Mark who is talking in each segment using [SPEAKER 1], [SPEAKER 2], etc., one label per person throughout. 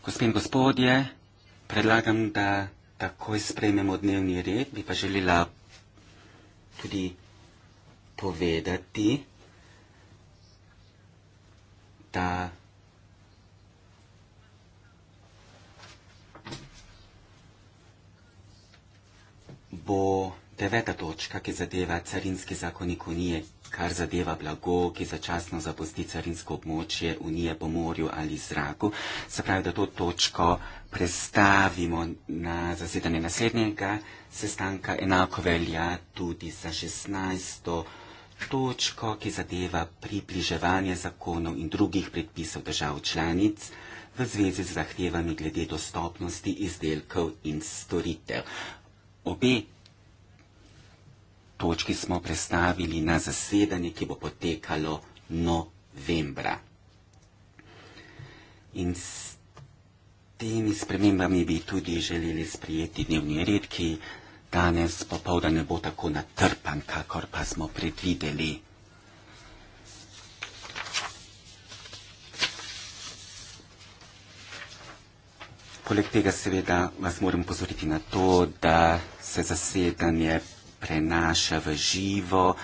[SPEAKER 1] Gospe in gospodje, predlagam, da takoj sprejmemo dnevni red. Bi pa želela tudi povedati, da bo deveta točka, ki zadeva carinski zakonik Unije, kar zadeva blago, ki začasno zapusti carinsko območje Unije po morju ali zraku. Se pravi, da to točko prestavimo na zasedanje naslednjega sestanka. Enako velja tudi za 16. točko, ki zadeva približevanje zakonov in drugih predpisov držav članic v zvezi z zahtevami glede dostopnosti izdelkov in storitev. Obe točki smo prestavili na zasedanje, ki bo potekalo novembra. In s temi spremembami bi tudi želeli sprijeti dnevni red, ki danes popovda ne bo tako natrpan, kakor pa smo predvideli. Poleg tega seveda vas moram pozoriti na to, da se zasedanje prenaša v živo.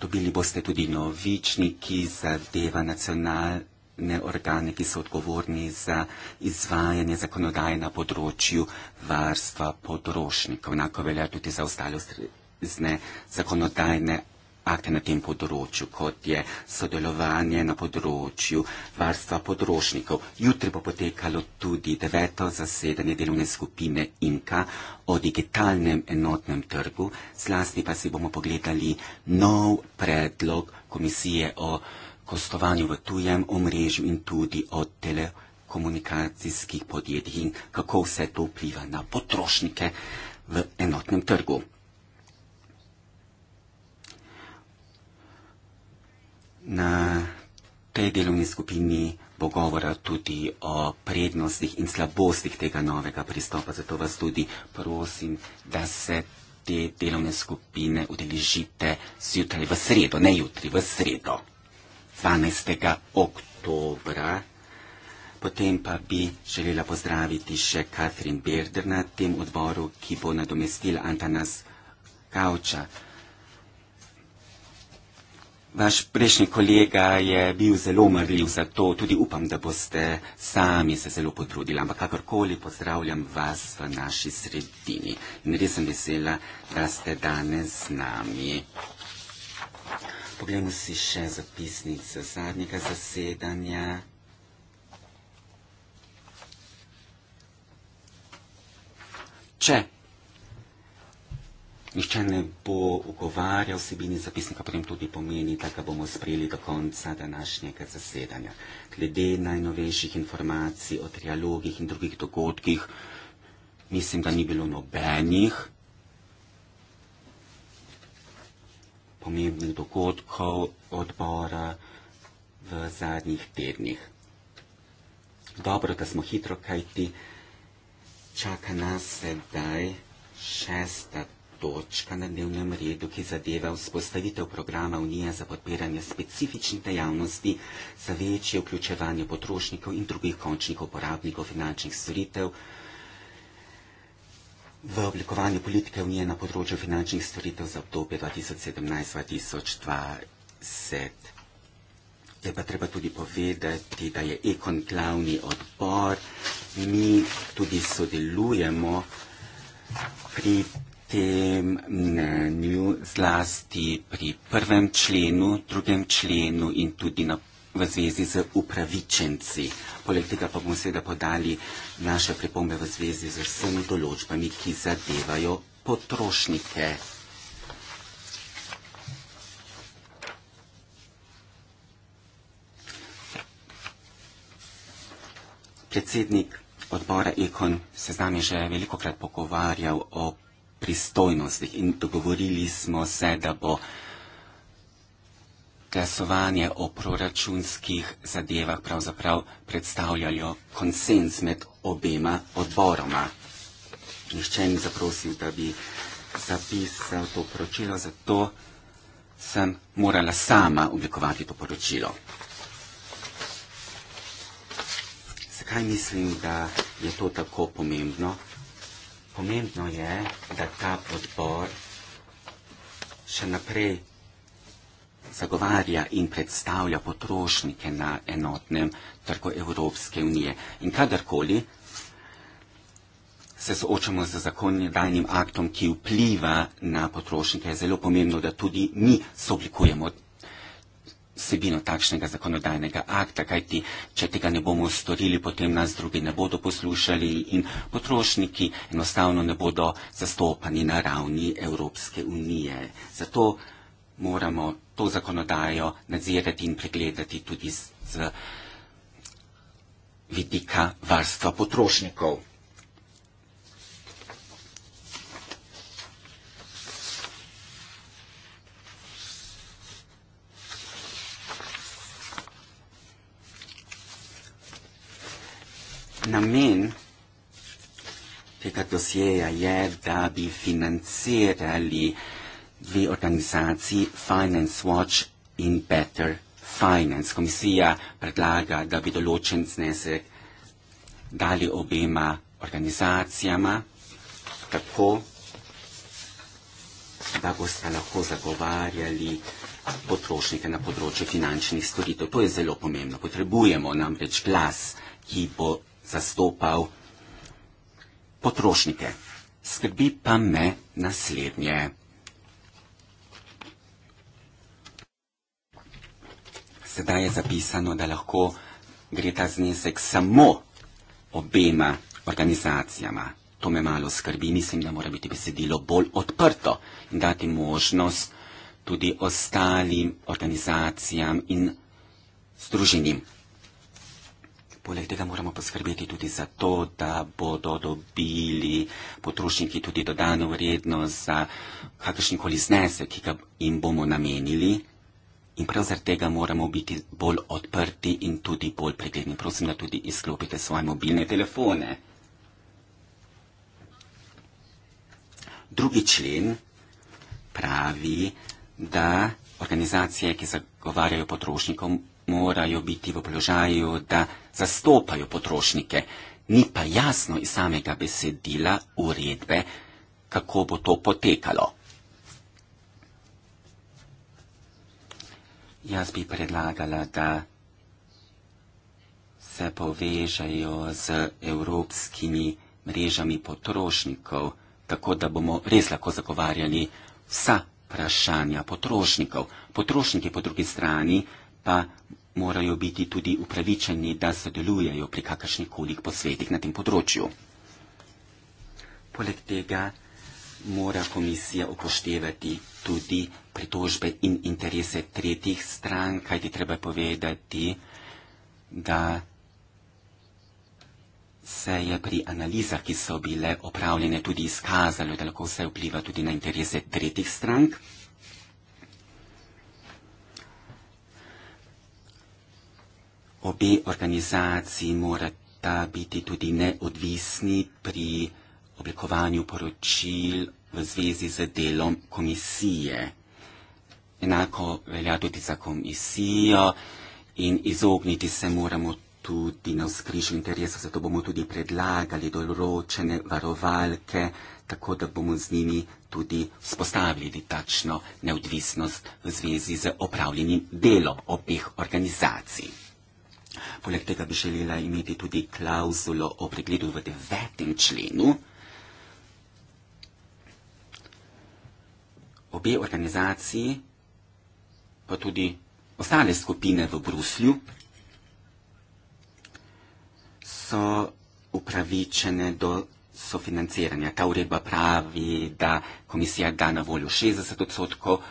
[SPEAKER 1] Dobili boste tudi novični, ki zadeva nacionalne organe, ki so odgovorni za izvajanje zakonodaje na področju varstva potrošnikov. Enako velja tudi za ostale zakonodajne akte na tem področju, kot je sodelovanje na področju varstva potrošnikov. Jutri bo potekalo tudi deveto zasedanje delovne skupine INKA o digitalnem enotnem trgu. Zlasti pa si bomo pogledali nov predlog komisije o kostovanju v tujem omrežju in tudi o telekomunikacijskih podjetjih in kako vse to vpliva na potrošnike v enotnem trgu. na tej delovni skupini bo govora tudi o prednostih in slabostih tega novega pristopa. Zato vas tudi prosim, da se te delovne skupine udeležite zjutraj v sredo, ne jutri, v sredo, 12. oktobra. Potem pa bi želela pozdraviti še Katrin Berder na tem odboru, ki bo nadomestila Antanas Kavča. Vaš prejšnji kolega je bil zelo mrljiv za to, tudi upam, da boste sami se zelo potrudili, ampak kakorkoli pozdravljam vas v naši sredini in res sem vesela, da ste danes z nami. Poglejmo si še zapisnice zadnjega zasedanja. Če Nihče ne bo ugovarjal vsebini zapisnika, potem tudi pomeni, da ga bomo sprejeli do konca današnjega zasedanja. Glede najnovejših informacij o trialogih in drugih dogodkih, mislim, da ni bilo nobenih pomembnih dogodkov odbora v zadnjih tednih. Dobro, da smo hitro, kajti čaka nas sedaj šesta točka na dnevnem redu, ki zadeva vzpostavitev programa Unije za podpiranje specifičnih dejavnosti za večje vključevanje potrošnikov in drugih končnih uporabnikov finančnih storitev v oblikovanju politike Unije na področju finančnih storitev za obdobje 2017-2020. Je pa treba tudi povedati, da je Ekon glavni odbor, mi tudi sodelujemo pri tem mnenju, mm, zlasti pri prvem členu, drugem členu in tudi na, v zvezi z upravičenci. Poleg tega pa bomo seveda podali naše pripombe v zvezi z vsemi določbami, ki zadevajo potrošnike. Predsednik odbora Ekon se z nami že veliko krat pogovarjal o pristojnostih in dogovorili smo se, da bo glasovanje o proračunskih zadevah pravzaprav predstavljalo konsens med obema odboroma. Nihče ni zaprosil, da bi zapisal to poročilo, zato sem morala sama oblikovati to poročilo. Zakaj mislim, da je to tako pomembno? Pomembno je, da ta odbor še naprej zagovarja in predstavlja potrošnike na enotnem trgu Evropske unije. In kadarkoli se soočamo z zakonodajnim aktom, ki vpliva na potrošnike, je zelo pomembno, da tudi mi sooblikujemo vsebino takšnega zakonodajnega akta, kajti če tega ne bomo storili, potem nas drugi ne bodo poslušali in potrošniki enostavno ne bodo zastopani na ravni Evropske unije. Zato moramo to zakonodajo nadzirati in pregledati tudi z, z vidika varstva potrošnikov. namen tega dosjeja je, da bi financirali dve organizaciji Finance Watch in Better Finance. Komisija predlaga, da bi določen znesek dali obema organizacijama, tako da boste lahko zagovarjali potrošnike na področju finančnih storitev. To je zelo pomembno. Potrebujemo namreč glas, ki bo zastopal potrošnike. Skrbi pa me naslednje. Sedaj je zapisano, da lahko gre ta znesek samo obema organizacijama. To me malo skrbi. Mislim, da mora biti besedilo bolj odprto in dati možnost tudi ostalim organizacijam in združenim Poleg tega moramo poskrbeti tudi za to, da bodo dobili potrošniki tudi dodano vrednost za kakršenkoli znesek, ki ga jim bomo namenili. In prav zaradi tega moramo biti bolj odprti in tudi bolj pregledni. Prosim, da tudi izklopite svoje mobilne telefone. Drugi člen pravi, da organizacije, ki zagovarjajo potrošnikom, morajo biti v položaju, da zastopajo potrošnike. Ni pa jasno iz samega besedila uredbe, kako bo to potekalo. Jaz bi predlagala, da se povežejo z evropskimi mrežami potrošnikov, tako da bomo res lahko zagovarjali vsa vprašanja potrošnikov. Potrošniki po drugi strani pa morajo biti tudi upravičeni, da sodelujejo pri kakršnih kolik posvetih na tem področju. Poleg tega mora komisija upoštevati tudi pritožbe in interese tretjih stran, kaj ti treba povedati, da se je pri analizah, ki so bile opravljene, tudi izkazalo, da lahko vse vpliva tudi na interese tretjih strank. obe organizaciji morata biti tudi neodvisni pri oblikovanju poročil v zvezi z delom komisije. Enako velja tudi za komisijo in izogniti se moramo tudi na vzkrižju interesov, zato bomo tudi predlagali določene varovalke, tako da bomo z njimi tudi spostavili takšno neodvisnost v zvezi z opravljenim delom obih organizacij. Poleg tega bi želela imeti tudi klauzulo o pregledu v devetem členu. Obe organizaciji, pa tudi ostale skupine v Bruslju, so upravičene do sofinanciranja. Ta uredba pravi, da komisija da na voljo 60 odstotkov,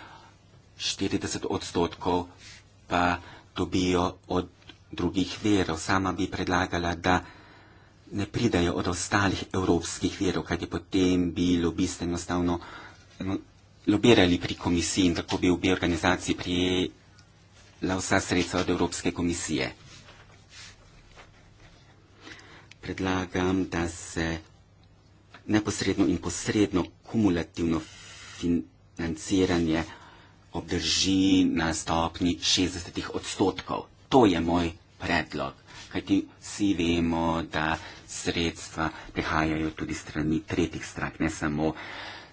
[SPEAKER 1] 40 odstotkov pa dobijo od drugih verov. Sama bi predlagala, da ne pridajo od ostalih evropskih verov, kajti potem bi lobiste enostavno no, lobirali pri komisiji in tako bi obi organizaciji prijela vsa sredstva od Evropske komisije. Predlagam, da se neposredno in posredno kumulativno financiranje obdrži na stopni 60 odstotkov. To je moj predlog. Kajti vsi vemo, da sredstva prihajajo tudi strani tretjih strank, ne samo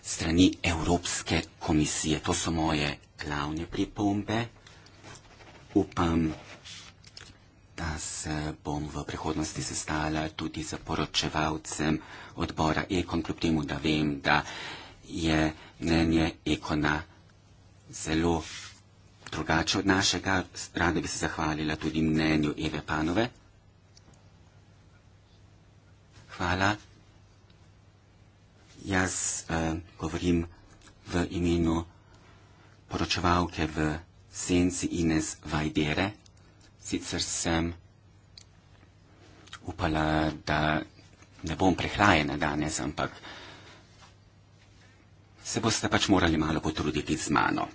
[SPEAKER 1] strani Evropske komisije. To so moje glavne pripombe. Upam, da se bom v prihodnosti sestala tudi za poročevalcem odbora Ekon, kljub temu, da vem, da je mnenje Ekona zelo drugače od našega. Rada bi se zahvalila tudi mnenju Eve Panove. Hvala. Jaz eh, govorim v imenu poročevalke v senci Ines Vajdere. Sicer sem upala, da ne bom prehlajena danes, ampak se boste pač morali malo potruditi z mano.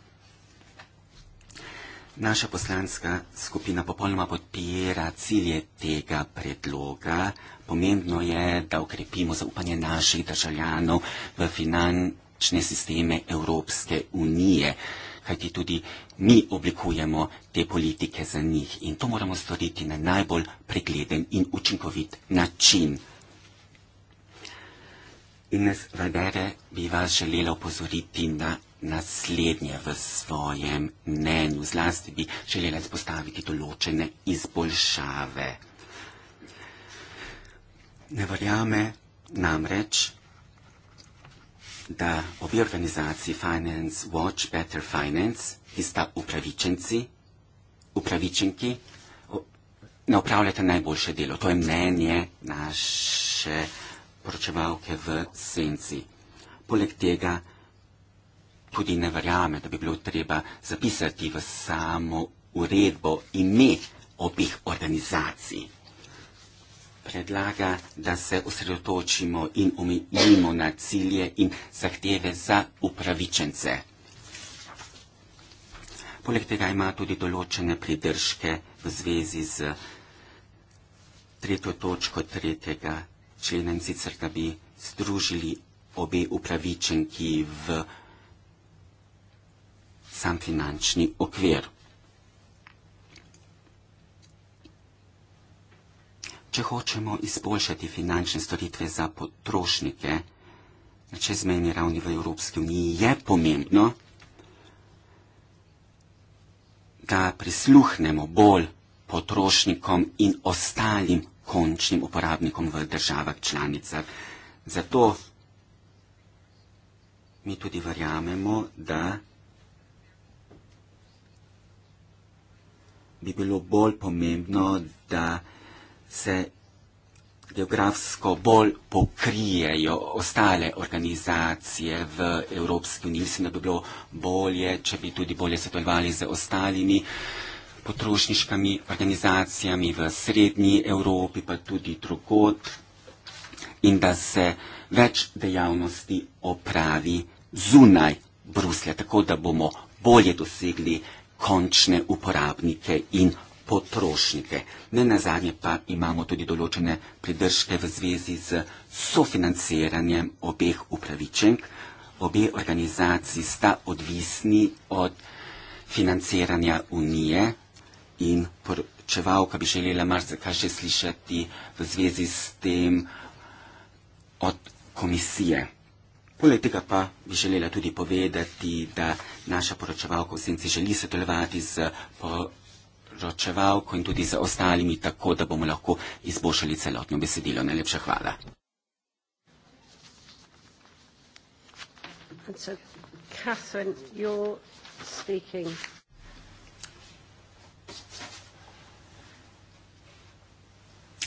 [SPEAKER 1] Naša poslanska skupina popolnoma podpira cilje tega predloga. Pomembno je, da ukrepimo zaupanje naših državljanov v finančne sisteme Evropske unije, kajti tudi mi oblikujemo te politike za njih in to moramo storiti na najbolj pregleden in učinkovit način. Ines Vadere bi vas želela upozoriti na naslednje v svojem mnenju, zlasti bi želela izpostaviti določene izboljšave. Ne verjame namreč, da obi organizaciji Finance Watch Better Finance, ki sta upravičenci, upravičenki, ne upravljate najboljše delo. To je mnenje naše poročevalke v senci. Poleg tega, tudi ne verjame, da bi bilo treba zapisati v samo uredbo ime obih organizacij. Predlaga, da se osredotočimo in omejimo na cilje in zahteve za upravičence. Poleg tega ima tudi določene pridržke v zvezi z tretjo točko tretjega člena in sicer, da bi združili obe upravičenki v upravičenci sam finančni okvir. Če hočemo izboljšati finančne storitve za potrošnike na čezmejni ravni v Evropski uniji, je pomembno, da prisluhnemo bolj potrošnikom in ostalim končnim uporabnikom v državah članicah. Zato mi tudi verjamemo, da bi bilo bolj pomembno, da se geografsko bolj pokrijejo ostale organizacije v Evropski uniji. Mislim, da bi bilo bolje, če bi tudi bolje sodelovali z ostalimi potrošniškimi organizacijami v srednji Evropi, pa tudi drugod in da se več dejavnosti opravi zunaj Bruslja, tako da bomo bolje dosegli končne uporabnike in potrošnike. Ne na zadnje pa imamo tudi določene pridržke v zvezi z sofinanciranjem obeh upravičenk. Obe organizaciji sta odvisni od financiranja unije in poročevalka bi želela marsikaj še slišati v zvezi s tem od komisije. Poleg tega pa bi želela tudi povedati, da naša poročevalka v senci želi sodelovati z poročevalko in tudi z ostalimi, tako da bomo lahko izboljšali celotno besedilo. Najlepša hvala.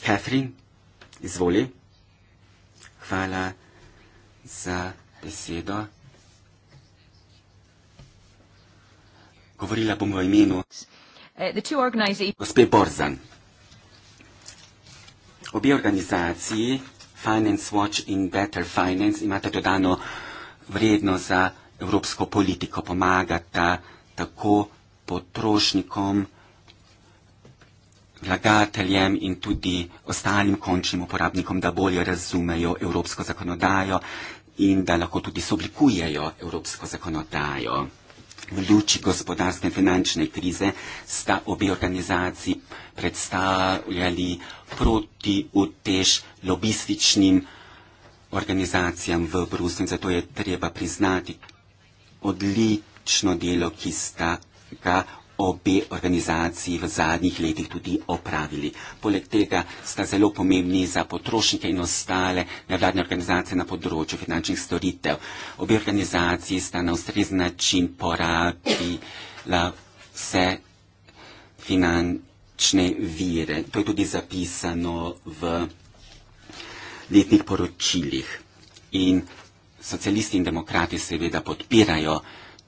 [SPEAKER 1] Catherine, izvoli. Hvala za beseda. Govorila bom v imenu
[SPEAKER 2] eh, gospe
[SPEAKER 1] Borzan. Obje organizaciji, Finance Watch in Better Finance, imate dodano vredno za evropsko politiko. Pomagata tako potrošnikom, vlagateljem in tudi ostalim končnim uporabnikom, da bolje razumejo evropsko zakonodajo, in da lahko tudi sooblikujejo evropsko zakonodajo. V luči gospodarske in finančne krize sta obi organizaciji predstavljali proti utež lobističnim organizacijam v Bruslju in zato je treba priznati odlično delo, ki sta ga obe organizaciji v zadnjih letih tudi opravili. Poleg tega sta zelo pomembni za potrošnike in ostale nevladne organizacije na področju finančnih storitev. Obe organizaciji sta na ustrezen način porabila vse finančne vire. To je tudi zapisano v letnih poročilih. In socialisti in demokrati seveda podpirajo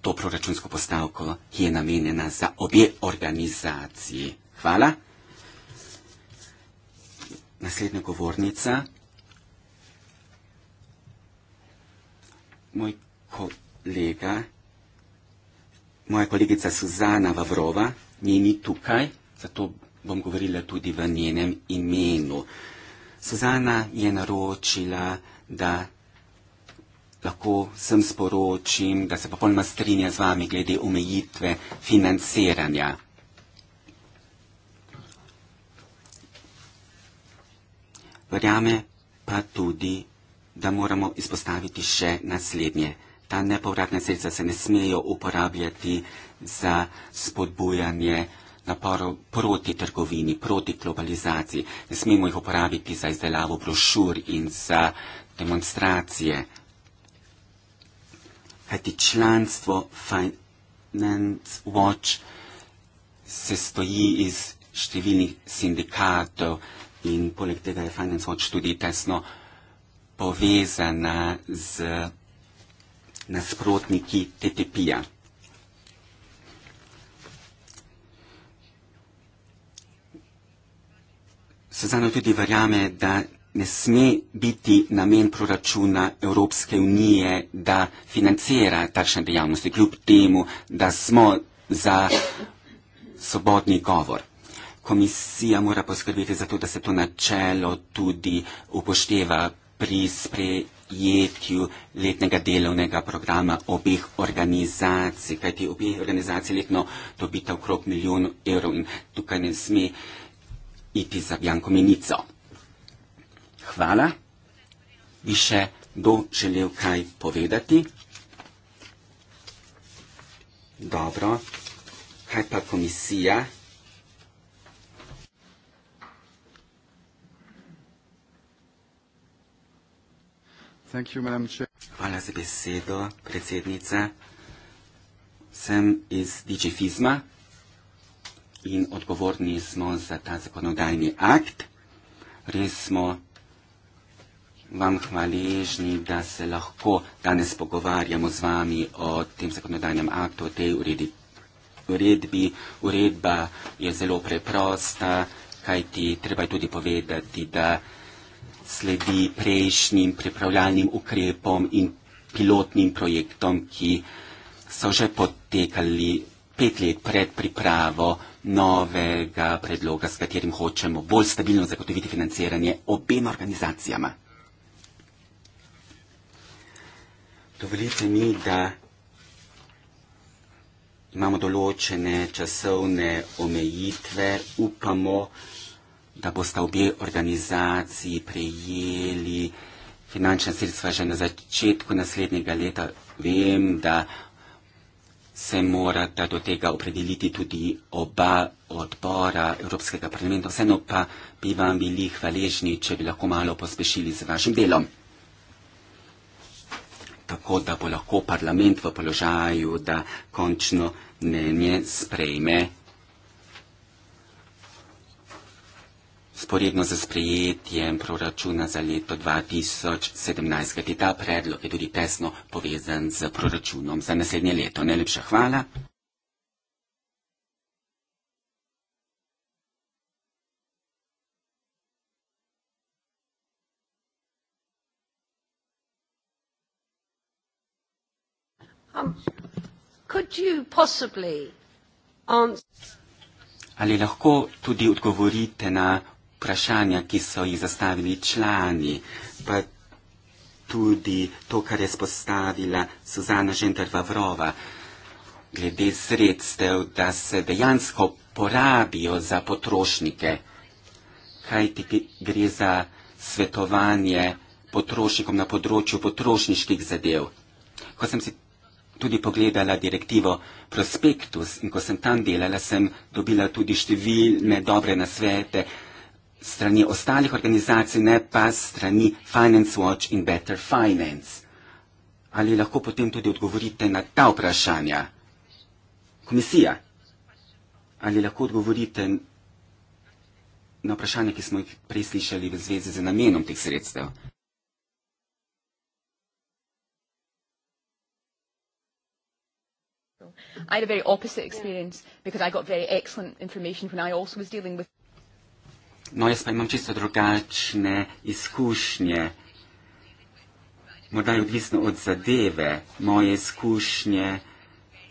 [SPEAKER 1] to proračunsko postavko, ki je namenjena za obje organizaciji. Hvala. Naslednja govornica. Moj kolega, moja kolegica Suzana Vavrova, njeni tukaj, zato bom govorila tudi v njenem imenu. Suzana je naročila, da lahko sem sporočim, da se popolnoma strinja z vami glede omejitve financiranja. Verjame pa tudi, da moramo izpostaviti še naslednje. Ta nepovratna sredstva se ne smejo uporabljati za spodbujanje naporov proti trgovini, proti globalizaciji. Ne smemo jih uporabiti za izdelavo brošur in za demonstracije kajti članstvo Finance Watch se stoji iz številnih sindikatov in poleg tega je Finance Watch tudi tesno povezana z nasprotniki TTP-ja. Sezano tudi verjame, da ne sme biti namen proračuna Evropske unije, da financira takšne dejavnosti, kljub temu, da smo za svobodni govor. Komisija mora poskrbeti za to, da se to načelo tudi upošteva pri sprejetju letnega delovnega programa obeh organizacij, kajti obeh organizacij letno dobita okrog milijon evrov in tukaj ne sme iti za bjanko menico hvala. Bi še kdo želel kaj povedati? Dobro. Kaj pa komisija? Thank you, hvala za besedo, predsednica. Sem iz DigiFizma in odgovorni smo za ta zakonodajni akt. Res smo vam hvaležni, da se lahko danes pogovarjamo z vami o tem zakonodajnem aktu, o tej uredi, uredbi. Uredba je zelo preprosta, kajti treba je tudi povedati, da sledi prejšnjim pripravljalnim ukrepom in pilotnim projektom, ki so že potekali pet let pred pripravo novega predloga, s katerim hočemo bolj stabilno zagotoviti financiranje obema organizacijama. Dovolite mi, da imamo določene časovne omejitve. Upamo, da boste obje organizaciji prejeli finančna sredstva že na začetku naslednjega leta. Vem, da se morata do tega opredeliti tudi oba odbora Evropskega parlamenta. Vseeno pa bi vam bili hvaležni, če bi lahko malo pospešili z vašim delom tako, da bo lahko parlament v položaju, da končno mnenje sprejme. Sporedno za sprejetjem proračuna za leto 2017, kajti ta predlog je tudi tesno povezan z proračunom za naslednje leto. Najlepša hvala. Um, Ali lahko tudi odgovorite na vprašanja, ki so jih zastavili člani, pa tudi to, kar je spostavila Suzana Žendr-Vavrova glede sredstev, da se dejansko porabijo za potrošnike, kaj ti gre za svetovanje potrošnikom na področju potrošniških zadev. Ko sem si tudi pogledala direktivo Prospektus in ko sem tam delala, sem dobila tudi številne dobre nasvete strani ostalih organizacij, ne pa strani Finance Watch in Better Finance. Ali lahko potem tudi odgovorite na ta vprašanja? Komisija, ali lahko odgovorite na vprašanje, ki smo jih preslišali v zvezi z namenom teh sredstev?
[SPEAKER 2] I had a very opposite experience because I got very excellent information when I also was dealing with.
[SPEAKER 1] No, jest mam čisto drugačne izkušnje. Morda je odvisno od zadeve. Moje izkušnje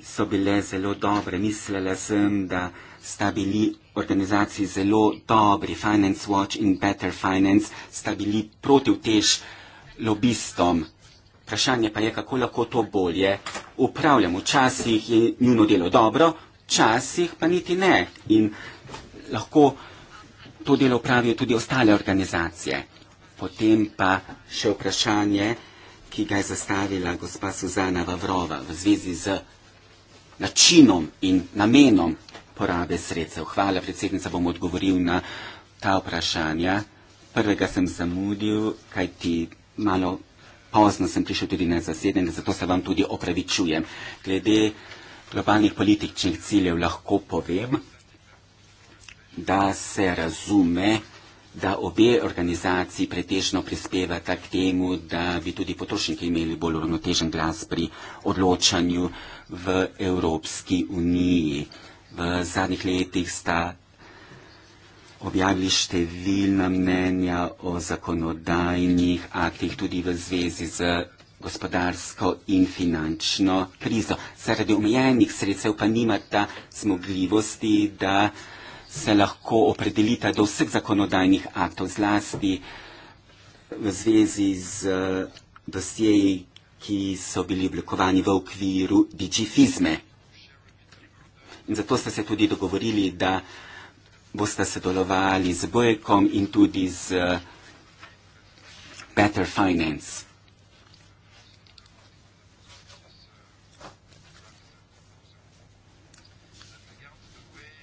[SPEAKER 1] so bile zelo dobre. Mislila sem, da sta bili organizaciji zelo dobri. Finance Watch in Better Finance sta bili protivtež lobistom. Vprašanje pa je, kako lahko to bolje upravljamo. Včasih je njuno delo dobro, včasih pa niti ne. In lahko to delo upravijo tudi ostale organizacije. Potem pa še vprašanje, ki ga je zastavila gospa Suzana Vavrova v zvezi z načinom in namenom porabe sredstev. Hvala, predsednica, bom odgovoril na ta vprašanja. Prvega sem zamudil, kaj ti malo pozno sem prišel tudi na zasedanje, zato se vam tudi opravičujem. Glede globalnih političnih ciljev lahko povem, da se razume, da obe organizaciji pretežno prispevata k temu, da bi tudi potrošniki imeli bolj uravnotežen glas pri odločanju v Evropski uniji. V zadnjih letih sta objavili številna mnenja o zakonodajnih aktih tudi v zvezi z gospodarsko in finančno krizo. Zaradi omejenih sredstev pa nimata zmogljivosti, da se lahko opredelita do vseh zakonodajnih aktov, zlasti v zvezi z eh, dosjeji, ki so bili oblikovani v okviru digifizme. In zato ste se tudi dogovorili, da boste sodelovali z Bojkom in tudi z eh, Better Finance.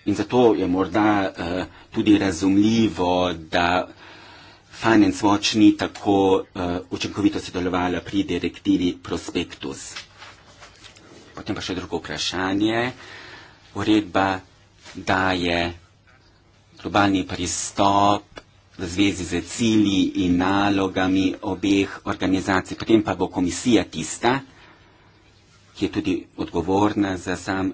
[SPEAKER 1] In zato je morda eh, tudi razumljivo, da Finance Watch ni tako eh, učinkovito sodelovala pri direktivi Prospektus. Potem pa še drugo vprašanje. Uredba daje vprašanje globalni pristop v zvezi z cilji in nalogami obeh organizacij. Potem pa bo komisija tista, ki je tudi odgovorna za sam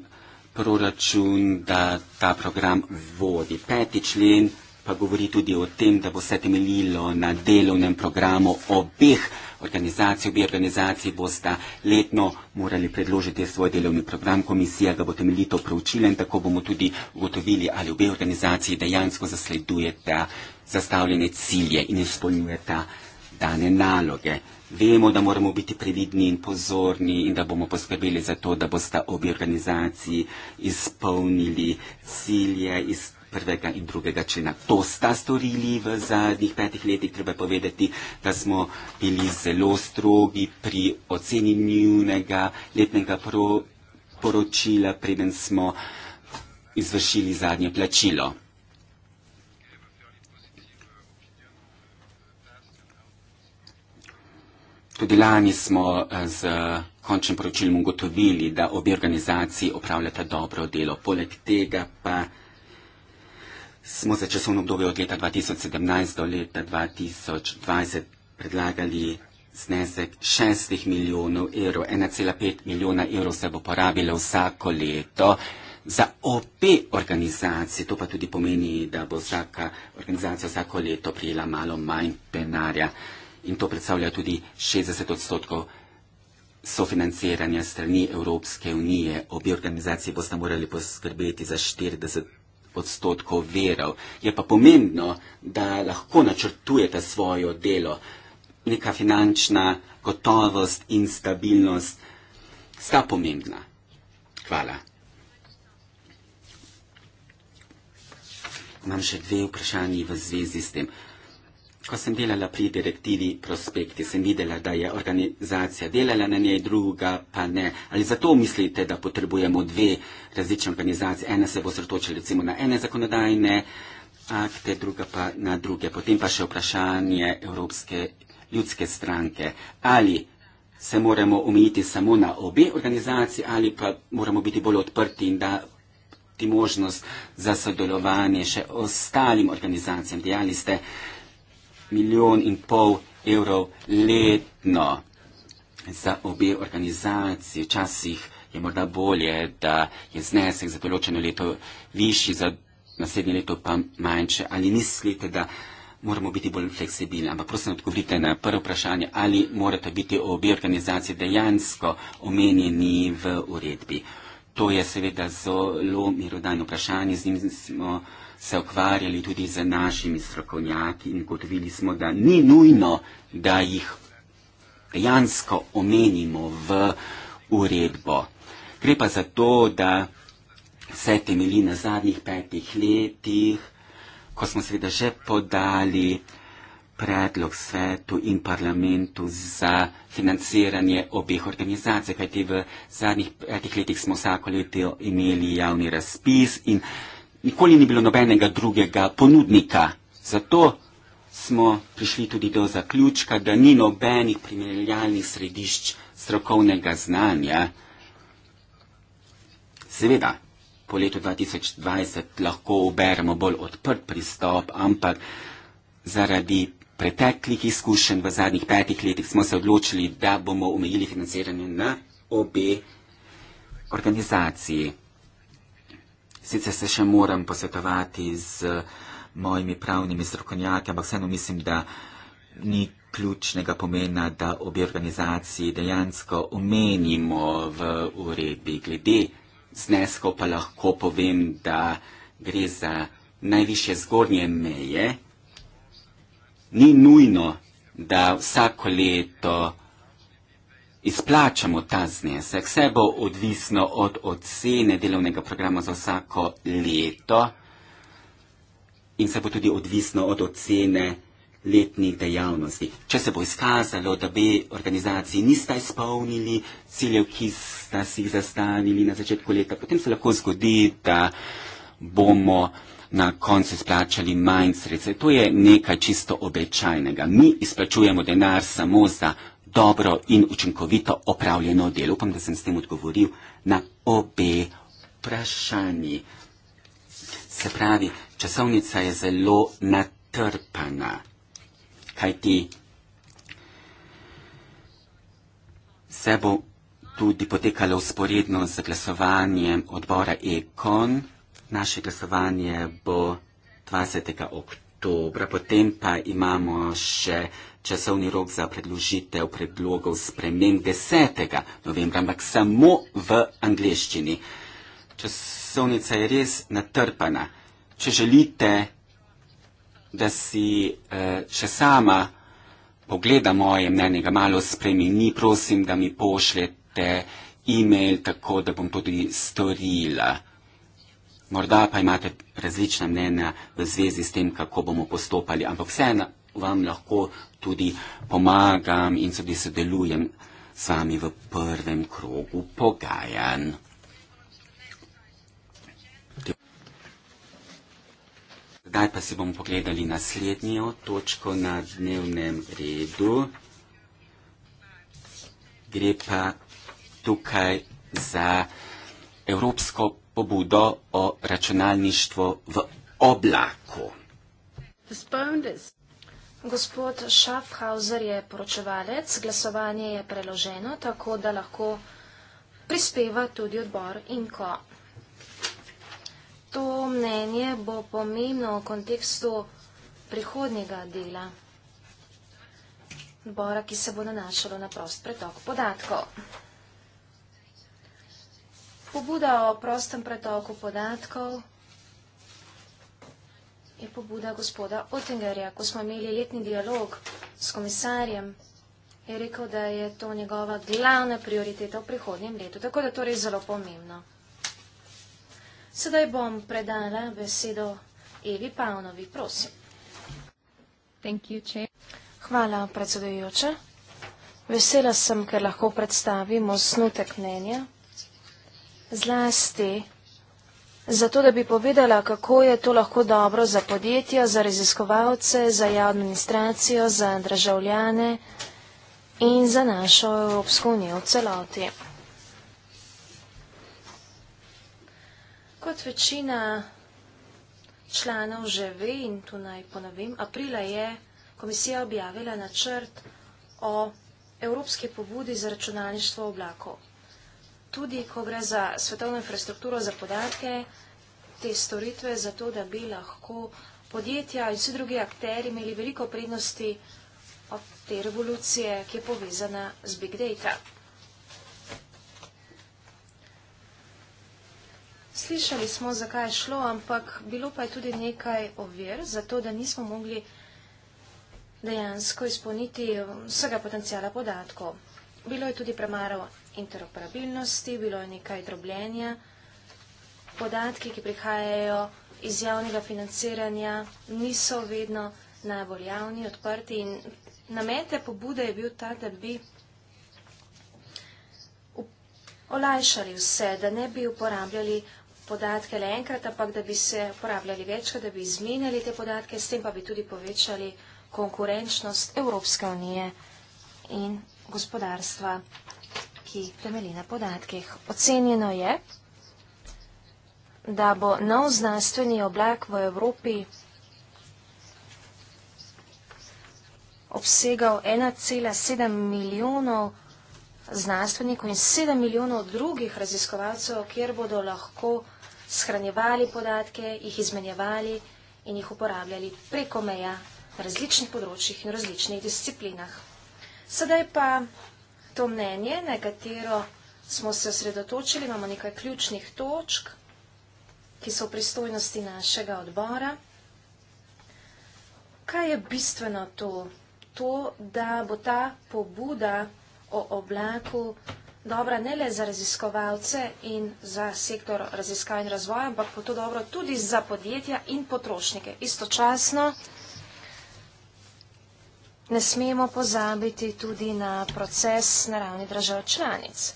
[SPEAKER 1] proračun, da ta program vodi. Peti člen pa govori tudi o tem, da bo se temeljilo na delovnem programu obeh organizacij. Obe organizaciji boste letno morali predložiti svoj delovni program. Komisija ga bo temeljito preučila in tako bomo tudi ugotovili, ali obe organizaciji dejansko zasledujete zastavljene cilje in izpolnjujete dane naloge. Vemo, da moramo biti previdni in pozorni in da bomo poskrbeli za to, da boste obi organizaciji izpolnili cilje, izpolnili prvega in drugega člena. To sta storili v zadnjih petih letih. Treba povedati, da smo bili zelo strogi pri oceni njunega letnega pro, poročila, preden smo izvršili zadnje plačilo. Tudi lani smo eh, z končnim poročilom ugotovili, da obe organizaciji opravljata dobro delo. Poleg tega pa smo za časovno obdobje od leta 2017 do leta 2020 predlagali znesek 6 milijonov evrov. 1,5 milijona evrov se bo porabilo vsako leto za obe organizacije. To pa tudi pomeni, da bo vsaka organizacija vsako leto prijela malo manj penarja. In to predstavlja tudi 60 odstotkov sofinanciranja strani Evropske unije. Obe organizacije boste morali poskrbeti za 40 odstotkov odstotkov verov. Je pa pomembno, da lahko načrtujete svojo delo, neka finančna gotovost in stabilnost sta pomembna. Hvala. Imam še dve vprašanji v zvezi s tem. Ko sem delala pri direktivi Prospekti, sem videla, da je organizacija delala na njej, druga pa ne. Ali zato mislite, da potrebujemo dve različne organizacije? Ena se bo zrtočila recimo na ene zakonodajne akte, druga pa na druge. Potem pa še vprašanje Evropske ljudske stranke. Ali se moramo omejiti samo na obe organizaciji ali pa moramo biti bolj odprti in da ti možnost za sodelovanje še ostalim organizacijam. Dejali ste, milijon in pol evrov letno za obe organizacije. Včasih je morda bolje, da je znesek za določeno leto višji, za naslednje leto pa manjše. Ali mislite, da moramo biti bolj fleksibilni? Ampak prosim, odgovorite na prvo vprašanje, ali morate biti obe organizacije dejansko omenjeni v uredbi. To je seveda zelo mirodajno vprašanje, z njim smo se ukvarjali tudi z našimi strokovnjaki in gotovili smo, da ni nujno, da jih dejansko omenimo v uredbo. Gre pa za to, da se temeli na zadnjih petih letih, ko smo seveda že podali predlog svetu in parlamentu za financiranje obeh organizacij, kajti v zadnjih petih letih smo vsako leto imeli javni razpis in nikoli ni bilo nobenega drugega ponudnika. Zato smo prišli tudi do zaključka, da ni nobenih primerjalnih središč strokovnega znanja. Seveda, po letu 2020 lahko uberemo bolj odprt pristop, ampak zaradi preteklih izkušenj v zadnjih petih letih smo se odločili, da bomo omejili financiranje na obe organizaciji. Sicer se še moram posvetovati z eh, mojimi pravnimi strokovnjaki, ampak vseeno mislim, da ni ključnega pomena, da obi organizaciji dejansko omenimo v uredbi. Glede zneskov pa lahko povem, da gre za najviše zgornje meje. Ni nujno, da vsako leto izplačamo ta znesek, vse bo odvisno od ocene delovnega programa za vsako leto in se bo tudi odvisno od ocene letnih dejavnosti. Če se bo izkazalo, da bi organizaciji nista izpolnili ciljev, ki sta si jih zastavili na začetku leta, potem se lahko zgodi, da bomo na koncu izplačali manj sredstev. To je nekaj čisto običajnega. Mi izplačujemo denar samo za dobro in učinkovito opravljeno delo. Upam, da sem s tem odgovoril na obe vprašanji. Se pravi, časovnica je zelo natrpana, kajti se bo tudi potekalo usporedno z glasovanjem odbora Ekon. Naše glasovanje bo 20. oktober, potem pa imamo še časovni rok za predložitev predlogov sprememb 10. novembra, ampak samo v angleščini. Časovnica je res natrpana. Če želite, da si eh, še sama pogleda moje mnenje, ga malo spremeni, prosim, da mi pošljete e-mail, tako da bom tudi storila. Morda pa imate različna mnenja v zvezi s tem, kako bomo postopali, ampak vseeno vam lahko tudi pomagam in tudi sodelujem s vami v prvem krogu pogajanj. Zdaj pa si bomo pogledali naslednjo točko na dnevnem redu. Gre pa tukaj za evropsko pobudo o računalništvu v oblaku. Postponed is.
[SPEAKER 3] Gospod Schaffhauser je poročevalec, glasovanje je preloženo, tako da lahko prispeva tudi odbor in ko. To mnenje bo pomembno v kontekstu prihodnjega dela odbora, ki se bo nanašalo na prost pretok podatkov. Pobuda o prostem pretoku podatkov je pobuda gospoda Ottingerja, ko smo imeli letni dialog s komisarjem, je rekel, da je to njegova glavna prioriteta v prihodnjem letu, tako da torej zelo pomembno. Sedaj bom predala besedo Evi Pavnovi, prosim. Thank you, Hvala, predsedujoče. Vesela sem, ker lahko predstavim osnutek mnenja, zlasti zato da bi povedala, kako je to lahko dobro za podjetja, za raziskovalce, za javno administracijo, za državljane in za našo Evropsko unijo v celoti. Kot večina članov že ve in tu naj ponovim, aprila je komisija objavila načrt o Evropski pobudi za računalništvo oblakov tudi ko gre za svetovno infrastrukturo, za podatke, te storitve, za to, da bi lahko podjetja in vsi drugi akteri imeli veliko prednosti od te revolucije, ki je povezana z big data. Slišali smo, zakaj je šlo, ampak bilo pa je tudi nekaj ovir, zato da nismo mogli dejansko izpolniti vsega potencijala podatkov. Bilo je tudi premalo interoperabilnosti, bilo je nekaj drobljenja. Podatki, ki prihajajo iz javnega financiranja, niso vedno najbolj javni, odprti in namete pobude je bil ta, da bi olajšali vse, da ne bi uporabljali podatke le enkrat, ampak da bi se uporabljali večkrat, da bi izmenjali te podatke, s tem pa bi tudi povečali konkurenčnost Evropske unije in gospodarstva ki temelji na podatkih. Ocenjeno je, da bo nov znanstveni oblak v Evropi obsegal 1,7 milijonov znanstvenikov in 7 milijonov drugih raziskovalcev, kjer bodo lahko shranjevali podatke, jih izmenjevali in jih uporabljali preko meja na različnih področjih in v različnih disciplinah. Sedaj pa to mnenje, na katero smo se osredotočili, imamo nekaj ključnih točk, ki so v pristojnosti našega odbora. Kaj je bistveno to? To, da bo ta pobuda o oblaku dobra ne le za raziskovalce in za sektor raziskav in razvoja, ampak bo to dobro tudi za podjetja in potrošnike. Istočasno ne smemo pozabiti tudi na proces na ravni držav članic.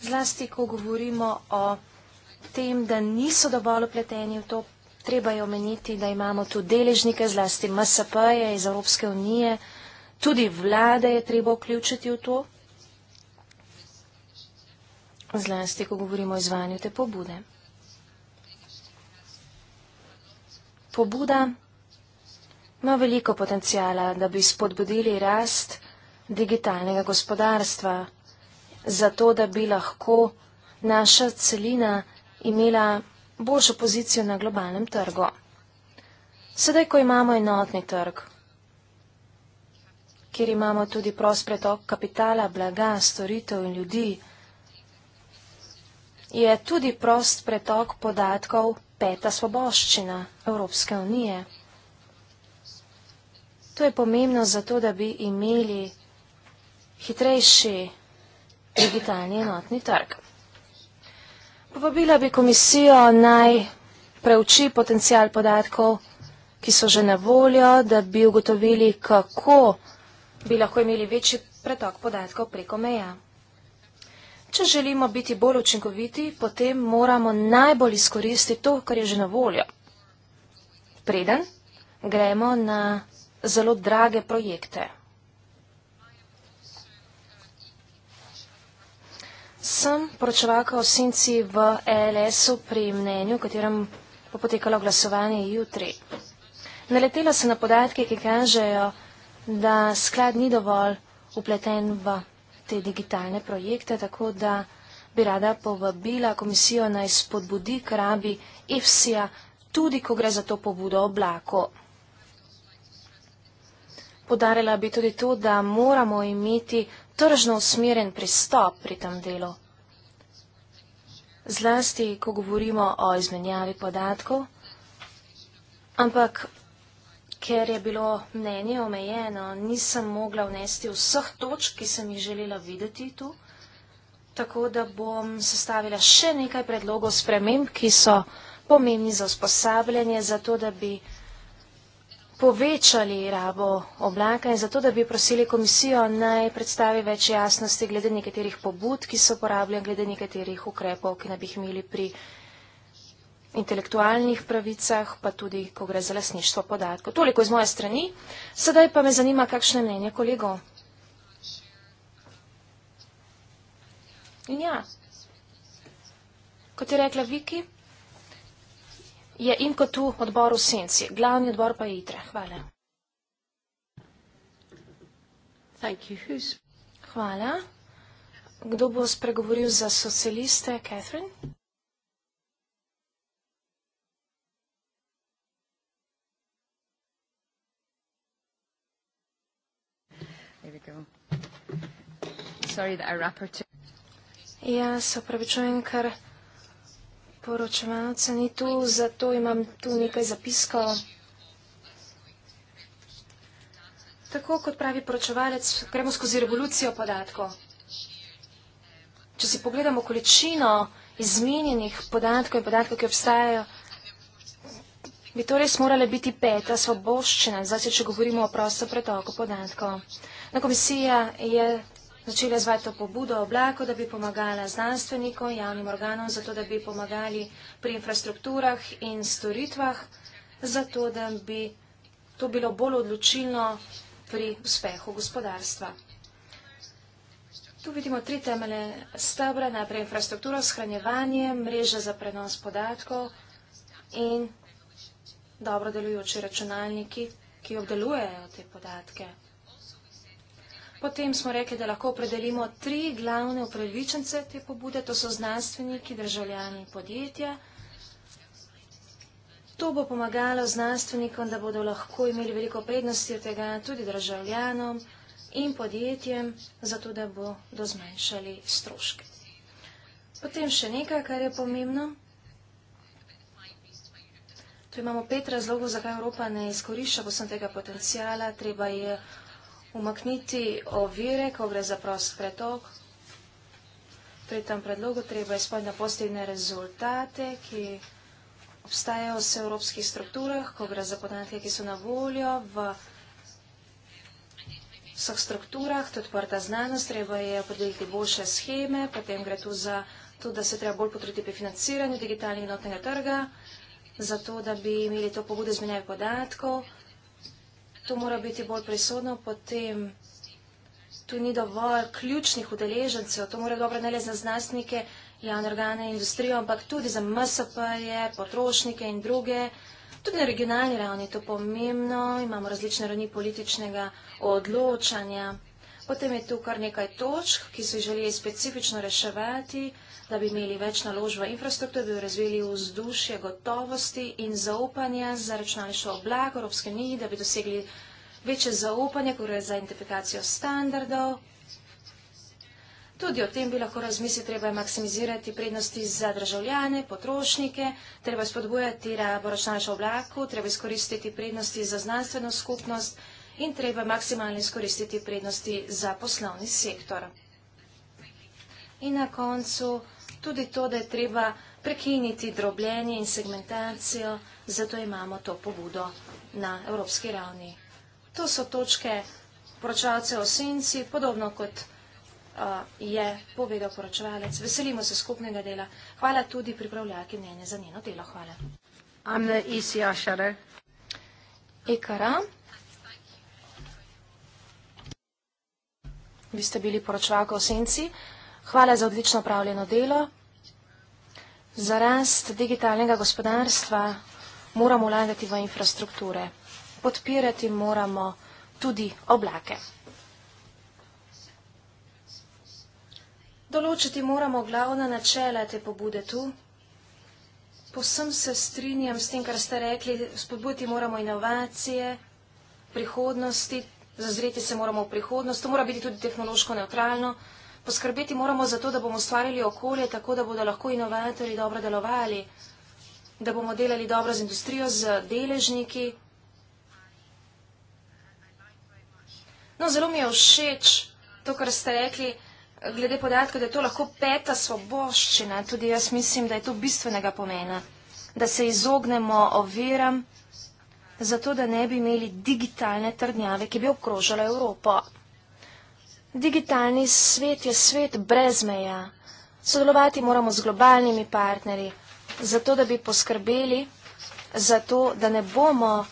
[SPEAKER 3] Zlasti, ko govorimo o tem, da niso dovolj upleteni v to, treba je omeniti, da imamo tu deležnike, zlasti MSP-je iz Evropske unije, tudi vlade je treba vključiti v to, zlasti, ko govorimo o izvanju te pobude. Pobuda ima veliko potencijala, da bi spodbudili rast digitalnega gospodarstva, zato da bi lahko naša celina imela boljšo pozicijo na globalnem trgu. Sedaj, ko imamo enotni trg, kjer imamo tudi prost pretok kapitala, blaga, storitev in ljudi, je tudi prost pretok podatkov peta svoboščina Evropske unije. To je pomembno zato, da bi imeli hitrejši digitalni enotni trg. Povabila bi komisijo naj preuči potencijal podatkov, ki so že na voljo, da bi ugotovili, kako bi lahko imeli večji pretok podatkov preko meja. Če želimo biti bolj učinkoviti, potem moramo najbolj izkoristiti to, kar je že na voljo. Preden gremo na zelo drage projekte. Sem poročevalka o Sinci v ELS-u pri mnenju, v katerem bo potekalo glasovanje jutri. Naletela sem na podatke, ki kažejo, da sklad ni dovolj upleten v te digitalne projekte, tako da bi rada povabila komisijo naj spodbudi k rabi EFSI-a, tudi ko gre za to pobudo oblako. Podarila bi tudi to, da moramo imeti tržno usmeren pristop pri tem delu. Zlasti, ko govorimo o izmenjavi podatkov, ampak ker je bilo mnenje omejeno, nisem mogla vnesti vseh točk, ki sem jih želela videti tu, tako da bom sestavila še nekaj predlogov sprememb, ki so pomembni za usposabljanje, zato da bi povečali rabo oblaka in zato, da bi prosili komisijo naj predstavi več jasnosti glede nekaterih pobud, ki so uporabljene, glede nekaterih ukrepov, ki naj bi jih imeli pri intelektualnih pravicah, pa tudi, ko gre za lasništvo podatkov. Toliko iz moje strani. Sedaj pa me zanima, kakšne mnenje kolegov. In ja, kot je rekla Viki, je Imko tu odbor v Senci, glavni odbor pa je Itre. Hvala. Hvala. Kdo bo spregovoril za socialiste? Catherine? Ja, se opravičujem, ker poročevalca ni tu, zato imam tu nekaj zapiskov. Tako kot pravi poročevalec, gremo skozi revolucijo podatkov. Če si pogledamo količino izmenjenih podatkov in podatkov, ki obstajajo, bi torej morala biti peta svoboščina, zdaj če govorimo o prostem pretoku podatkov. Na komisija je začela zvati to pobudo oblako, da bi pomagala znanstvenikom, javnim organom, zato da bi pomagali pri infrastrukturah in storitvah, zato da bi to bilo bolj odločilno pri uspehu gospodarstva. Tu vidimo tri temeljne stebre, najprej infrastrukturo, shranjevanje, mreže za prenos podatkov in dobro delujoči računalniki, ki obdelujejo te podatke. Potem smo rekli, da lahko opredelimo tri glavne upravičence te pobude, to so znanstveniki, državljani in podjetja. To bo pomagalo znanstvenikom, da bodo lahko imeli veliko prednosti od tega tudi državljanom in podjetjem, zato da bodo zmanjšali stroške. Potem še nekaj, kar je pomembno. Tu imamo pet razlogov, zakaj Evropa ne izkorišča posem tega potencijala. Treba je umakniti ovire, ko gre za prost pretok. Pri tem predlogu treba izpolniti na postojne rezultate, ki obstajajo v evropskih strukturah, ko gre za podatke, ki so na voljo v vseh strukturah, tudi odprta znanost, treba je opredeliti boljše scheme, potem gre tu za to, da se treba bolj potruditi pri financiranju digitalnega notnega trga, zato da bi imeli to pobudo izmenjave podatkov to mora biti bolj prisodno, potem tu ni dovolj ključnih udeležencev, to mora dobro ne le za znanstvenike, javne organe in industrijo, ampak tudi za MSP-je, potrošnike in druge. Tudi na regionalni ravni je to pomembno, imamo različne ravni političnega odločanja. Potem je tu kar nekaj točk, ki so jih želeli specifično reševati da bi imeli več nalož v infrastrukturo, da bi razvili vzdušje gotovosti in zaupanja za računalništvo oblak Evropske unije, da bi dosegli večje zaupanje, ko gre za identifikacijo standardov. Tudi o tem bi lahko razmislili, treba je maksimizirati prednosti za državljane, potrošnike, treba spodbujati rabo računalništva oblaku, treba izkoristiti prednosti za znanstveno skupnost in treba maksimalno izkoristiti prednosti za poslovni sektor. In na koncu tudi to, da je treba prekiniti drobljenje in segmentacijo, zato imamo to pobudo na evropski ravni. To so točke poročevalce o senci, podobno kot je povedal poročevalec. Veselimo se skupnega dela. Hvala tudi pripravljaki mnenja za njeno delo. Hvala. Amne Isi Ašare. Ekara. Vi ste bili poročevalka o senci. Hvala za odlično upravljeno delo. Za rast digitalnega gospodarstva moramo vlagati v infrastrukture. Podpirati moramo tudi oblake. Določiti moramo glavna načela te pobude tu. Posem se strinjam s tem, kar ste rekli, spodbuditi moramo inovacije, prihodnosti, zazreti se moramo v prihodnost, to mora biti tudi tehnološko neutralno. Poskrbeti moramo za to, da bomo ustvarjali okolje tako, da bodo lahko inovatori dobro delovali, da bomo delali dobro z industrijo, z deležniki. No, zelo mi je všeč to, kar ste rekli, glede podatka, da je to lahko peta svoboščina. Tudi jaz mislim, da je to bistvenega pomena, da se izognemo oviram, zato da ne bi imeli digitalne trdnjave, ki bi obkrožala Evropo. Digitalni svet je svet brez meja. Sodelovati moramo z globalnimi partnerji, zato da bi poskrbeli, zato da ne bomo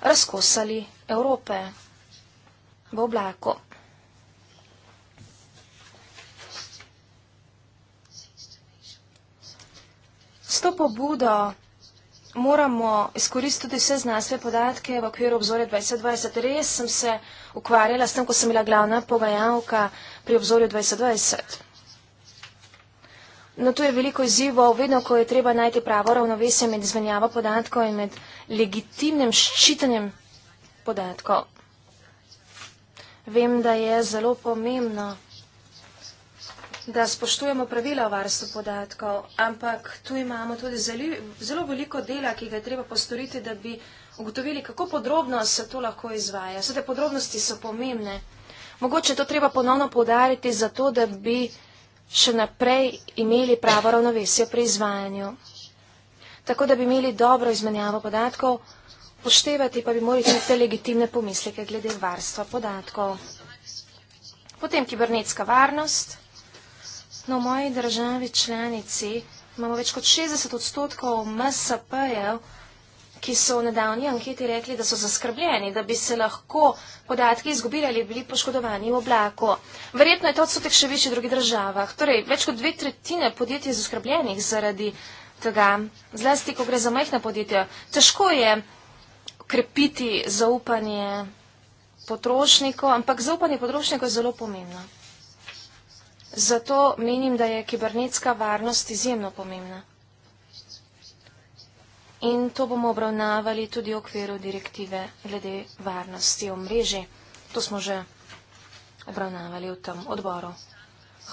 [SPEAKER 3] razkosali Evrope v oblaku. S to pobudo moramo izkoristiti vse znanstvene podatke v okviru obzorja 2020. Res sem se ukvarjala s tem, ko sem bila glavna pogajalka pri obzorju 2020. No tu je veliko izzivov, vedno ko je treba najti pravo ravnovesje med izmenjavo podatkov in med legitimnim ščitanjem podatkov. Vem, da je zelo pomembno da spoštujemo pravila o varstvu podatkov, ampak tu imamo tudi zelo veliko dela, ki ga je treba postoriti, da bi ugotovili, kako podrobno se to lahko izvaja. Vse te podrobnosti so pomembne. Mogoče to treba ponovno povdariti zato, da bi še naprej imeli pravo ravnovesje pri izvajanju. Tako da bi imeli dobro izmenjavo podatkov, poštevati pa bi morali tudi te legitimne pomisleke glede varstva podatkov. Potem kibernetska varnost. No, v moji državi članici imamo več kot 60 odstotkov MSP-jev, ki so v nedavni anketi rekli, da so zaskrbljeni, da bi se lahko podatki izgubili ali bili poškodovani v oblaku. Verjetno je to odstotek še večji v drugih državah. Torej, več kot dve tretjine podjetij je zaskrbljenih zaradi tega. Zlasti, ko gre za majhna podjetja, težko je krepiti zaupanje potrošnikov, ampak zaupanje potrošnikov je zelo pomembno. Zato menim, da je kibernetska varnost izjemno pomembna. In to bomo obravnavali tudi v okviru direktive glede varnosti omrežje. To smo že obravnavali v tem odboru.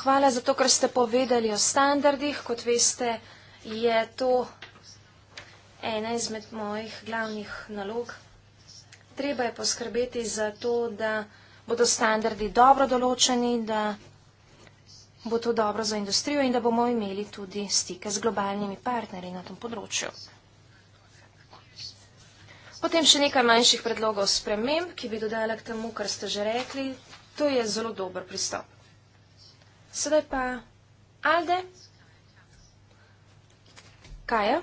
[SPEAKER 3] Hvala za to, kar ste povedali o standardih. Kot veste, je to ena izmed mojih glavnih nalog. Treba je poskrbeti za to, da bodo standardi dobro določeni, da bo to dobro za industrijo in da bomo imeli tudi stike z globalnimi partnerji na tem področju. Potem še nekaj manjših predlogov sprememb, ki bi dodala k temu, kar ste že rekli. To je zelo dober pristop. Sedaj pa Alde. Kaja?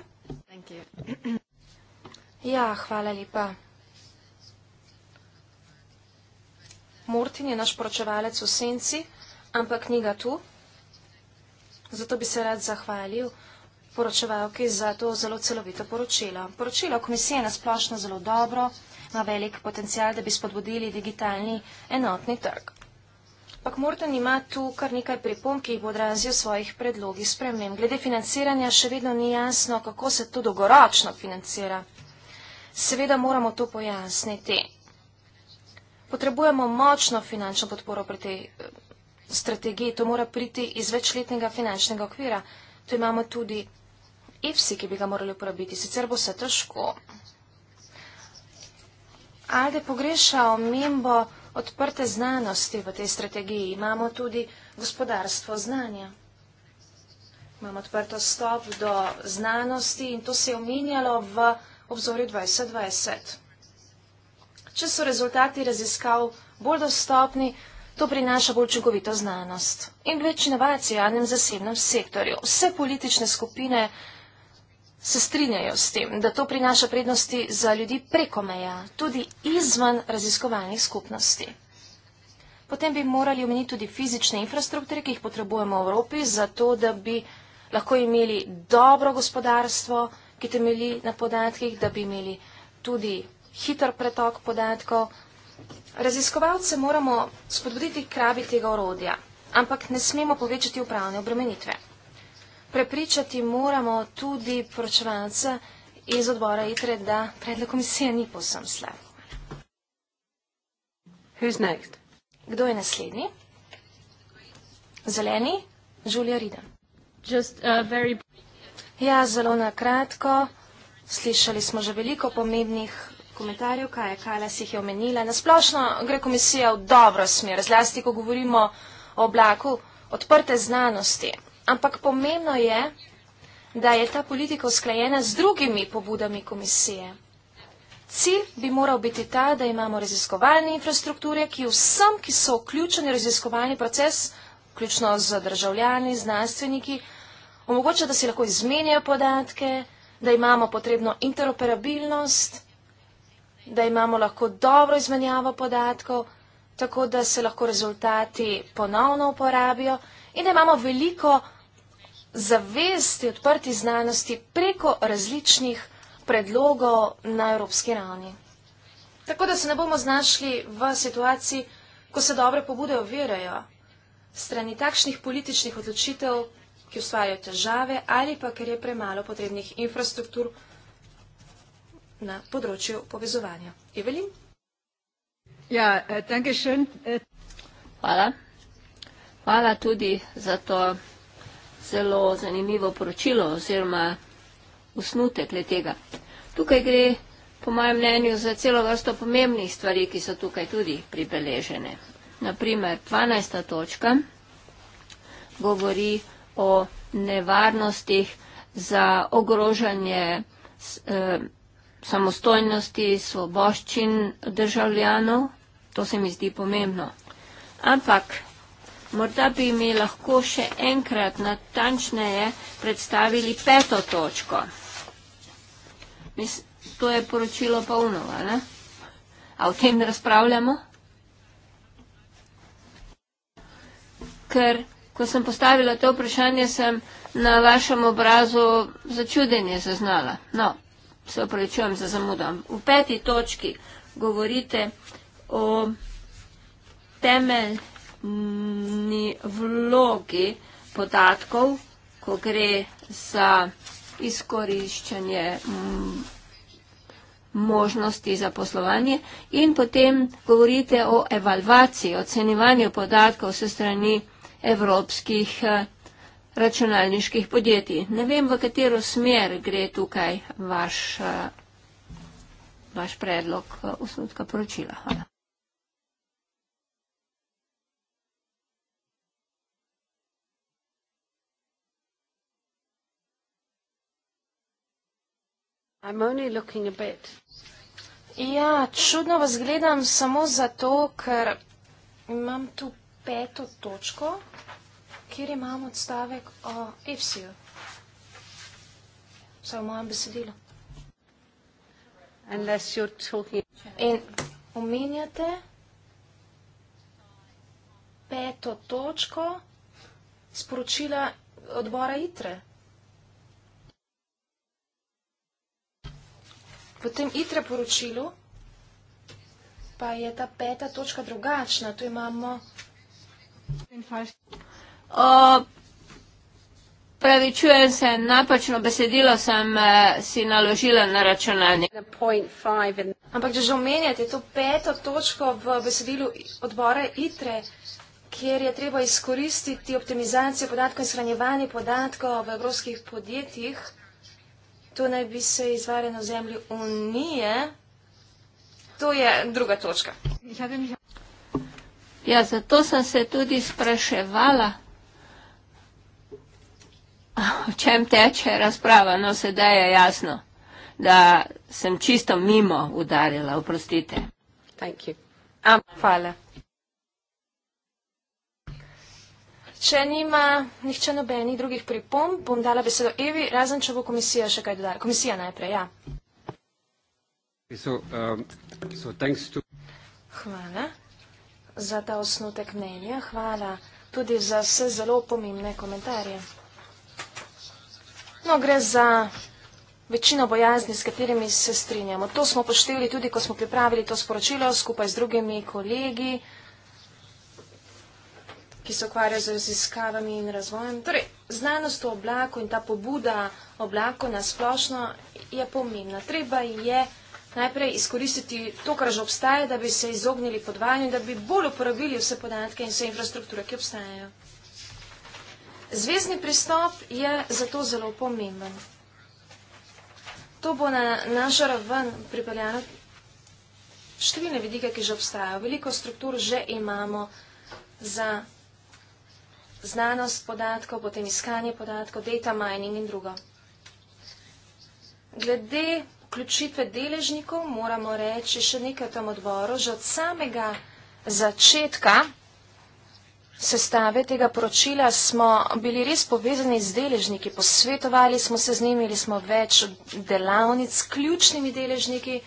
[SPEAKER 3] Ja, hvala lepa. Mortin je naš poročevalec v Senci, ampak ni ga tu. Zato bi se rad zahvalil poročevalki za to zelo celovito poročilo. Poročilo komisije je nasplošno zelo dobro, ima velik potencial, da bi spodbudili digitalni enotni trg. Pak Morten ima tu kar nekaj pripomb, ki jih bo odrazil svojih predlogih sprememb. Glede financiranja še vedno ni jasno, kako se to dolgoročno financira. Seveda moramo to pojasniti. Potrebujemo močno finančno podporo pri tej strategiji, to mora priti iz večletnega finančnega okvira. To imamo tudi EFSI, ki bi ga morali uporabiti, sicer bo se težko. Alde pogreša omembo odprte znanosti v tej strategiji. Imamo tudi gospodarstvo znanja. Imamo odprto stop do znanosti in to se je omenjalo v obzorju 2020. Če so rezultati raziskav bolj dostopni, To prinaša bolj učinkovito znanost in več inovacij v enem zasebnem sektorju. Vse politične skupine se strinjajo s tem, da to prinaša prednosti za ljudi preko meja, tudi izven raziskovalnih skupnosti. Potem bi morali omeniti tudi fizične infrastrukture, ki jih potrebujemo v Evropi, zato da bi lahko imeli dobro gospodarstvo, ki temelji na podatkih, da bi imeli tudi hiter pretok podatkov, Raziskovalce moramo spodbuditi k rabi tega orodja, ampak ne smemo povečati upravne obremenitve. Prepričati moramo tudi poročevalce iz odbora ITRE, da predlog komisije ni povsem slab. Who's next? Kdo je naslednji? Zeleni? Julia Riden. Just, uh, very... Ja, zelo na kratko. Slišali smo že veliko pomembnih komentarjev, kaj je Kala si jih je omenila. Nasplošno gre komisija v dobro smer, zlasti, ko govorimo o oblaku odprte znanosti. Ampak pomembno je, da je ta politika usklajena z drugimi pobudami komisije. Cilj bi moral biti ta, da imamo raziskovalne infrastrukture, ki vsem, ki so vključeni v raziskovalni proces, vključno z državljani, znanstveniki, omogoča, da si lahko izmenjajo podatke, da imamo potrebno interoperabilnost da imamo lahko dobro izmenjavo podatkov, tako da se lahko rezultati ponovno uporabijo in da imamo veliko zavesti odprti znanosti preko različnih predlogov na evropski ravni. Tako da se ne bomo znašli v situaciji, ko se dobre pobude ovirajo strani takšnih političnih odločitev, ki ustvarjajo težave ali pa ker je premalo potrebnih infrastruktur na področju povezovanja. Evelin? Ja, eh,
[SPEAKER 2] dankeschön. Eh. Hvala. Hvala tudi za to zelo zanimivo poročilo oziroma usnutek le tega. Tukaj gre po mojem mnenju za celo vrsto pomembnih stvari, ki so tukaj tudi pribeležene. Naprimer, 12. točka govori o nevarnostih za ogrožanje eh, samostojnosti, svoboščin državljanov. To se mi zdi pomembno. Ampak morda bi mi lahko še enkrat natančneje predstavili peto točko. Mislim, to je poročilo polnova, ne? A o tem razpravljamo? Ker, ko sem postavila to vprašanje, sem na vašem obrazu začudenje zaznala. No, se opravičujem za zamudam. V peti točki govorite o temeljni vlogi podatkov, ko gre za izkoriščanje možnosti za poslovanje in potem govorite o evalvaciji, ocenjevanju podatkov se strani evropskih eh, računalniških podjetij. Ne vem, v katero smer gre tukaj vaš, eh, vaš predlog eh, osnutka poročila. Hvala.
[SPEAKER 3] Ja, čudno vas gledam samo zato, ker imam tu peto točko kjer imamo odstavek o Epsiju, vse v mojem besedilu. In omenjate peto točko sporočila odbora ITRE. V tem ITRE poročilu pa je ta peta točka drugačna. Tu imamo.
[SPEAKER 2] Opravičujem se, napačno besedilo sem eh, si naložila na računalnik.
[SPEAKER 3] Ampak že omenjate to peto točko v besedilu odbora ITRE, kjer je treba izkoristiti optimizacijo podatkov in shranjevanje podatkov v evropskih podjetjih. To naj bi se izvarjalo na zemlji Unije. To je druga točka.
[SPEAKER 2] Ja, zato sem se tudi spraševala o čem teče razprava, no sedaj je jasno, da sem čisto mimo udarila, oprostite. Am, hvala.
[SPEAKER 3] Če nima nihče nobenih drugih pripomb, bom dala besedo Evi, razen če bo komisija še kaj dodala. Komisija najprej, ja.
[SPEAKER 1] So, um, so to...
[SPEAKER 3] Hvala za ta osnutek mnenja, hvala tudi za vse zelo pomembne komentarje. No, gre za večino bojazni, s katerimi se strinjamo. To smo pošteli tudi, ko smo pripravili to sporočilo skupaj z drugimi kolegi, ki se ukvarjajo z raziskavami in razvojem. Torej, znanost o oblaku in ta pobuda oblaku na splošno je pomembna. Treba je najprej izkoristiti to, kar že obstaja, da bi se izognili podvajanju in da bi bolj uporabili vse podatke in vse infrastrukture, ki obstajajo. Zvezdni pristop je zato zelo pomemben. To bo na našo raven pripeljano številne vidike, ki že obstajajo. Veliko struktur že imamo za znanost podatkov, potem iskanje podatkov, data mining in drugo. Glede vključitve deležnikov moramo reči še nekaj o tem odboru, že od samega začetka sestave tega poročila smo bili res povezani z deležniki, posvetovali smo se z njimi, imeli smo več delavnic s ključnimi deležniki,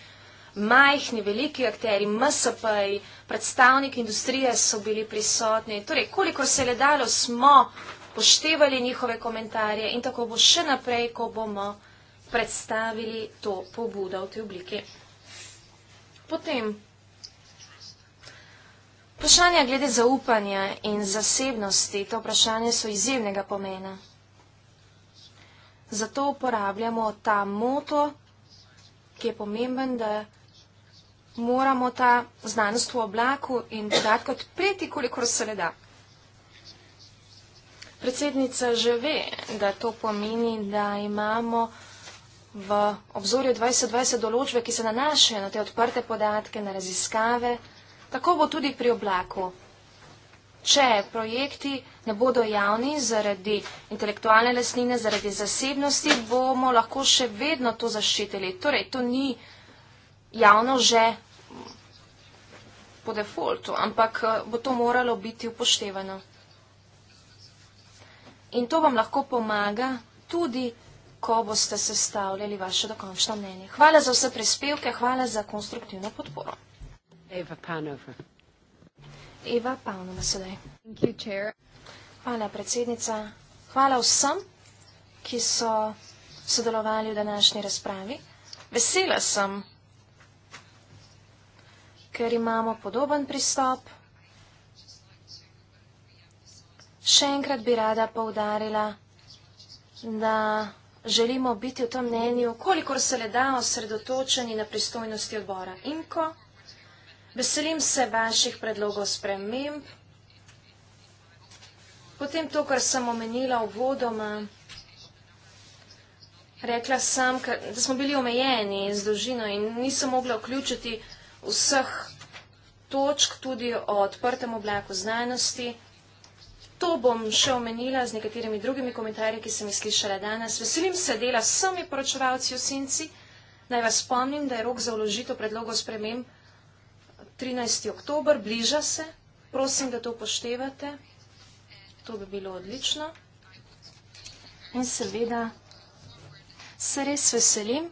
[SPEAKER 3] majhni, veliki akteri, MSP-ji, predstavniki industrije so bili prisotni. Torej, kolikor se je dalo, smo poštevali njihove komentarje in tako bo še naprej, ko bomo predstavili to pobudo v tej obliki. Potem Vprašanja glede zaupanja in zasebnosti, to vprašanje so izjemnega pomena. Zato uporabljamo ta moto, ki je pomemben, da moramo ta znanost v oblaku in podatko odpreti, kolikor se le da. Predsednica že ve, da to pomeni, da imamo v obzorju 2020 določbe, ki se nanašajo na te odprte podatke, na raziskave, Tako bo tudi pri oblaku. Če projekti ne bodo javni zaradi intelektualne lesnine, zaradi zasebnosti, bomo lahko še vedno to zaščitili. Torej, to ni javno že po defaultu, ampak eh, bo to moralo biti upoštevano. In to vam lahko pomaga tudi, ko boste sestavljali vaše dokončno mnenje. Hvala za vse prispevke, hvala za konstruktivno podporo.
[SPEAKER 2] Eva Panover.
[SPEAKER 3] Eva Panover, sedaj. Thank you, Chair. Hvala, predsednica. Hvala vsem, ki so sodelovali v današnji razpravi. Vesela sem, ker imamo podoben pristop. Še enkrat bi rada poudarila, da želimo biti v tom mnenju, kolikor se le da osredotočeni na pristojnosti odbora IMCO, Veselim se vaših predlogov sprememb. Potem to, kar sem omenila v vodoma, rekla sem, da smo bili omejeni z dolžino in nisem mogla vključiti vseh točk tudi o odprtem oblaku znanosti. To bom še omenila z nekaterimi drugimi komentarji, ki sem jih slišala danes. Veselim se dela s vsemi poročevalci v Sinci. Naj vas spomnim, da je rok za vložitev predlogov spremem 13. oktober, bliža se, prosim, da to upoštevate, to bi bilo odlično. In seveda se res veselim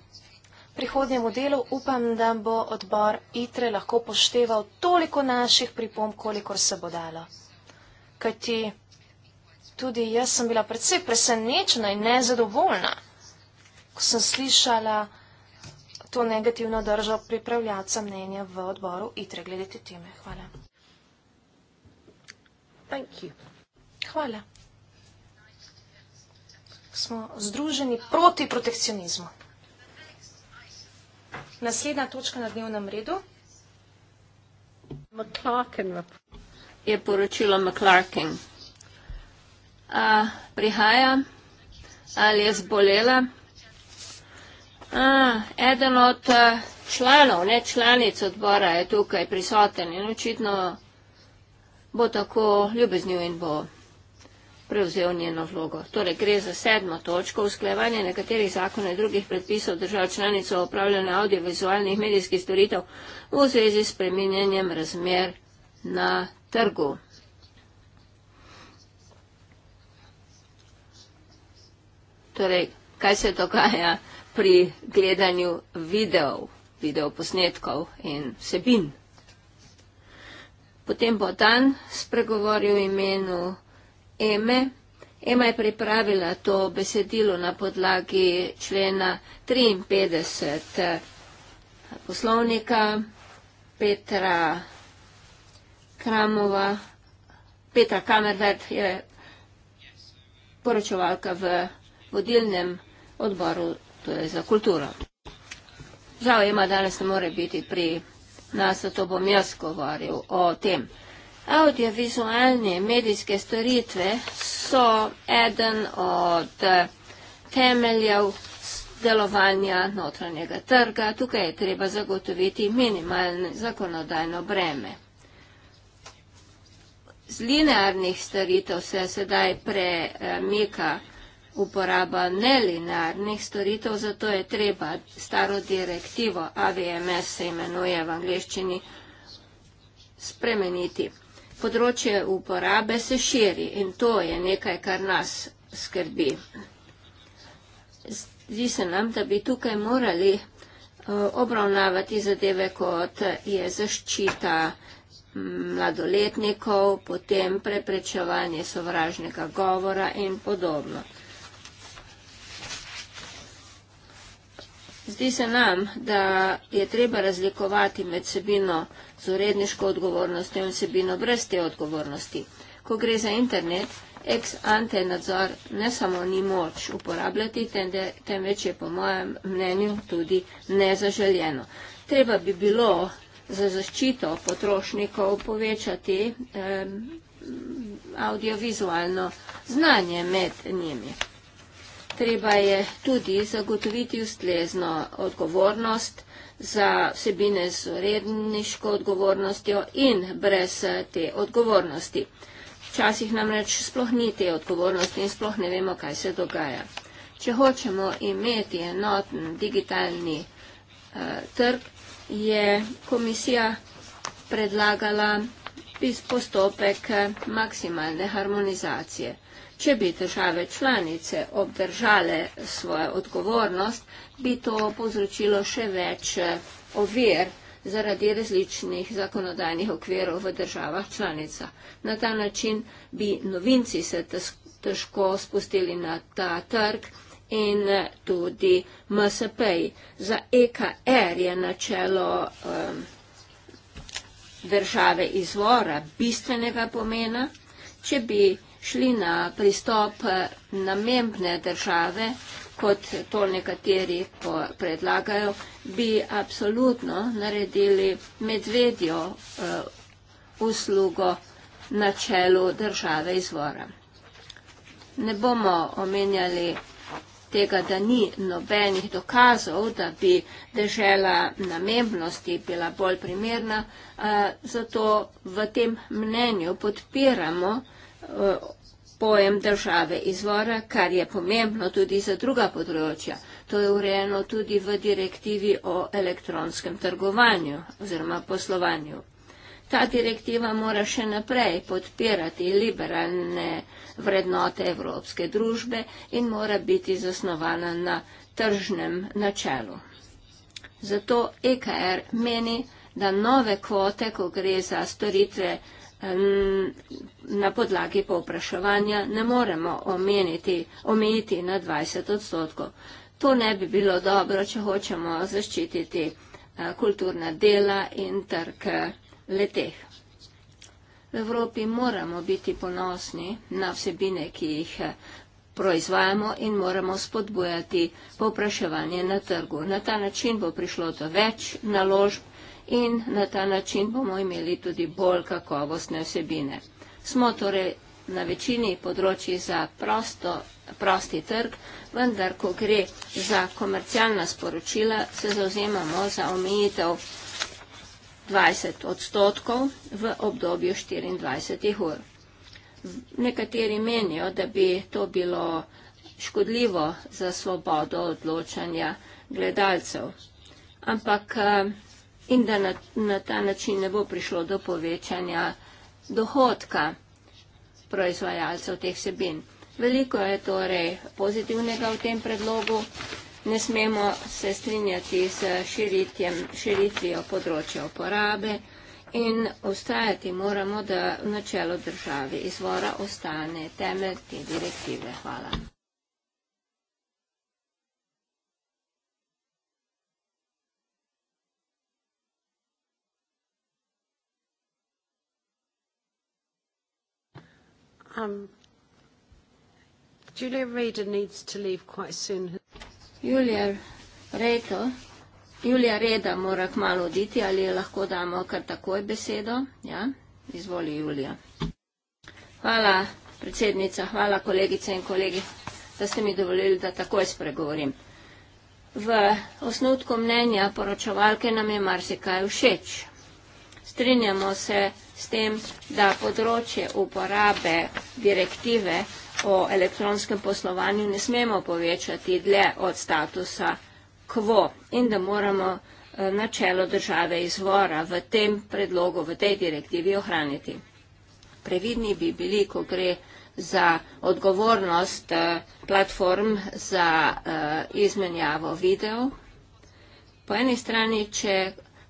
[SPEAKER 3] prihodnjemu delu, upam, da bo odbor ITRE lahko pošteval toliko naših pripomb, kolikor se bo dalo. Kajti tudi jaz sem bila predvsej presenečena in nezadovoljna, ko sem slišala, to negativno držo pripravljaca mnenja v odboru ITRE glede te teme. Hvala. Thank you. Hvala. Smo združeni proti protekcionizmu. Naslednja točka na dnevnem redu
[SPEAKER 2] je poročilo McClarkin. Uh, prihaja ali je zbolela? A, eden od eh, članov, ne članic odbora je tukaj prisoten in očitno bo tako ljubeznil in bo prevzel njeno vlogo. Torej gre za sedmo točko, usklevanje nekaterih zakonov in drugih predpisov držav članicov upravljanja audiovizualnih medijskih storitev v zvezi s preminjanjem razmer na trgu. Torej, kaj se dogaja? pri gledanju videov, videoposnetkov in vsebin. Potem bo Dan spregovoril imenu Eme. Ema je pripravila to besedilo na podlagi člena 53 eh, poslovnika Petra Kramova. Petra Kamervet je poročevalka v vodilnem odboru to je za kulturo. Žal ima danes ne more biti pri nas, zato bom jaz govoril o tem. Audiovizualne medijske storitve so eden od eh, temeljev delovanja notranjega trga. Tukaj je treba zagotoviti minimalno zakonodajno breme. Z linearnih storitev se sedaj premika. Eh, uporaba nelinarnih storitev, zato je treba staro direktivo AVMS, se imenuje v angliščini, spremeniti. Področje uporabe se širi in to je nekaj, kar nas skrbi. Zdi se nam, da bi tukaj morali eh, obravnavati zadeve, kot je zaščita mm, mladoletnikov, potem preprečevanje sovražnega govora in podobno. Zdi se nam, da je treba razlikovati med sebino z uredniško odgovornostjo in sebino brez te odgovornosti. Ko gre za internet, ex ante nadzor ne samo ni moč uporabljati, temveč je po mojem mnenju tudi nezaželjeno. Treba bi bilo za zaščito potrošnikov povečati eh, audiovizualno znanje med njimi treba je tudi zagotoviti ustrezno odgovornost za vsebine z redniško odgovornostjo in brez te odgovornosti. Včasih namreč sploh ni te odgovornosti in sploh ne vemo, kaj se dogaja. Če hočemo imeti enoten digitalni uh, trg, je komisija predlagala postopek eh, maksimalne harmonizacije. Če bi države članice obdržale svojo odgovornost, bi to povzročilo še več eh, ovir zaradi različnih zakonodajnih okvirov v državah članica. Na ta način bi novinci se težko spustili na ta trg in eh, tudi MSP. Za EKR je načelo um, države izvora bistvenega pomena. Če bi šli na pristop eh, namembne države, kot to nekateri predlagajo, bi absolutno naredili medvedjo eh, uslugo na čelu države izvora. Ne bomo omenjali tega, da ni nobenih dokazov, da bi držela namembnosti bila bolj primerna, eh, zato v tem mnenju podpiramo, da bi Eh, pojem države izvora, kar je pomembno tudi za druga področja. To je urejeno tudi v direktivi o elektronskem trgovanju oziroma poslovanju. Ta direktiva mora še naprej podpirati liberalne vrednote evropske družbe in mora biti zasnovana na tržnem načelu. Zato EKR meni, da nove kvote, ko gre za storitve na podlagi povpraševanja ne moremo omeniti, omejiti na 20 odstotkov. To ne bi bilo dobro, če hočemo zaščititi eh, kulturna dela in trg eh, leteh. V Evropi moramo biti ponosni na vsebine, ki jih eh, proizvajamo in moramo spodbujati povpraševanje na trgu. Na ta način bo prišlo do več naložb in na ta način bomo imeli tudi bolj kakovostne vsebine. Smo torej na večini področji za prosto, prosti trg, vendar ko gre za komercialna sporočila, se zauzemamo za omejitev 20 odstotkov v obdobju 24 ur. Nekateri menijo, da bi to bilo škodljivo za svobodo odločanja gledalcev. Ampak eh, in da na, na ta način ne bo prišlo do povečanja dohodka proizvajalcev teh sebin. Veliko je torej pozitivnega v tem predlogu. Ne smemo se strinjati s širitvijo področja uporabe in ostajati moramo, da v načelu državi izvora ostane temelj te direktive. Hvala.
[SPEAKER 3] Um, Julia Reda needs to leave quite soon.
[SPEAKER 2] Julia Reto, Julia Reda mora kmalo oditi, ali lahko damo kar takoj besedo? Ja, izvoli Julia. Hvala, predsednica, hvala kolegice in kolegi, da ste mi dovolili, da takoj spregovorim. V osnutku mnenja poročevalke nam je marsikaj všeč. Strinjamo se, da je všeč s tem, da področje uporabe direktive o elektronskem poslovanju ne smemo povečati dlje od statusa quo in da moramo eh, načelo države izvora v tem predlogu, v tej direktivi ohraniti. Previdni bi bili, ko gre za odgovornost eh, platform za eh, izmenjavo videov. Po eni strani, če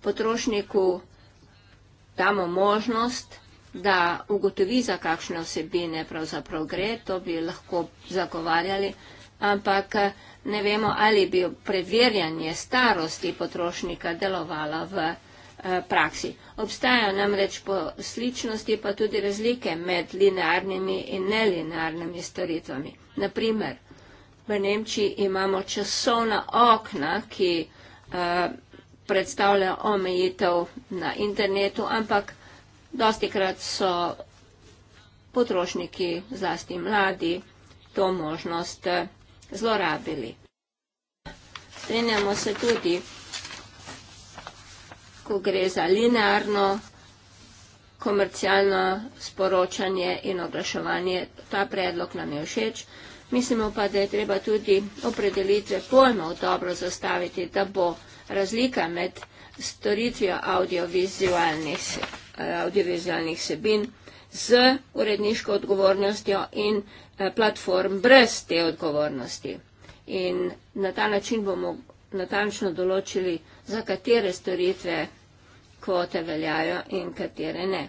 [SPEAKER 2] potrošniku vsega, damo možnost, da ugotovi, za kakšne osebine pravzaprav gre, to bi lahko zagovarjali, ampak eh, ne vemo, ali bi preverjanje starosti potrošnika delovala v eh, praksi. Obstajajo namreč po sličnosti pa tudi razlike med linearnimi in nelinearnimi storitvami. Naprimer, v Nemčiji imamo časovna okna, ki eh, predstavlja omejitev na internetu, ampak dosti krat so potrošniki, zlasti mladi, to možnost eh, zlorabili. Strenjamo se tudi, ko gre za linearno komercijalno sporočanje in oglaševanje, ta predlog nam je všeč. Mislimo pa, da je treba tudi opredelitve pojmov dobro zastaviti, da bo vsega razlika med storitvijo audiovizualnih, audiovizualnih sebin z uredniško odgovornostjo in eh, platform brez te odgovornosti. In na ta način bomo natančno določili, za katere storitve kvote veljajo in katere ne.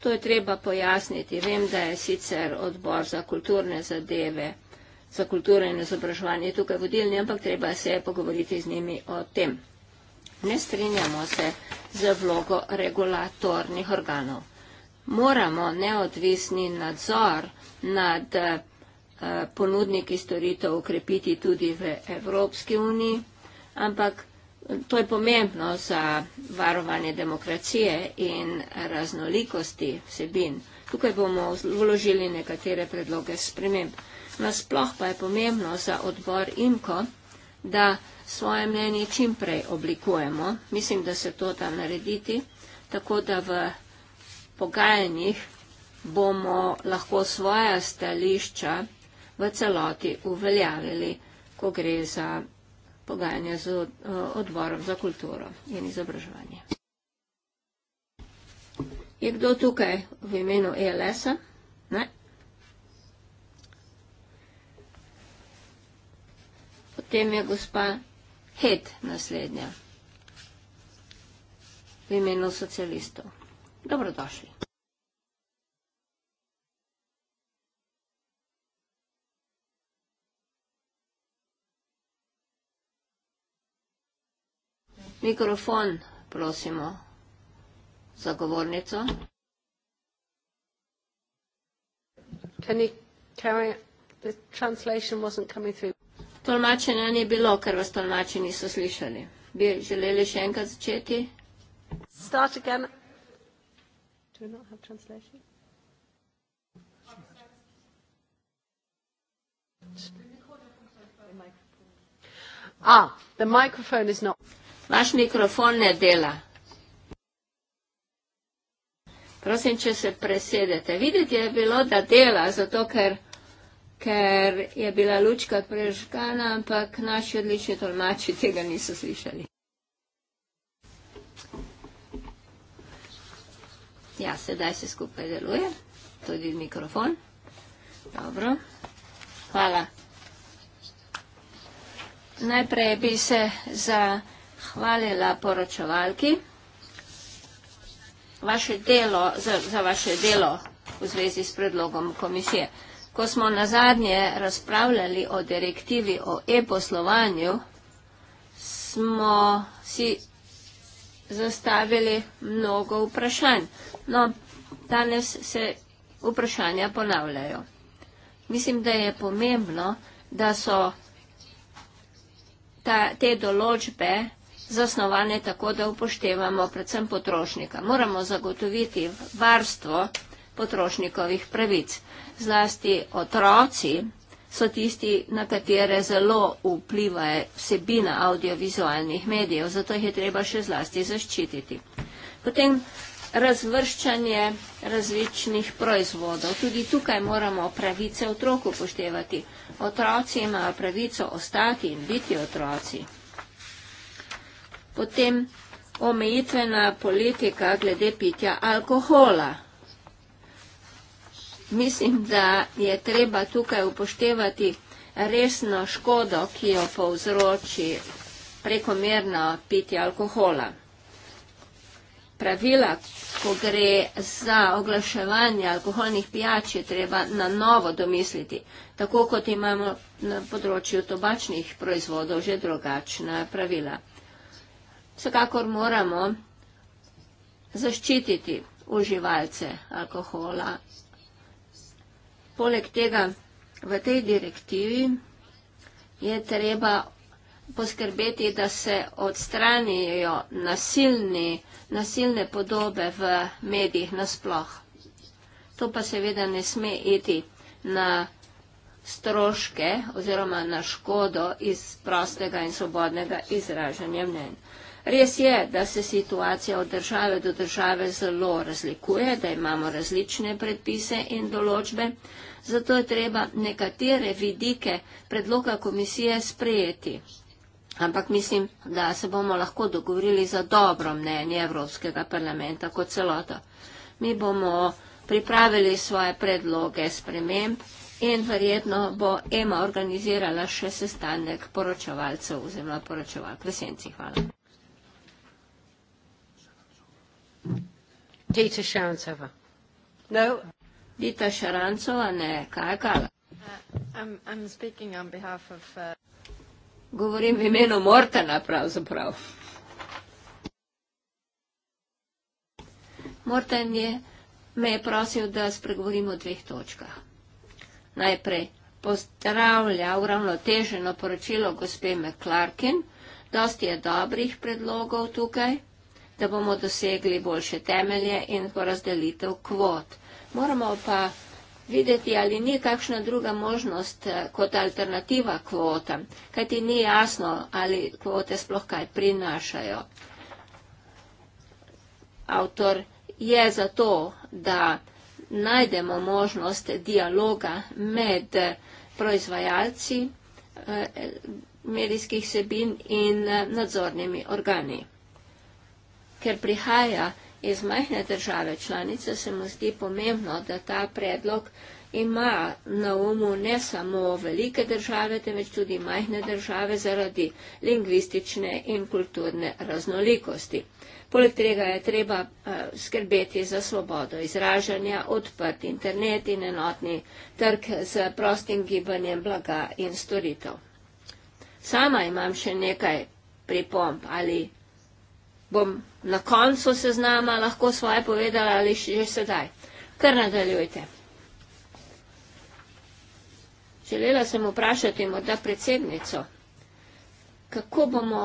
[SPEAKER 2] To je treba pojasniti. Vem, da je sicer odbor za kulturne zadeve za kulturo in izobraževanje tukaj vodilni, ampak treba se je pogovoriti z njimi o tem. Ne strinjamo se z vlogo regulatornih organov. Moramo neodvisni nadzor nad eh, ponudniki storitev ukrepiti tudi v Evropski uniji, ampak eh, to je pomembno za varovanje demokracije in raznolikosti vsebin. Tukaj bomo vložili nekatere predloge spremembe. Nasploh pa je pomembno za odbor IMKO, da svoje mnenje čim prej oblikujemo. Mislim, da se to da narediti, tako da v pogajanjih bomo lahko svoja stališča v celoti uveljavili, ko gre za pogajanje z eh, odborom za kulturo in izobraževanje. Je kdo tukaj v imenu ELS-a? Ne? Potem je gospa Het naslednja. V imenu socialistov. Dobrodošli. Mikrofon, prosimo, za govornico. Can you carry on? The translation wasn't coming through. Tolmačenja ni bilo, ker vas tolmači niso slišali. Bi želeli še enkrat začeti? Start again. Do we not have translation? A, ah, the microphone is not. Vaš mikrofon ne dela. Prosim, če se presedete. Videti je bilo, da dela, zato ker ker je bila lučka prežgana, ampak naši odlični tolmači tega niso slišali. Ja, sedaj se skupaj deluje, tudi mikrofon. Dobro, hvala. Najprej bi se zahvalila poročevalki za, za vaše delo v zvezi s predlogom komisije. Ko smo na zadnje razpravljali o direktivi o e-poslovanju, smo si zastavili mnogo vprašanj. No, danes se vprašanja ponavljajo. Mislim, da je pomembno, da so ta, te določbe zasnovane tako, da upoštevamo predvsem potrošnika. Moramo zagotoviti varstvo potrošnikovih pravic. Zlasti otroci so tisti, na katere zelo vpliva vsebina audiovizualnih medijev, zato jih je treba še zlasti zaščititi. Potem razvrščanje različnih proizvodov. Tudi tukaj moramo pravice otroku poštevati. Otroci imajo pravico ostati in biti otroci. Potem omejitvena politika glede pitja alkohola mislim, da je treba tukaj upoštevati resno škodo, ki jo povzroči prekomerno pitje alkohola. Pravila, ko gre za oglaševanje alkoholnih pijač, je treba na novo domisliti, tako kot imamo na področju tobačnih proizvodov že drugačna pravila. Vsekakor moramo zaščititi uživalce alkohola Poleg tega, v tej direktivi je treba poskrbeti, da se odstranijo nasilni, nasilne podobe v medijih nasploh. To pa seveda ne sme iti na stroške oziroma na škodo iz prostega in svobodnega izražanja mnenja. Res je, da se situacija od države do države zelo razlikuje, da imamo različne predpise in določbe, zato je treba nekatere vidike predloga komisije sprejeti. Ampak mislim, da se bomo lahko dogovorili za dobro mnenje Evropskega parlamenta kot celoto. Mi bomo pripravili svoje predloge sprememb in verjetno bo EMA organizirala še sestanek poročevalcev oziroma poročevalk v senci. Hvala. Dita Sharantsova. No. Dita Sharantsova, ne, Kajkala.
[SPEAKER 3] Uh, I'm, I'm speaking on behalf of... Uh...
[SPEAKER 2] Govorim v imenu Mortana, pravzaprav. Morten je, me je prosil, da spregovorim o dveh točkah. Najprej pozdravlja uravnoteženo poročilo gospe McClarkin. Dosti je dobrih predlogov tukaj da bomo dosegli boljše temelje in porazdelitev kvot. Moramo pa videti, ali ni kakšna druga možnost eh, kot alternativa kvotam, kajti ni jasno, ali kvote sploh kaj prinašajo. Avtor je zato, da najdemo možnost dialoga med eh, proizvajalci eh, medijskih sebin in nadzornimi organi ker prihaja iz majhne države članice, se mu zdi pomembno, da ta predlog ima na umu ne samo velike države, temveč tudi majhne države zaradi lingvistične in kulturne raznolikosti. Poleg tega je treba eh, skrbeti za svobodo izražanja, odprt internet in enotni trg z prostim gibanjem blaga in storitev. Sama imam še nekaj pripomb ali bom na koncu seznama lahko svoje povedala ali že sedaj. Kar nadaljujte. Želela sem vprašati morda predsednico, kako bomo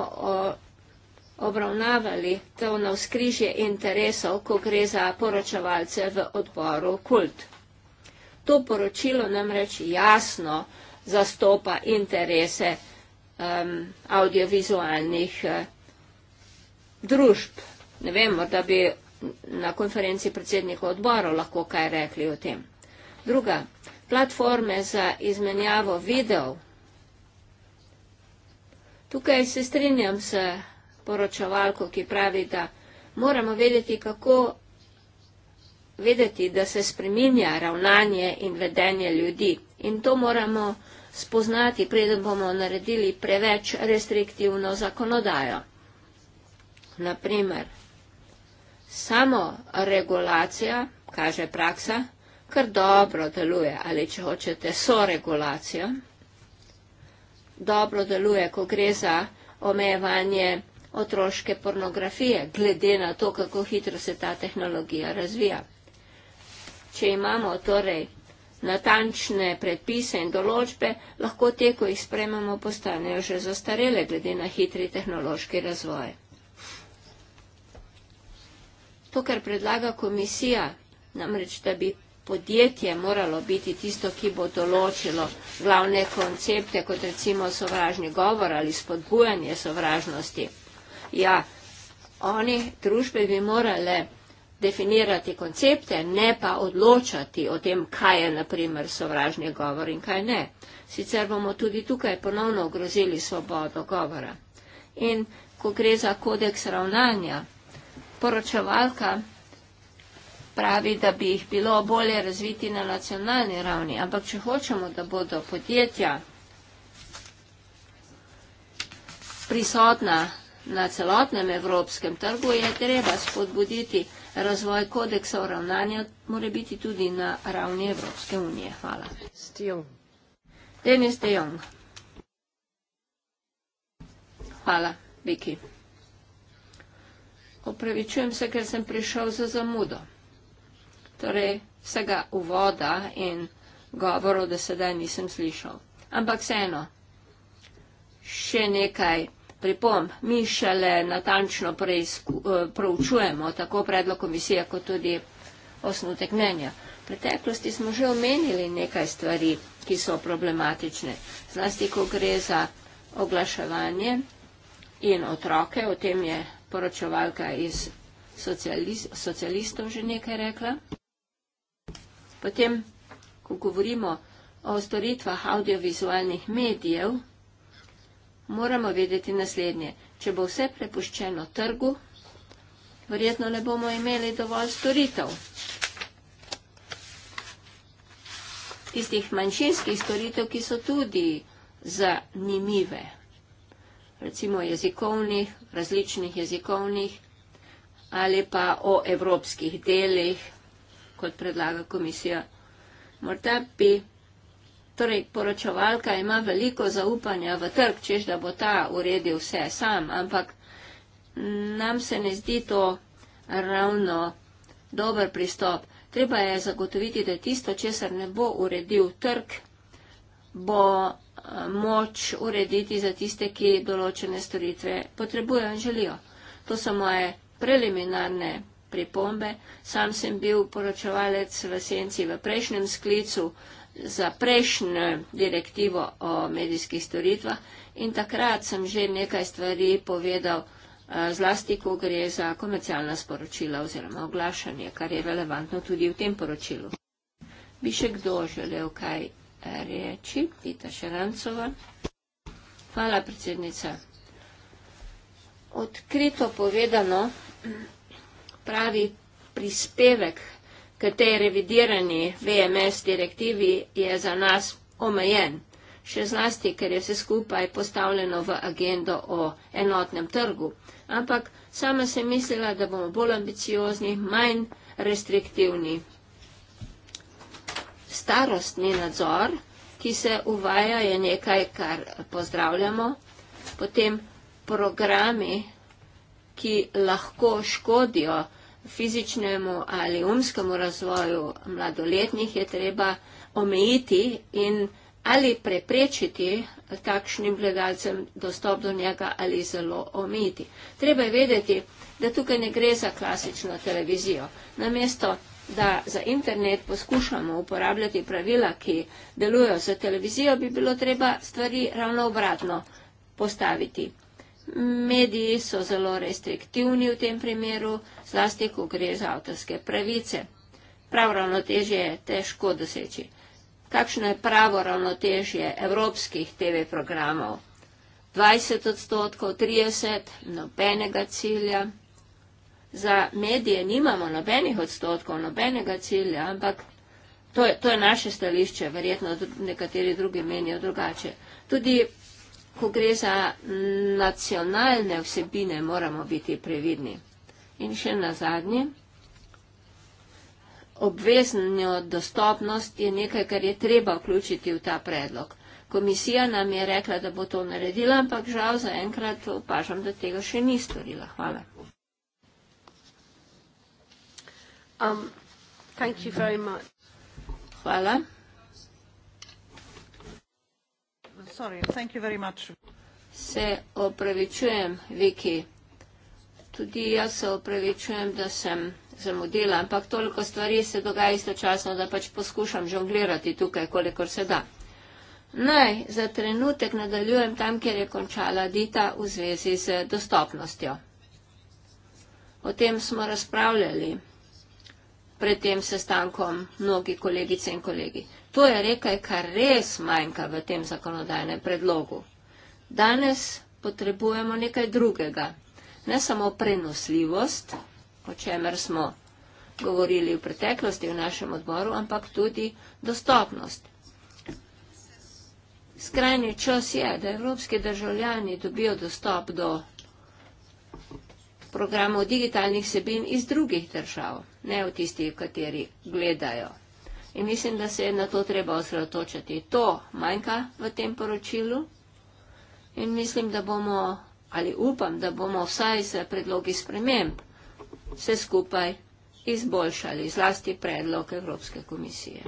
[SPEAKER 2] obravnavali to navskrižje interesov, ko gre za poročevalce v odboru KULT. To poročilo namreč jasno zastopa interese um, audiovizualnih interesov eh, družb. Ne vem, morda bi na konferenci predsednikov odborov lahko kaj rekli o tem. Druga, platforme za izmenjavo videov. Tukaj se strinjam s poročevalko, ki pravi, da moramo vedeti, kako vedeti, da se spreminja ravnanje in vedenje ljudi. In to moramo spoznati, preden bomo naredili preveč restriktivno zakonodajo naprimer. Samo regulacija, kaže praksa, kar dobro deluje, ali če hočete soregulacijo, dobro deluje, ko gre za omejevanje otroške pornografije, glede na to, kako hitro se ta tehnologija razvija. Če imamo torej natančne predpise in določbe, lahko te, ko jih sprememo, postanejo že zastarele, glede na hitri tehnološki razvoj. To, kar predlaga komisija, namreč, da bi podjetje moralo biti tisto, ki bo določilo glavne koncepte, kot recimo sovražni govor ali spodbujanje sovražnosti. Ja, oni družbe bi morale definirati koncepte, ne pa odločati o tem, kaj je naprimer sovražni govor in kaj ne. Sicer bomo tudi tukaj ponovno ogrozili svobodo govora. In ko gre za kodeks ravnanja, poročevalka pravi, da bi jih bilo bolje razviti na nacionalni ravni, ampak če hočemo, da bodo podjetja prisotna na celotnem evropskem trgu, je treba spodbuditi razvoj kodeksa ravnanja, mora biti tudi na ravni Evropske unije. Hvala. Denis de Jong. Hvala, Biki. Opravičujem se, ker sem prišel za zamudo. Torej, vsega uvoda in govoru, da sedaj nisem slišal. Ampak vseeno, še nekaj pripom. Mi šele natančno preučujemo eh, tako predlog komisije, kot tudi osnutek mnenja. V preteklosti smo že omenili nekaj stvari, ki so problematične. Zlasti, ko gre za oglaševanje in otroke, o tem je poročevalka iz socialist, socialistov že nekaj rekla. Potem, ko govorimo o storitvah audiovizualnih medijev, moramo vedeti naslednje. Če bo vse prepuščeno trgu, verjetno ne bomo imeli dovolj storitev. Tistih manjšinskih storitev, ki so tudi zanimive recimo jezikovnih, različnih jezikovnih ali pa o evropskih delih, kot predlaga komisija. Morda bi, torej poročevalka ima veliko zaupanja v trg, čež da bo ta uredil vse sam, ampak nam se ne zdi to ravno dober pristop. Treba je zagotoviti, da tisto, česar ne bo uredil trg, bo moč urediti za tiste, ki določene storitve potrebujejo in želijo. To so moje preliminarne pripombe. Sam sem bil poročevalec v senci v prejšnjem sklicu za prejšnjo direktivo o medijskih storitvah in takrat sem že nekaj stvari povedal, eh, zlasti ko gre za komercialna sporočila oziroma oglašanje, kar je relevantno tudi v tem poročilu. Bi še kdo želel kaj reči, Tita Šarancova. Hvala, predsednica. Odkrito povedano, pravi prispevek k tej revidirani VMS direktivi je za nas omejen. Še zlasti, ker je vse skupaj postavljeno v agendo o enotnem trgu. Ampak sama sem mislila, da bomo bolj ambiciozni, manj restriktivni, starostni nadzor, ki se uvaja, je nekaj, kar pozdravljamo. Potem programi, ki lahko škodijo fizičnemu ali umskemu razvoju mladoletnih, je treba omejiti in ali preprečiti takšnim gledalcem dostop do njega ali zelo omejiti. Treba je vedeti, da tukaj ne gre za klasično televizijo. Namesto da za internet poskušamo uporabljati pravila, ki delujejo za televizijo, bi bilo treba stvari ravno obratno postaviti. Mediji so zelo restriktivni v tem primeru, zlasti, ko gre za avtorske pravice. Prav ravnotežje je težko doseči. Kakšno je pravo ravnotežje evropskih TV programov? 20 odstotkov, 30, nobenega cilja za medije nimamo nobenih odstotkov, nobenega cilja, ampak to je, to je naše stališče, verjetno nekateri drugi menijo drugače. Tudi, ko gre za nacionalne vsebine, moramo biti previdni. In še na zadnji. Obveznjo dostopnost je nekaj, kar je treba vključiti v ta predlog. Komisija nam je rekla, da bo to naredila, ampak žal zaenkrat opažam, da tega še ni storila. Hvala. Um, thank you very much. Hvala.
[SPEAKER 3] Sorry, thank you very much.
[SPEAKER 2] Se opravičujem, Viki. Tudi jaz se opravičujem, da sem zamudila, ampak toliko stvari se dogaja istočasno, da pač poskušam žonglirati tukaj, kolikor se da. Naj za trenutek nadaljujem tam, kjer je končala Dita v zvezi z dostopnostjo. O tem smo razpravljali pred tem sestankom mnogi kolegice in kolegi. To je nekaj, kar res manjka v tem zakonodajnem predlogu. Danes potrebujemo nekaj drugega. Ne samo prenosljivost, o čemer smo govorili v preteklosti v našem odboru, ampak tudi dostopnost. Skrajni čas je, da evropski državljani dobijo dostop do programov digitalnih sebin iz drugih držav ne v tistih, kateri gledajo. In mislim, da se je na to treba osredotočiti. To manjka v tem poročilu in mislim, da bomo, ali upam, da bomo vsaj se predlogi sprememb vse skupaj izboljšali, zlasti predlog Evropske komisije.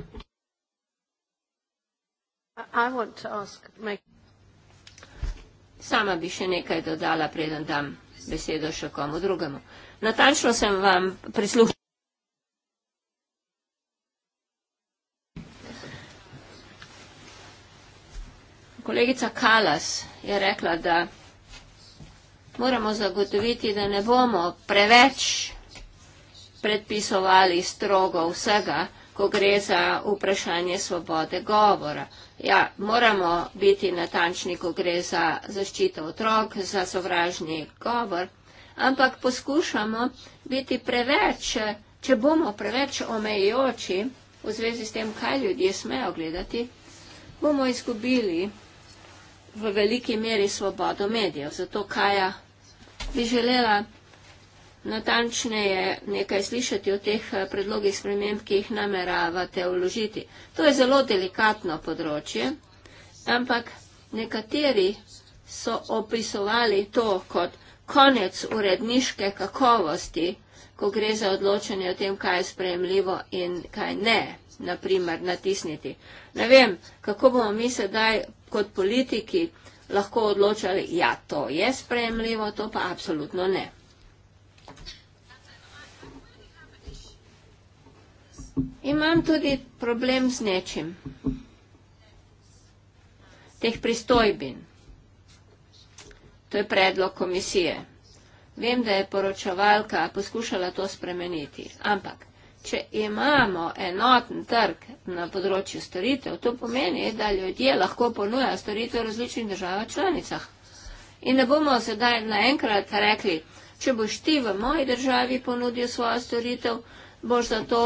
[SPEAKER 2] Sama bi še nekaj dodala, preden dam besedo še komu drugemu. Natančno sem vam prisluhnila. kolegica Kalas je rekla, da moramo zagotoviti, da ne bomo preveč predpisovali strogo vsega, ko gre za vprašanje svobode govora. Ja, moramo biti natančni, ko gre za zaščito otrok, za sovražni govor, ampak poskušamo biti preveč, če bomo preveč omejujoči v zvezi s tem, kaj ljudje smejo gledati, bomo izgubili v veliki meri svobodo medijev. Zato, kaj ja bi želela natančneje nekaj slišati o teh eh, predlogih sprememb, ki jih nameravate vložiti. To je zelo delikatno področje, ampak nekateri so opisovali to kot konec uredniške kakovosti, ko gre za odločanje o tem, kaj je sprejemljivo in kaj ne, naprimer, natisniti. Ne vem, kako bomo mi sedaj kot politiki lahko odločali, ja, to je sprejemljivo, to pa absolutno ne. Imam tudi problem z nečim. Teh pristojbin. To je predlog komisije. Vem, da je poročevalka poskušala to spremeniti, ampak Če imamo enoten trg na področju storitev, to pomeni, da ljudje lahko ponujajo storitev v različnih državah članicah. In ne bomo sedaj naenkrat rekli, če boš ti v moji državi ponudil svojo storitev, boš za to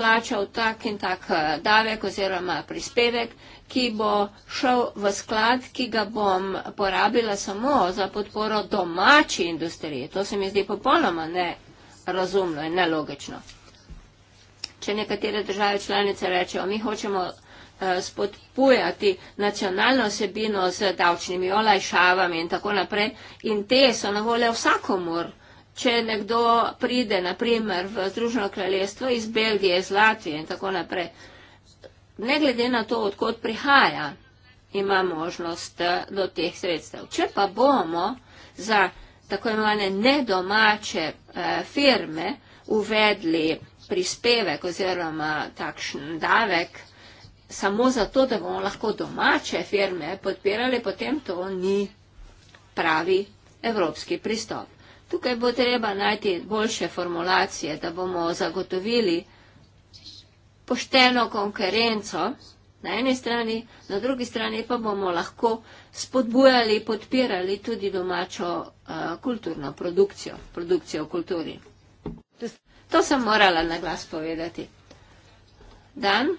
[SPEAKER 2] plačal tak in tak eh, davek oziroma prispevek, ki bo šel v sklad, ki ga bom porabila samo za podporo domači industriji. To se mi zdi popolnoma nerazumno in nelogično če nekatere države članice rečejo, mi hočemo eh, spodbujati nacionalno osebino z davčnimi olajšavami in tako naprej. In te so na voljo vsakomur. Če nekdo pride, naprimer, v Združeno kraljestvo iz Belgije, iz Latvije in tako naprej, ne glede na to, odkot prihaja, ima možnost eh, do teh sredstev. Če pa bomo za tako imenovane nedomače eh, firme uvedli prispevek oziroma takšen davek samo zato, da bomo lahko domače firme podpirali, potem to ni pravi evropski pristop. Tukaj bo treba najti boljše formulacije, da bomo zagotovili pošteno konkurenco na eni strani, na drugi strani pa bomo lahko spodbujali, podpirali tudi domačo uh, kulturno produkcijo, produkcijo v kulturi. To sem morala na glas povedati. Dan?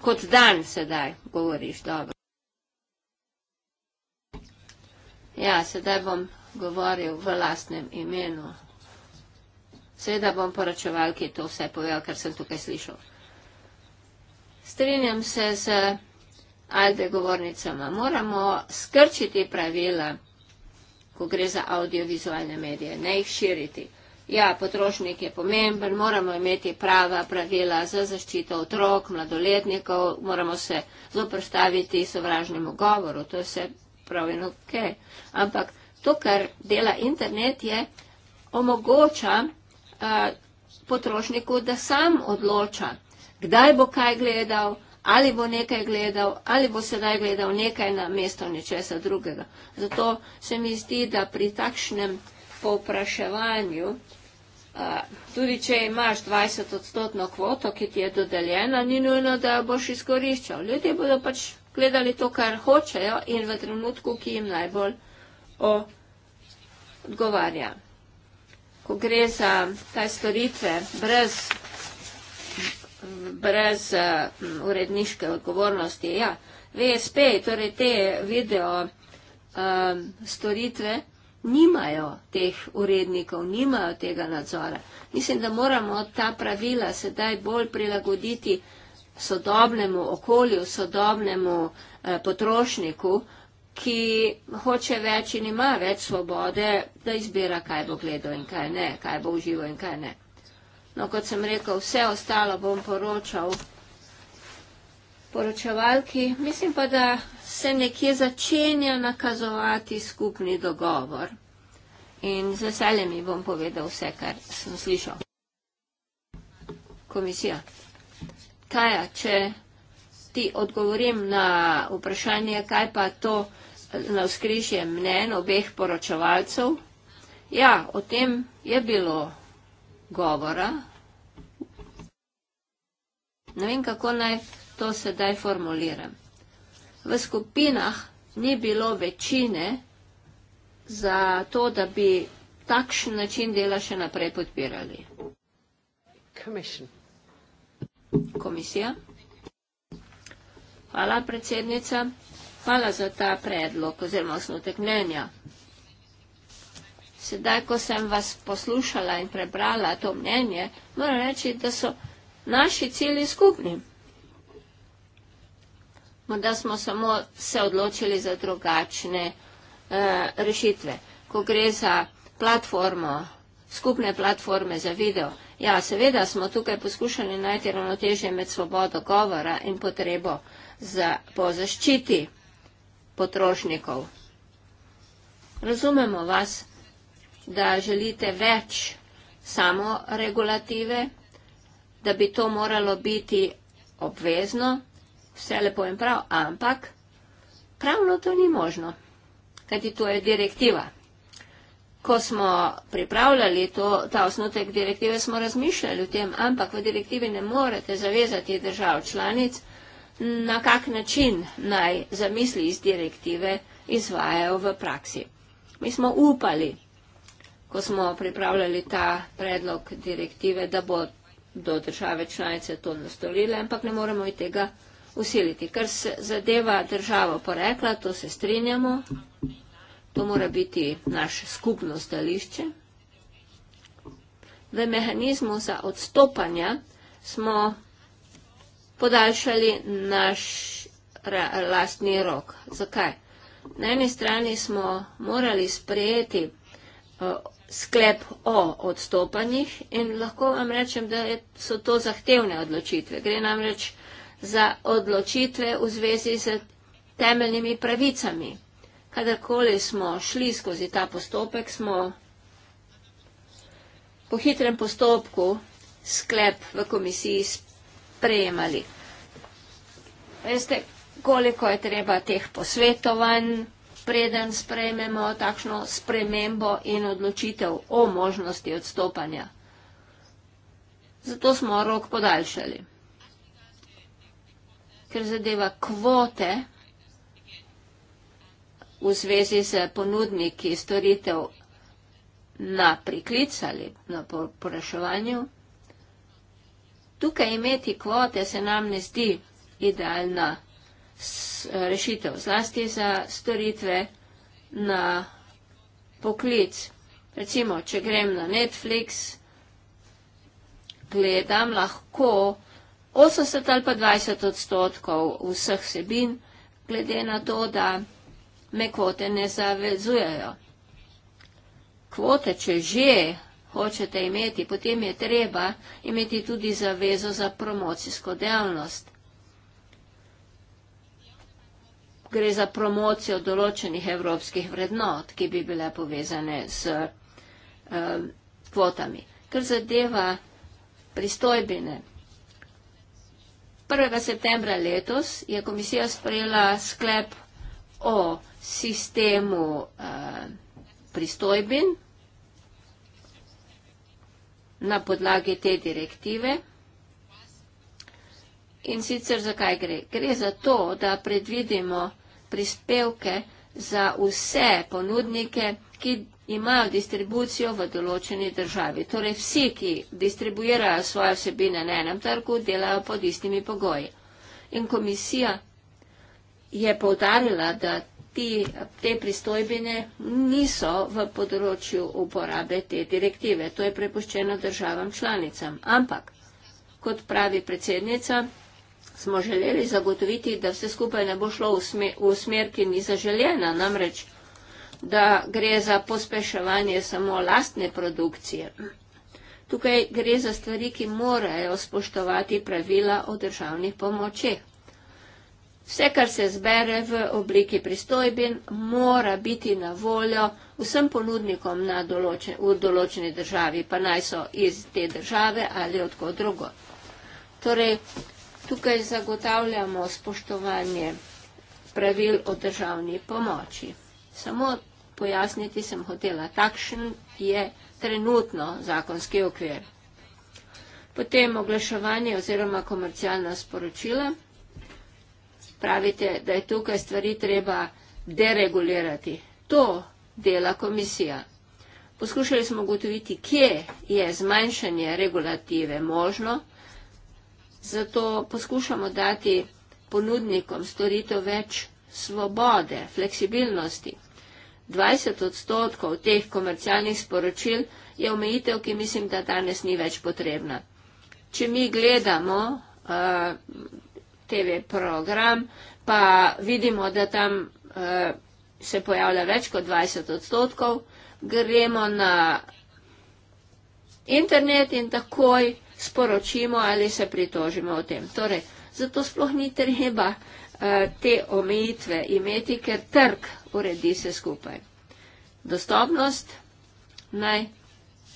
[SPEAKER 2] Kot dan sedaj govoriš dobro. Ja, sedaj bom govoril v lastnem imenu. Seveda bom poračeval, ki je to vse povedal, kar sem tukaj slišal. Strinjam se z Alde govornicama. Moramo skrčiti pravila ko gre za audiovizualne medije, ne jih širiti. Ja, potrošnik je pomemben, moramo imeti prava pravila za zaščito otrok, mladoletnikov, moramo se zoprstaviti sovražnemu govoru, to je vse prav in ok. Ampak to, kar dela internet, je omogoča uh, potrošniku, da sam odloča, kdaj bo kaj gledal, ali bo nekaj gledal, ali bo sedaj gledal nekaj na mesto nečesa drugega. Zato se mi zdi, da pri takšnem povpraševanju, tudi če imaš 20 odstotno kvoto, ki ti je dodeljena, ni nujno, da jo boš izkoriščal. Ljudje bodo pač gledali to, kar hočejo in v trenutku, ki jim najbolj odgovarja. Ko gre za taj storitve brez brez uh, uredniške odgovornosti. Ja, VSP, torej te video um, storitve, nimajo teh urednikov, nimajo tega nadzora. Mislim, da moramo ta pravila sedaj bolj prilagoditi sodobnemu okolju, sodobnemu eh, potrošniku, ki hoče več in ima več svobode, da izbira, kaj bo gledal in kaj ne, kaj bo uživo in kaj ne. No, kot sem rekel, vse ostalo bom poročal poročevalki. Mislim pa, da se nekje začenja nakazovati skupni dogovor. In z veseljem bom povedal vse, kar sem slišal. Komisija. Kaja, če ti odgovorim na vprašanje, kaj pa to na vzkrižje mnen obeh poročevalcev. Ja, o tem je bilo govora. Ne vem, kako naj to sedaj formuliram. V skupinah ni bilo večine za to, da bi takšen način dela še naprej podpirali. Commission. Komisija. Hvala, predsednica. Hvala za ta predlog oziroma osnotek mnenja. Sedaj, ko sem vas poslušala in prebrala to mnenje, moram reči, da so naši cilji skupni. Morda smo samo se odločili za drugačne uh, rešitve. Ko gre za platformo, skupne platforme za video, ja, seveda smo tukaj poskušali najti ravnotežje med svobodo govora in potrebo za, po zaščiti potrošnikov. Razumemo vas, da želite več samo regulative, da bi to moralo biti obvezno, vse lepo in prav, ampak pravno to ni možno, kajti to je direktiva. Ko smo pripravljali to, ta osnutek direktive, smo razmišljali o tem, ampak v direktivi ne morete zavezati držav članic, na kak način naj zamisli iz direktive izvajajo v praksi. Mi smo upali, ko smo pripravljali ta predlog direktive, da bo do države članice to nastolile, ampak ne moremo jih tega usiliti. Kar se zadeva državo porekla, to se strinjamo, to mora biti naše skupno stališče. V mehanizmu za odstopanja smo podaljšali naš lastni rok. Zakaj? Na eni strani smo morali sprejeti eh, sklep o odstopanjih in lahko vam rečem, da so to zahtevne odločitve. Gre namreč za odločitve v zvezi z temeljnimi pravicami. Kadarkoli smo šli skozi ta postopek, smo po hitrem postopku sklep v komisiji sprejemali. Veste, koliko je treba teh posvetovanj, preden sprejmemo takšno spremembo in odločitev o možnosti odstopanja. Zato smo rok podaljšali. Ker zadeva kvote v zvezi z ponudniki storitev na priklic ali na poraševanju, tukaj imeti kvote se nam ne zdi idealna Eh, rešitev, zlasti za storitve na poklic. Recimo, če grem na Netflix, gledam lahko 80 ali pa 20 odstotkov vseh sebin, glede na to, da me kvote ne zavezujejo. Kvote, če že hočete imeti, potem je treba imeti tudi zavezo za promocijsko dejavnost. gre za promocijo določenih evropskih vrednot, ki bi bile povezane s um, kvotami. Ker zadeva pristojbine. 1. septembra letos je komisija sprejela sklep o sistemu uh, pristojbin na podlagi te direktive. In sicer zakaj gre? Gre za to, da predvidimo prispevke za vse ponudnike, ki imajo distribucijo v določeni državi. Torej vsi, ki distribuirajo svoje vsebine na enem trgu, delajo pod istimi pogoji. In komisija je povdarila, da ti, te pristojbine niso v področju uporabe te direktive. To je prepuščeno državam članicam. Ampak, kot pravi predsednica, smo želeli zagotoviti, da vse skupaj ne bo šlo v smer, v smer ki ni zaželjena, namreč, da gre za pospeševanje samo lastne produkcije. Tukaj gre za stvari, ki morajo spoštovati pravila o državnih pomočeh. Vse, kar se zbere v obliki pristojbin, mora biti na voljo vsem ponudnikom na določen, v določeni državi, pa naj so iz te države ali odkot drugo. Torej, tukaj zagotavljamo spoštovanje pravil o državni pomoči. Samo pojasniti sem hotela, takšen je trenutno zakonski okvir. Potem oglaševanje oziroma komercialna sporočila. Pravite, da je tukaj stvari treba deregulirati. To dela komisija. Poskušali smo ugotoviti, kje je zmanjšanje regulative možno, Zato poskušamo dati ponudnikom storitev več svobode, fleksibilnosti. 20 odstotkov teh komercialnih sporočil je omejitev, ki mislim, da danes ni več potrebna. Če mi gledamo uh, eh, TV program, pa vidimo, da tam uh, se pojavlja več kot 20 odstotkov, gremo na internet in takoj sporočimo ali se pritožimo o tem. Torej, zato sploh ni treba eh, te omejitve imeti, ker trg uredi se skupaj. Dostopnost, naj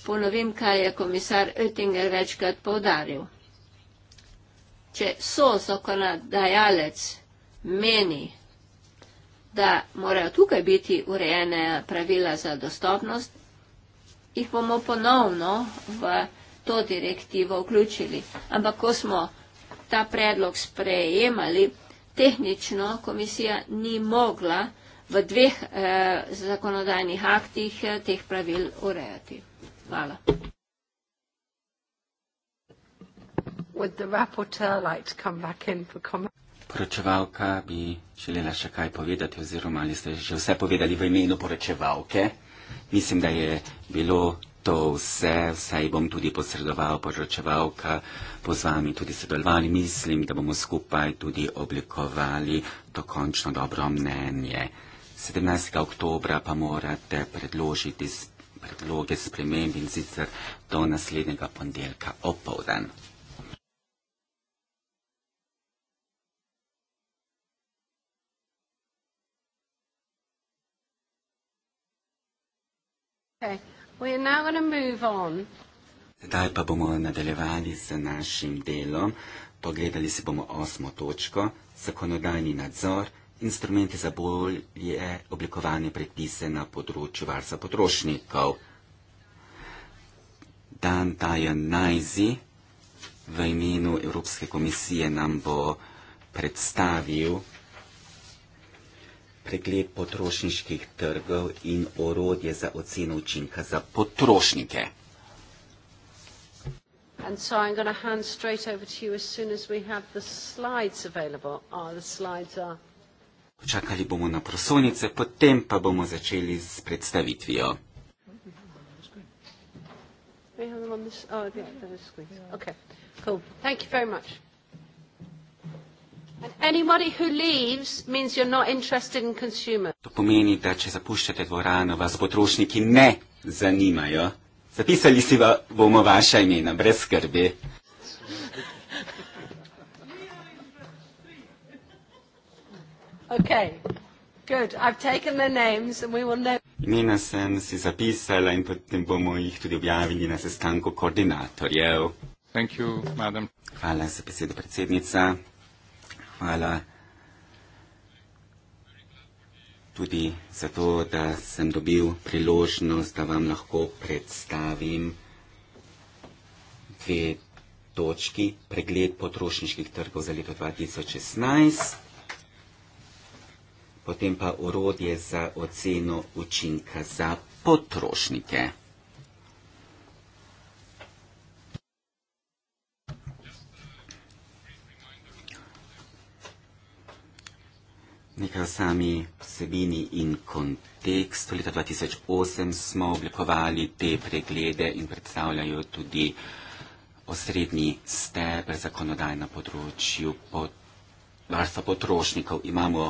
[SPEAKER 2] ponovim, kaj je komisar Oettinger večkrat povdaril. Če so zakonodajalec meni, da morajo tukaj biti urejene pravila za dostopnost, jih bomo ponovno v to direktivo vključili. Ampak ko smo ta predlog sprejemali, tehnično komisija ni mogla v dveh eh, zakonodajnih aktih eh, teh pravil urejati. Hvala.
[SPEAKER 1] Poročevalka bi želela še kaj povedati oziroma ali ste že vse povedali v imenu poročevalke. Mislim, da je bilo to vse, saj bom tudi posredoval poročevalka, pozvami tudi sodelovali, mislim, da bomo skupaj tudi oblikovali to končno dobro mnenje. 17. oktobra pa morate predložiti predloge sprememb in sicer do naslednjega ponedeljka opovdan. Okay. Zdaj pa bomo nadaljevali z našim delom. Pogledali si bomo osmo točko, zakonodajni nadzor, instrumenti za bolje oblikovanje predpise na področju varstva potrošnikov. Dan Tajan Najzi v imenu Evropske komisije nam bo predstavil pregled potrošniških trgov in orodje za oceno učinka za potrošnike.
[SPEAKER 2] And so I'm going to hand straight over to you as soon as we have the slides available. Oh, the slides are...
[SPEAKER 1] Počakali bomo na prosonice, potem pa bomo začeli s predstavitvijo.
[SPEAKER 3] We have them on the, oh, the, the screen. Okay, cool.
[SPEAKER 2] Thank you very much. To
[SPEAKER 1] pomeni, da če zapuščate dvorano, vas potrošniki ne zanimajo. Zapisali si va, bomo vaša imena, brez skrbi. Okay. Imena sem si zapisala in potem bomo jih tudi objavili na sestanku koordinatorjev. Hvala za besedo, predsednica. Hvala tudi za to, da sem dobil priložnost, da vam lahko predstavim dve točki pregled potrošniških trgov za leto 2016, potem pa orodje za oceno učinka za potrošnike. Nekaj o sami vsebini in kontekstu. Leta 2008 smo oblikovali te preglede in predstavljajo tudi osrednji steber zakonodaj na področju pot, varstva potrošnikov. Imamo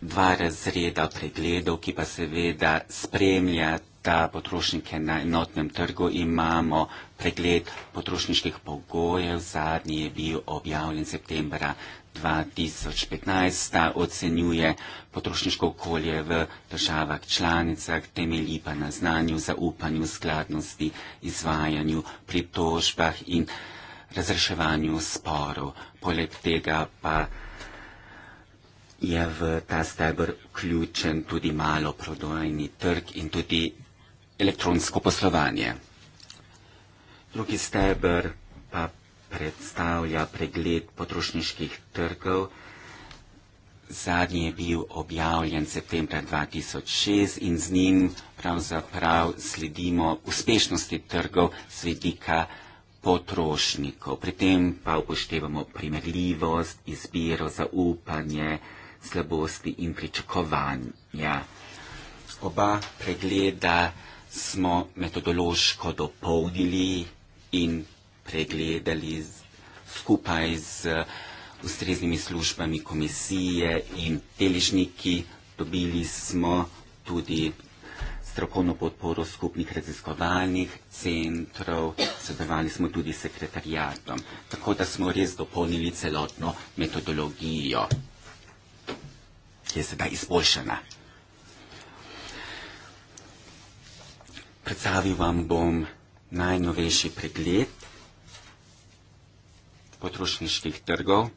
[SPEAKER 1] dva razreda pregledov, ki pa seveda spremlja ta potrošnike na enotnem trgu. Imamo pregled potrošniških pogojev, zadnji je bil objavljen septembra 2015 sta ocenjuje potrošniško okolje v državah članicah, temelji pa na znanju, zaupanju, skladnosti, izvajanju, pritožbah in razreševanju sporov. Poleg tega pa je v ta stebr vključen tudi malo prodajni trg in tudi elektronsko poslovanje. Drugi stebr predstavlja pregled potrošniških trgov. Zadnji je bil objavljen septembra 2006 in z njim pravzaprav sledimo uspešnosti trgov z vidika potrošnikov. Pri tem pa upoštevamo primerljivost, izbiro, zaupanje, slabosti in pričakovanja. Oba pregleda smo metodološko dopolnili in pregledali skupaj z eh, ustreznimi službami komisije in deležniki. Dobili smo tudi strokovno podporo skupnih raziskovalnih centrov, sodelovali smo tudi s sekretarijatom. Tako da smo res dopolnili celotno metodologijo, ki je sedaj izboljšana. Predstavil vam bom najnovejši pregled potrošniških trgov,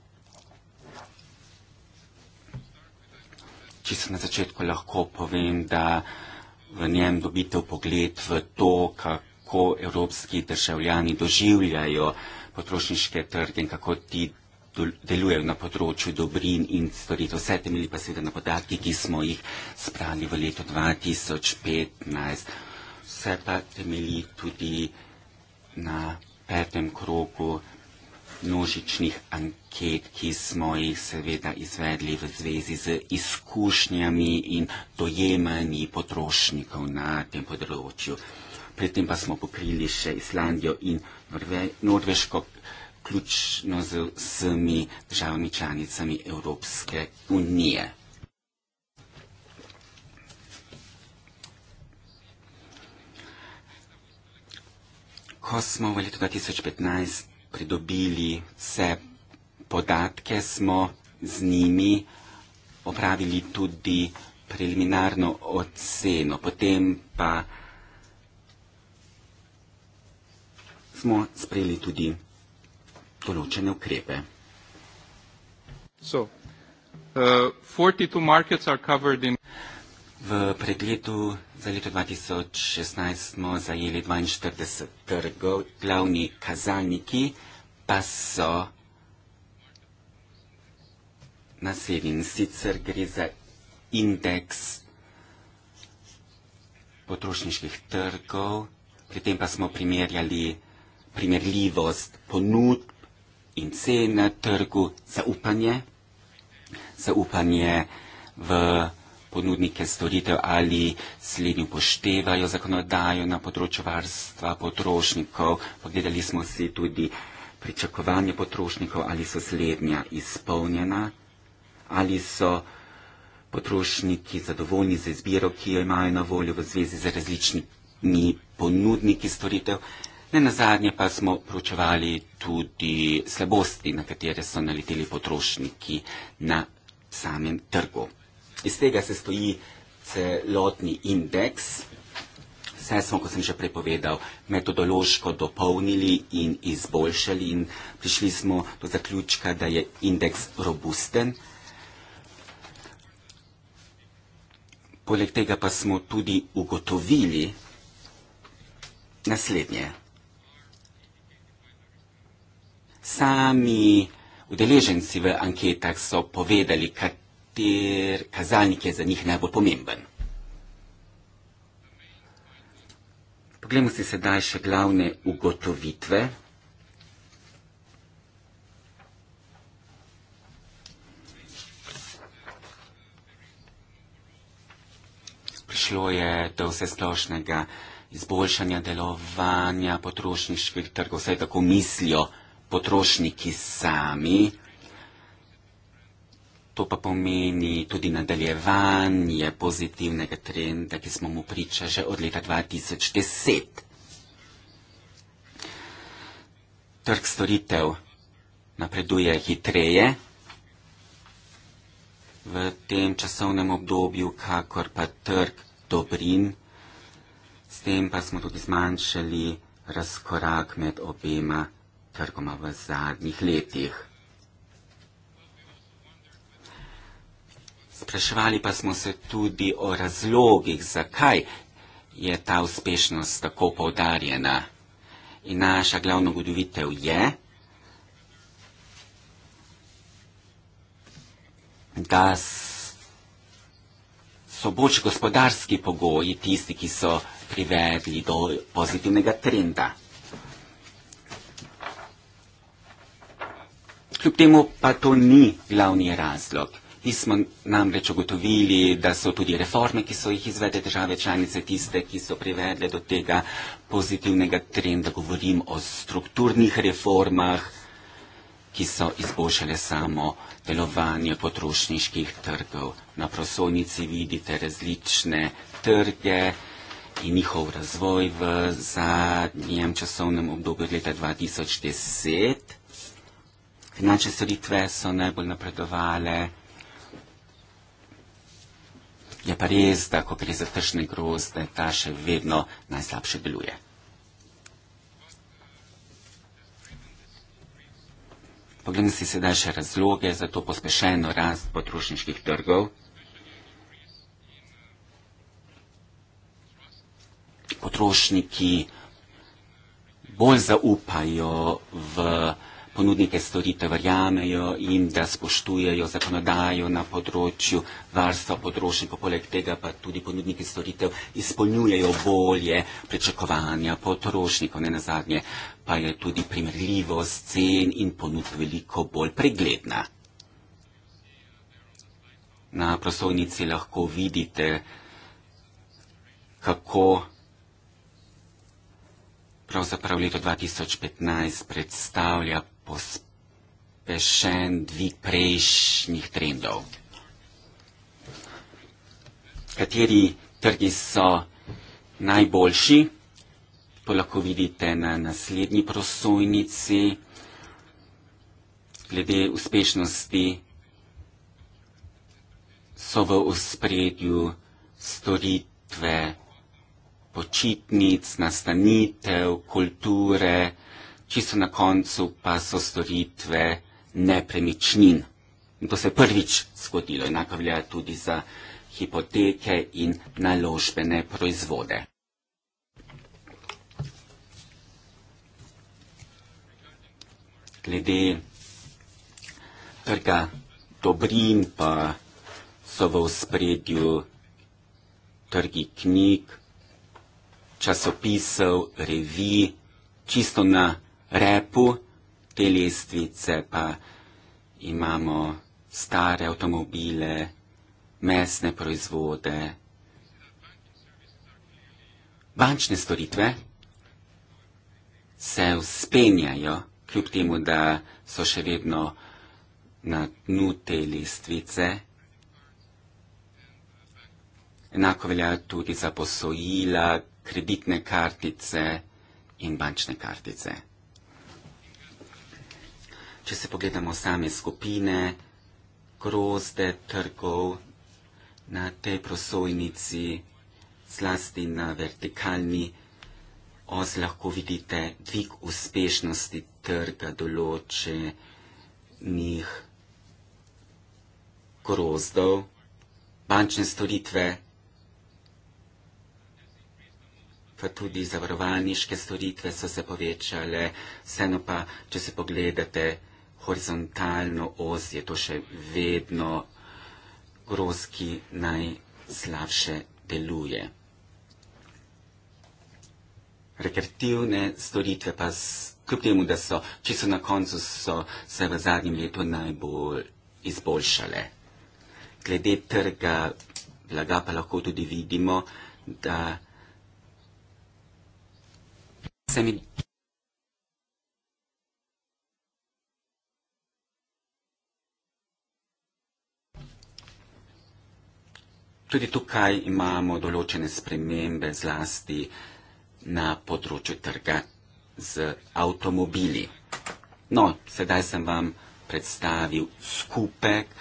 [SPEAKER 1] čisto na začetku lahko povem, da v njem dobite pogled v to, kako evropski državljani doživljajo potrošniške trge in kako ti delujejo na področju dobrin in storitev. Vse temeli pa seveda na podatki, ki smo jih spravili v letu 2015. Vse pa temeli tudi na petem krogu množičnih anket, ki smo jih seveda izvedli v zvezi z izkušnjami in dojemanji potrošnikov na tem področju. Predtem pa smo pokrili še Islandijo in Norve Norveško, ključno z vsemi državami članicami Evropske unije. Ko smo v letu 2015 pridobili vse podatke, smo z njimi opravili tudi preliminarno oceno. Potem pa smo sprejeli tudi določene ukrepe. So, uh, 42 V pregledu za leto 2016 smo zajeli 42 trgov, glavni kazalniki pa so naslednji. Sicer gre za indeks potrošniških trgov, pri tem pa smo primerjali primerljivost ponud in cen na trgu, zaupanje, zaupanje v trgov, ponudnike storitev ali slednji upoštevajo zakonodajo na področju varstva potrošnikov. Pogledali smo si tudi pričakovanje potrošnikov, ali so slednja izpolnjena, ali so potrošniki zadovoljni z izbiro, ki jo imajo na voljo v zvezi z različnimi ponudniki storitev. Ne na zadnje pa smo pročevali tudi slabosti, na katere so naleteli potrošniki na samem trgu. Iz tega se stoji celotni indeks. Vse smo, kot sem že prepovedal, metodološko dopolnili in izboljšali in prišli smo do zaključka, da je indeks robusten. Poleg tega pa smo tudi ugotovili naslednje. Sami udeleženci v anketah so povedali, kateri kater kazalnik je za njih najbolj pomemben. Poglejmo si sedaj še glavne ugotovitve. Prišlo je do vseslošnega izboljšanja delovanja potrošniških trgov, vse tako mislijo potrošniki sami. To pa pomeni tudi nadaljevanje pozitivnega trenda, ki smo mu priča že od leta 2010. Trg storitev napreduje hitreje v tem časovnem obdobju, kakor pa trg dobrin. S tem pa smo tudi zmanjšali razkorak med obema trgoma v zadnjih letih. Spraševali pa smo se tudi o razlogih, zakaj je ta uspešnost tako poudarjena. In naša glavna ugotovitev je, da so boljši gospodarski pogoji tisti, ki so privedli do pozitivnega trenda. Kljub temu pa to ni glavni razlog. Mi smo namreč ugotovili, da so tudi reforme, ki so jih izvedle države članice, tiste, ki so privedle do tega pozitivnega trenda. Govorim o strukturnih reformah, ki so izboljšale samo delovanje potrošniških trgov. Na prosovnici vidite različne trge in njihov razvoj v zadnjem časovnem obdobju leta 2010. Finančne storitve so najbolj napredovale. Je pa res, da ko gre za tršne grozde, ta še vedno najslabše deluje. Poglejmo si sedaj še razloge za to pospešeno rast potrošniških trgov. Potrošniki bolj zaupajo v ponudnike storitev verjamejo in da spoštujejo zakonodajo na področju varstva potrošnikov, poleg tega pa tudi ponudniki storitev izpolnjujejo bolje pričakovanja potrošnikov, ne nazadnje pa je tudi primerljivost cen in ponudb veliko bolj pregledna. Na prosojnici lahko vidite, kako pravzaprav leto 2015 predstavlja pospešen dvig prejšnjih trendov. Kateri trgi so najboljši? To lahko vidite na naslednji prosojnici. Glede uspešnosti so v uspredju storitve počitnic, nastanitev, kulture, čisto na koncu pa so storitve nepremičnin. In to se je prvič zgodilo, enako velja tudi za hipoteke in naložbene proizvode. Glede trga dobrin pa so v spredju trgi knjig, časopisov, revij, čisto na repu te lestvice pa imamo stare avtomobile, mesne proizvode, bančne storitve se uspenjajo, kljub temu, da so še vedno na dnu te lestvice. Enako velja tudi za posojila, kreditne kartice in bančne kartice če se pogledamo same skupine, grozde trgov na tej prosojnici, zlasti na vertikalni os, lahko vidite dvig uspešnosti trga določenih grozdov, bančne storitve, pa tudi zavarovalniške storitve so se povečale, vseeno pa, če se pogledate, horizontalno os je to še vedno groz, ki najslabše deluje. Rekreativne storitve pa s, kljub temu, da so čisto na koncu, so se v zadnjem letu najbolj izboljšale. Glede trga blaga pa lahko tudi vidimo, da se mi. Tudi tukaj imamo določene spremembe zlasti na področju trga z avtomobili. No, sedaj sem vam predstavil skupek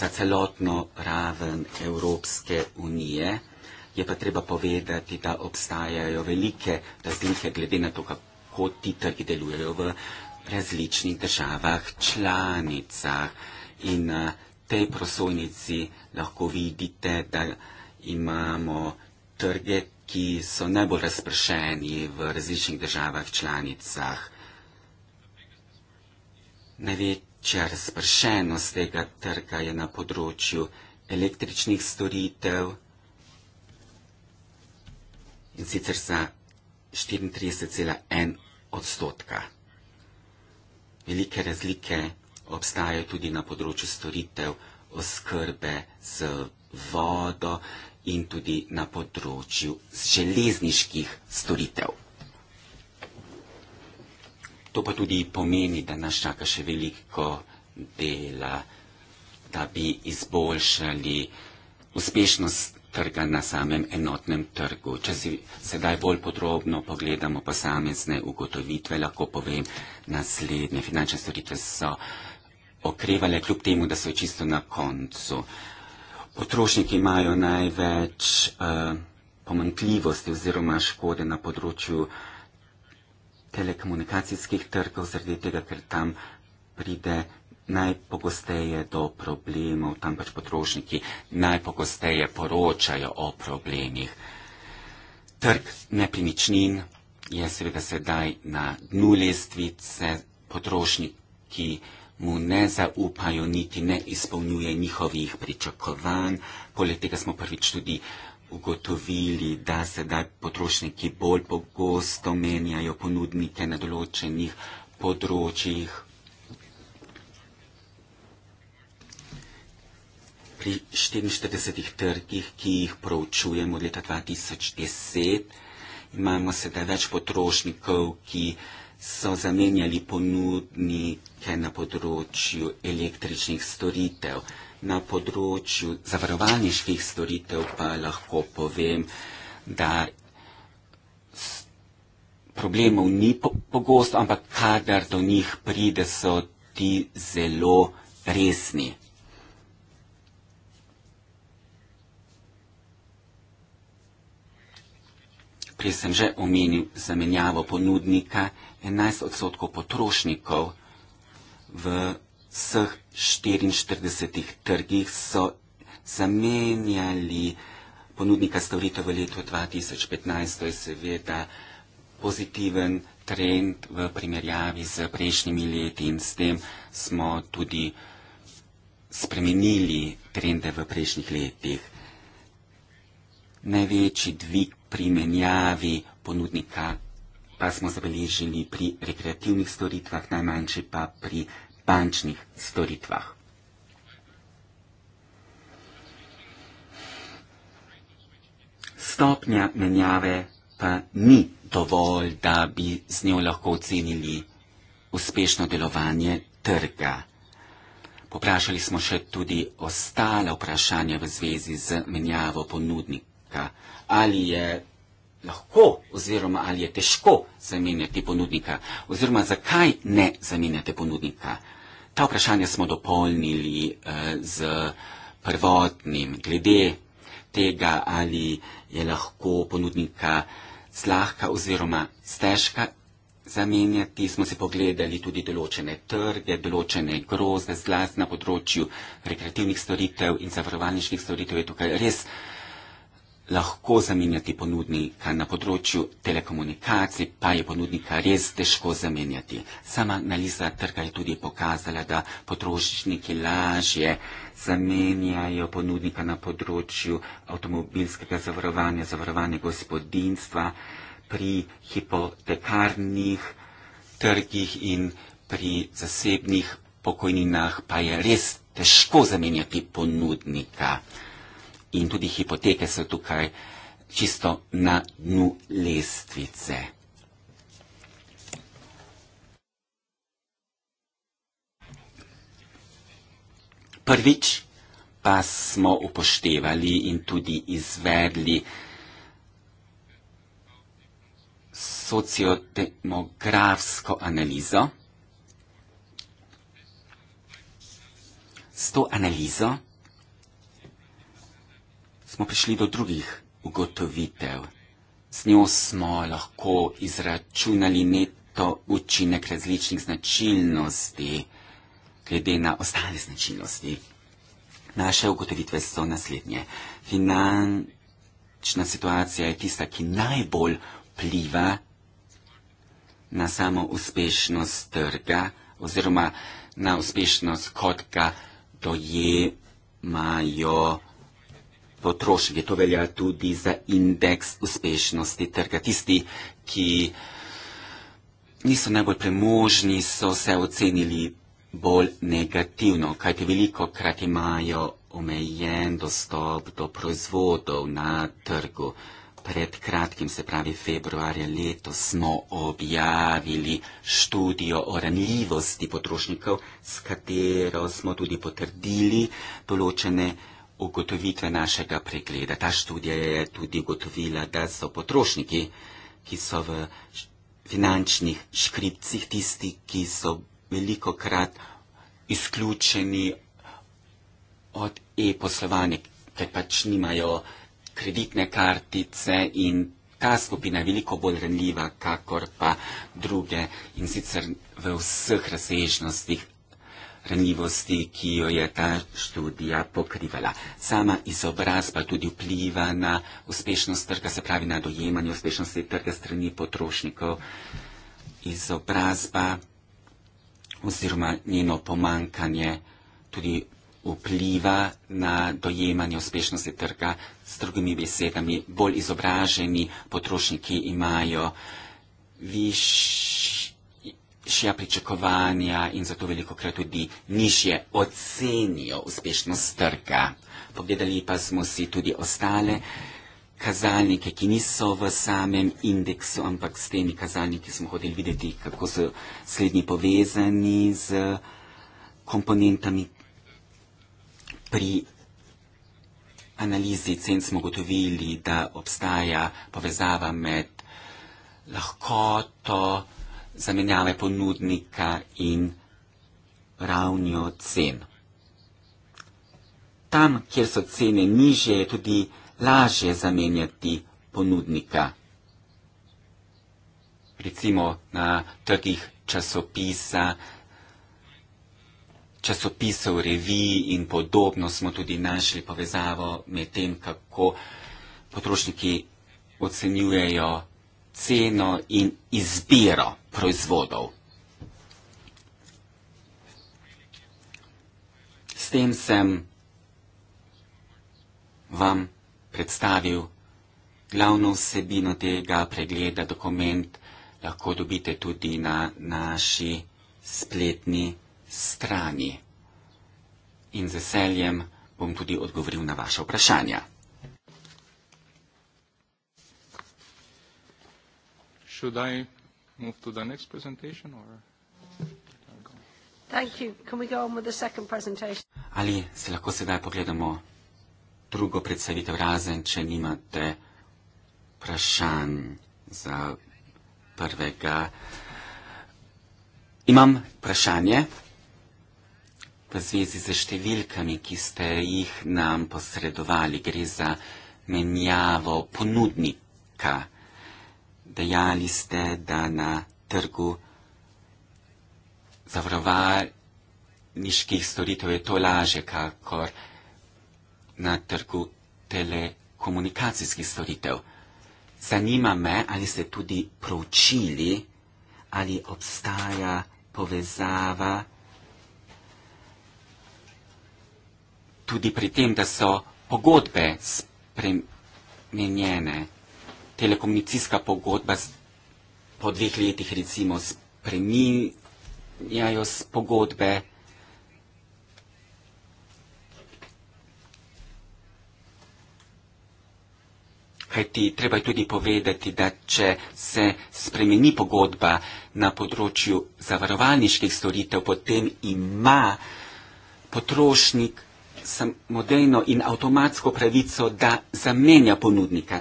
[SPEAKER 1] za celotno raven Evropske unije. Je pa treba povedati, da obstajajo velike razlike glede na to, kako ti trgi delujejo v različnih državah, članicah. In eh, tej prosojnici lahko vidite, da imamo trge, ki so najbolj razpršeni v različnih državah članicah. Največja razpršenost tega trga je na področju električnih storitev in sicer za 34,1 odstotka. Velike razlike obstajajo tudi na področju storitev oskrbe z vodo in tudi na področju železniških storitev. To pa tudi pomeni, da nas čaka še veliko dela, da bi izboljšali uspešnost trga na samem enotnem trgu. Če si sedaj bolj podrobno pogledamo posamezne ugotovitve, lahko povem naslednje. Finančne storitve so okrevale, kljub temu, da so čisto na koncu. Potrošniki imajo največ eh, pomankljivosti oziroma škode na področju telekomunikacijskih trgov, zaradi tega, ker tam pride najpogosteje do problemov, tam pač potrošniki najpogosteje poročajo o problemih. Trg nepremičnin je seveda sedaj na dnu lestvice, potrošniki mu ne zaupajo, niti ne izpolnjuje njihovih pričakovanj. Poleg tega smo prvič tudi ugotovili, da se da potrošniki bolj pogosto menjajo ponudnike na določenih področjih. Pri 44 trgih, ki jih proučujemo od leta 2010, imamo sedaj več potrošnikov, ki so zamenjali ponudnike na področju električnih storitev. Na področju zavarovalniških storitev pa lahko povem, da problemov ni pogosto, po ampak kadar do njih pride, so ti zelo resni. Prej sem že omenil zamenjavo ponudnika 11 odstotkov potrošnikov v vseh 44 trgih so zamenjali ponudnika storitev v letu 2015. To je seveda pozitiven trend v primerjavi z prejšnjimi leti in s tem smo tudi spremenili trende v prejšnjih letih. Največji dvig pri menjavi ponudnika pa smo zabeležili pri rekreativnih storitvah, najmanjši pa pri bančnih storitvah. Stopnja menjave pa ni dovolj, da bi z njo lahko ocenili uspešno delovanje trga. Poprašali smo še tudi ostale vprašanja v zvezi z menjavo ponudnika. Ali je lahko oziroma ali je težko zamenjati ponudnika oziroma zakaj ne zamenjate ponudnika. Ta vprašanja smo dopolnili eh, z prvotnim glede tega, ali je lahko ponudnika zlahka oziroma stežka zamenjati. Smo se pogledali tudi določene trge, določene grozne zlast na področju rekreativnih storitev in zavarovalniških storitev je tukaj res lahko zamenjati ponudnika, na področju telekomunikacij pa je ponudnika res težko zamenjati. Sama analiza trga je tudi pokazala, da potrošniki lažje zamenjajo ponudnika na področju avtomobilskega zavarovanja, zavarovanja gospodinstva pri hipotekarnih trgih in pri zasebnih pokojninah pa je res težko zamenjati ponudnika in tudi hipoteke so tukaj čisto na dnu lestvice. Prvič pa smo upoštevali in tudi izvedli sociodemografsko analizo. S to analizo smo prišli do drugih ugotovitev. Z njo smo lahko izračunali neto učinek različnih značilnosti, glede na ostale značilnosti. Naše ugotovitve so naslednje. Finančna situacija je tista, ki najbolj pliva na samo uspešnost trga oziroma na uspešnost, kot ga dojemajo potrošili. To velja tudi za indeks uspešnosti trga. Tisti, ki niso najbolj premožni, so se ocenili bolj negativno, kajti veliko krat imajo omejen dostop do proizvodov na trgu. Pred kratkim, se pravi februarja leto, smo objavili študijo o ranljivosti potrošnikov, s katero smo tudi potrdili določene Ugotovitve našega pregleda. Ta študija je tudi ugotovila, da so potrošniki, ki so v finančnih škripcih, tisti, ki so veliko krat izključeni od e-poslovanja, ker pač nimajo kreditne kartice in ta skupina je veliko bolj renljiva, kakor pa druge in sicer v vseh razsežnostih ranljivosti, ki jo je ta študija pokrivala. Sama izobrazba tudi vpliva na uspešnost trga, se pravi na dojemanje uspešnosti trga strani potrošnikov. Izobrazba oziroma njeno pomankanje tudi vpliva na dojemanje uspešnosti trga. S drugimi besedami, bolj izobraženi potrošniki imajo višji še pričakovanja in zato veliko krat tudi nižje ocenijo uspešnost trga. Pogledali pa smo si tudi ostale kazalnike, ki niso v samem indeksu, ampak s temi kazalniki smo hoteli videti, kako so slednji povezani z komponentami pri analizi cen smo gotovili, da obstaja povezava med lahkoto, zamenjave ponudnika in ravnjo cen. Tam, kjer so cene niže, je tudi lažje zamenjati ponudnika. Recimo na trgih časopisa, časopisov, revij in podobno smo tudi našli povezavo med tem, kako potrošniki ocenjujejo ceno in izbiro proizvodov. S tem sem vam predstavil glavno vsebino tega pregleda dokument, lahko dobite tudi na naši spletni strani. In z veseljem bom tudi odgovoril na vaše vprašanja.
[SPEAKER 3] Should I move to the next presentation or
[SPEAKER 2] Thank you. Can we go on with the second presentation?
[SPEAKER 1] Ali se lahko sedaj pogledamo drugo predstavitev razen, če nimate vprašanj za prvega? Imam vprašanje v zvezi z številkami, ki ste jih nam posredovali. Gre za menjavo ponudnika dejali ste, da na trgu zavarovalniških storitev je to laže, kakor na trgu telekomunikacijskih storitev. Zanima me, ali ste tudi proučili, ali obstaja povezava tudi pri tem, da so pogodbe spremenjene telekomunikacijska pogodba z, po dveh letih recimo spreminjajo s pogodbe. Kajti treba je tudi povedati, da če se spremeni pogodba na področju zavarovalniških storitev, potem ima potrošnik samodejno in avtomatsko pravico, da zamenja ponudnika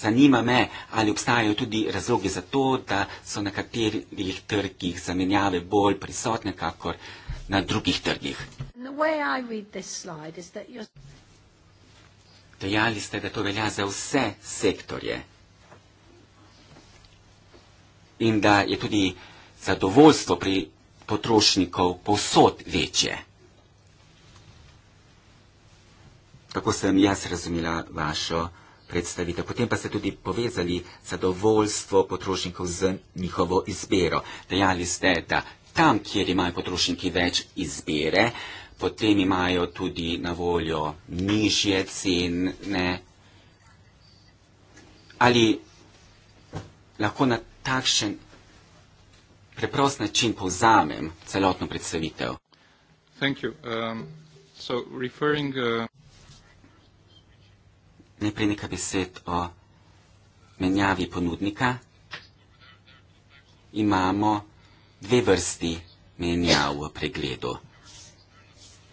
[SPEAKER 1] zanima me, ali obstajajo tudi razlogi za to, da so na katerih trgih zamenjave bolj prisotne, kakor na drugih trgih. Dejali ste, da to velja za vse sektorje in da je tudi zadovoljstvo pri potrošnikov posod večje. Tako sem jaz razumela vašo predstavitev. Potem pa ste tudi povezali zadovoljstvo potrošnikov z njihovo izbiro. Dejali ste, da tam, kjer imajo potrošniki več izbire, potem imajo tudi na voljo nižje cene. Ali lahko na takšen preprost način povzamem celotno predstavitev? Thank you. Um, so referring uh... Najprej nekaj besed o menjavi ponudnika. Imamo dve vrsti menjav v pregledu.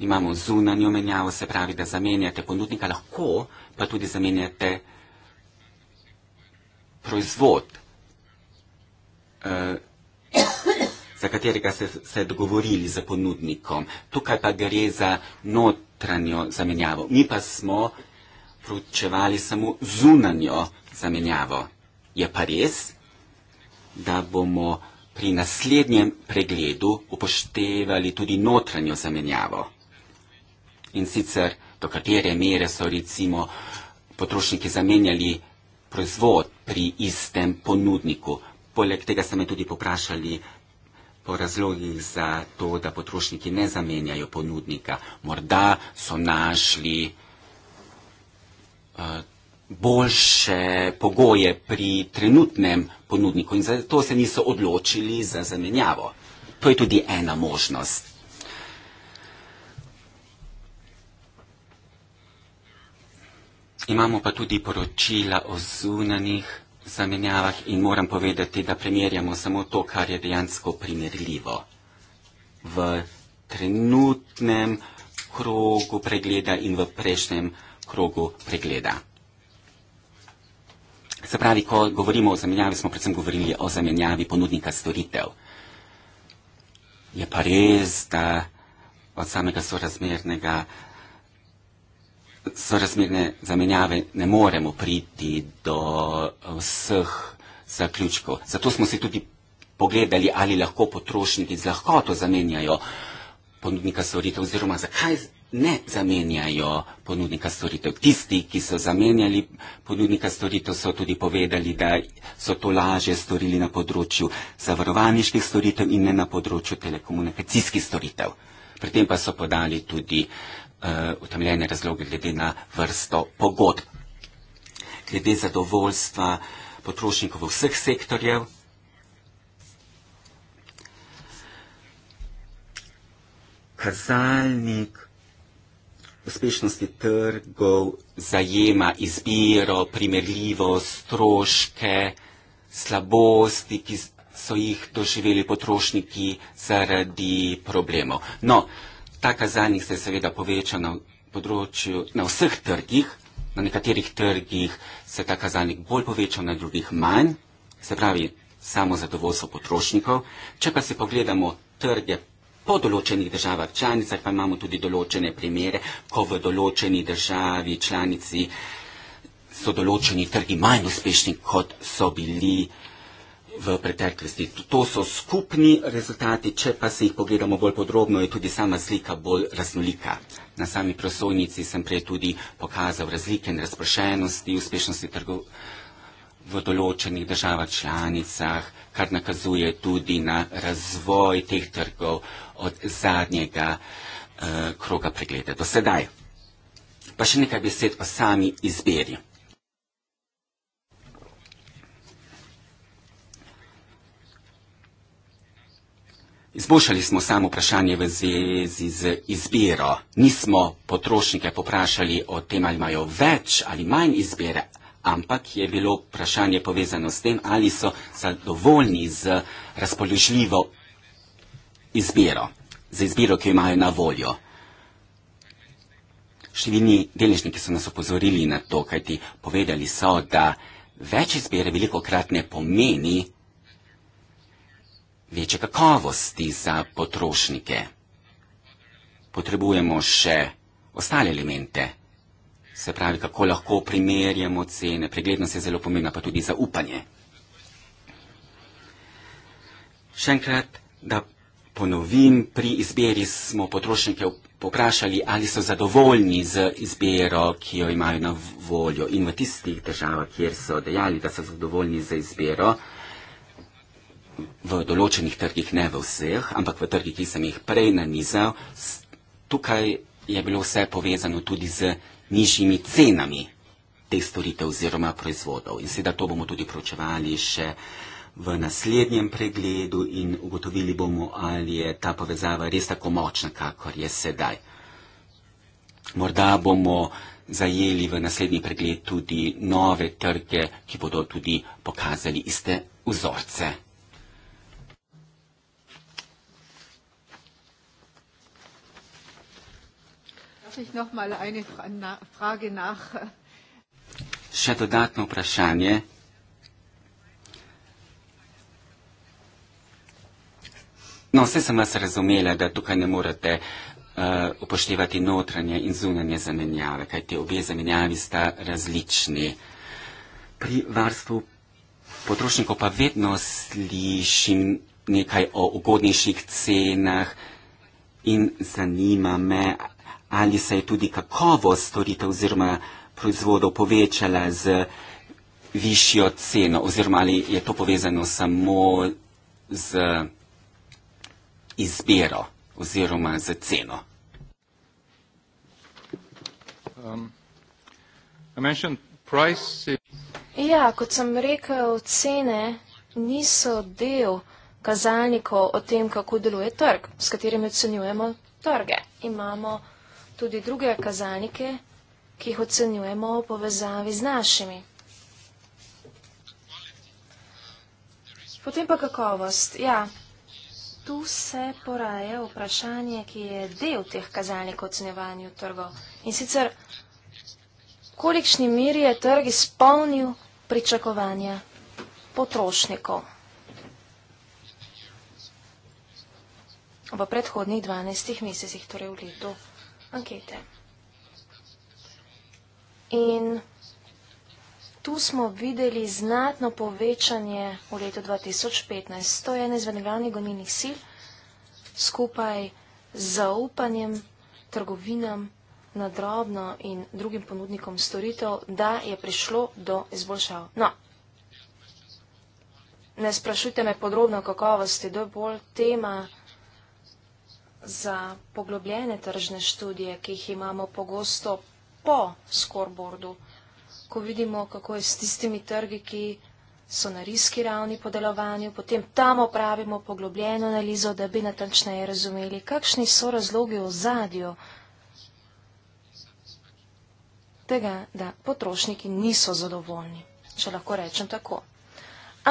[SPEAKER 1] Imamo zunanjo menjavo, se pravi, da zamenjate ponudnika lahko, pa tudi zamenjate proizvod, eh, za katerega ste se dogovorili z ponudnikom. Tukaj pa gre za notranjo zamenjavo. Mi pa smo proučevali samo zunanjo zamenjavo. Je pa res, da bomo pri naslednjem pregledu upoštevali tudi notranjo zamenjavo. In sicer, do katere mere so recimo potrošniki zamenjali proizvod pri istem ponudniku. Poleg tega so me tudi poprašali po razlogih za to, da potrošniki ne zamenjajo ponudnika. Morda so našli boljše pogoje pri trenutnem ponudniku in zato se niso odločili za zamenjavo. To je tudi ena možnost. Imamo pa tudi poročila o zunanih zamenjavah in moram povedati, da primerjamo samo to, kar je dejansko primerljivo. V trenutnem krogu pregleda in v prejšnjem krogu krogu pregleda. Se pravi, ko govorimo o zamenjavi, smo predvsem govorili o zamenjavi ponudnika storitev. Je pa res, da od samega sorazmernega, sorazmerne zamenjave ne moremo priti do eh, vseh zaključkov. Zato smo se tudi pogledali, ali lahko potrošniki z lahkoto zamenjajo ponudnika storitev oziroma zakaj ne zamenjajo ponudnika storitev. Tisti, ki so zamenjali ponudnika storitev, so tudi povedali, da so to laže storili na področju zavarovaniških storitev in ne na področju telekomunikacijskih storitev. Pri tem pa so podali tudi uh, eh, utemljene razloge glede na vrsto pogodb. Glede zadovoljstva potrošnikov vseh sektorjev. Kazalnik uspešnosti trgov zajema izbiro, primerljivo, stroške, slabosti, ki so jih doživeli potrošniki zaradi problemov. No, ta kazanik se je seveda povečal na, področju, na vseh trgih, na nekaterih trgih se je ta kazanik bolj povečal, na drugih manj, se pravi samo zadovoljstvo potrošnikov. Če pa si pogledamo trge po določenih državah članicah, pa imamo tudi določene primere, ko v določeni državi članici so določeni trgi manj uspešni, kot so bili v preteklosti. To so skupni rezultati, če pa se jih pogledamo bolj podrobno, je tudi sama slika bolj raznolika. Na sami prosojnici sem prej tudi pokazal razlike in razprošenosti uspešnosti trgov v določenih državah članicah, kar nakazuje tudi na razvoj teh trgov od zadnjega uh, kroga pregleda do sedaj. Pa še nekaj besed o sami izbiri. Izboljšali smo samo vprašanje v zvezi z izbiro. Nismo potrošnike poprašali o tem, ali imajo več ali manj izbire, ampak je bilo vprašanje povezano s tem, ali so zadovoljni z razpoložljivo izbiro, za izbiro, ki jo imajo na voljo. Številni deležniki so nas opozorili na to, kajti povedali so, da več izbire veliko krat ne pomeni večje kakovosti za potrošnike. Potrebujemo še ostale elemente, se pravi, kako lahko primerjamo cene, preglednost je zelo pomembna, pa tudi zaupanje. Še enkrat, da ponovim, pri izbiri smo potrošnike poprašali, ali so zadovoljni z izbiro, ki jo imajo na voljo. In v tistih državah, kjer so dejali, da so zadovoljni z izbiro, v določenih trgih, ne v vseh, ampak v trgih, ki sem jih prej nanizal, tukaj je bilo vse povezano tudi z nižjimi cenami te storitev oziroma proizvodov. In seveda to bomo tudi pročevali še v naslednjem pregledu in ugotovili bomo, ali je ta povezava res tako močna, kakor je sedaj. Morda bomo zajeli v naslednji pregled tudi nove trge, ki bodo tudi pokazali iste vzorce. Äh, Še dodatno vprašanje. No, vse sem vas razumela, da tukaj ne morete uh, upoštevati notranje in zunanje zamenjave, kajti obe zamenjavi sta različni. Pri varstvu potrošnikov pa vedno slišim nekaj o ugodnejših cenah in zanima me, ali se je tudi kakovost storitev oziroma proizvodov povečala z višjo ceno oziroma ali je to povezano samo z izbiro oziroma za ceno. Um,
[SPEAKER 3] ja, kot sem rekel, cene niso del kazalnikov o tem, kako deluje trg, s katerimi ocenjujemo trge. Imamo tudi druge kazalnike, ki jih ocenjujemo v povezavi z našimi. Potem pa kakovost. Ja, Tu se poraja vprašanje, ki je del teh kazalnikov ocenjevanju trgov. In sicer, kolikšni miri je trg izpolnil pričakovanja potrošnikov v predhodnih 12 mesecih, torej v letu ankete. In Tu smo videli znatno povečanje v letu 2015. To je ena izmed glavnih gonilnih sil skupaj z zaupanjem trgovinam na drobno in drugim ponudnikom storitev, da je prišlo do izboljšav. No, ne sprašujte me podrobno o kakovosti, to je bolj tema za poglobljene tržne študije, ki jih imamo pogosto po scoreboardu ko vidimo, kako je s tistimi trgi, ki so na riski ravni po delovanju, potem tam opravimo poglobljeno analizo, da bi natančneje razumeli, kakšni so razlogi v zadju tega, da potrošniki niso zadovoljni, če lahko rečem tako.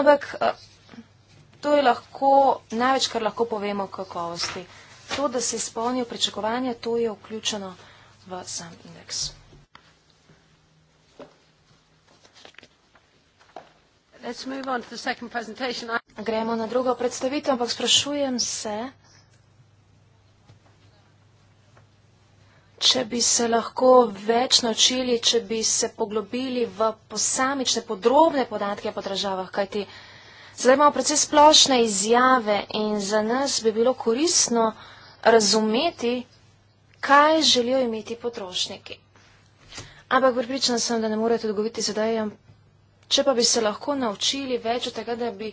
[SPEAKER 3] Ampak to je lahko, največ, kar lahko povemo o kakovosti. To, da se izpolnijo pričakovanja, to je vključeno v sam indeks. Gremo na drugo predstavitev, ampak sprašujem se, če bi se lahko več naučili, če bi se poglobili v posamične podrobne podatke o podražavah, kajti zdaj imamo precej splošne izjave in za nas bi bilo korisno razumeti, kaj želijo imeti potrošniki. Ampak pripričana sem, da ne morete odgovoriti sedaj, Če pa bi se lahko naučili več od tega, da bi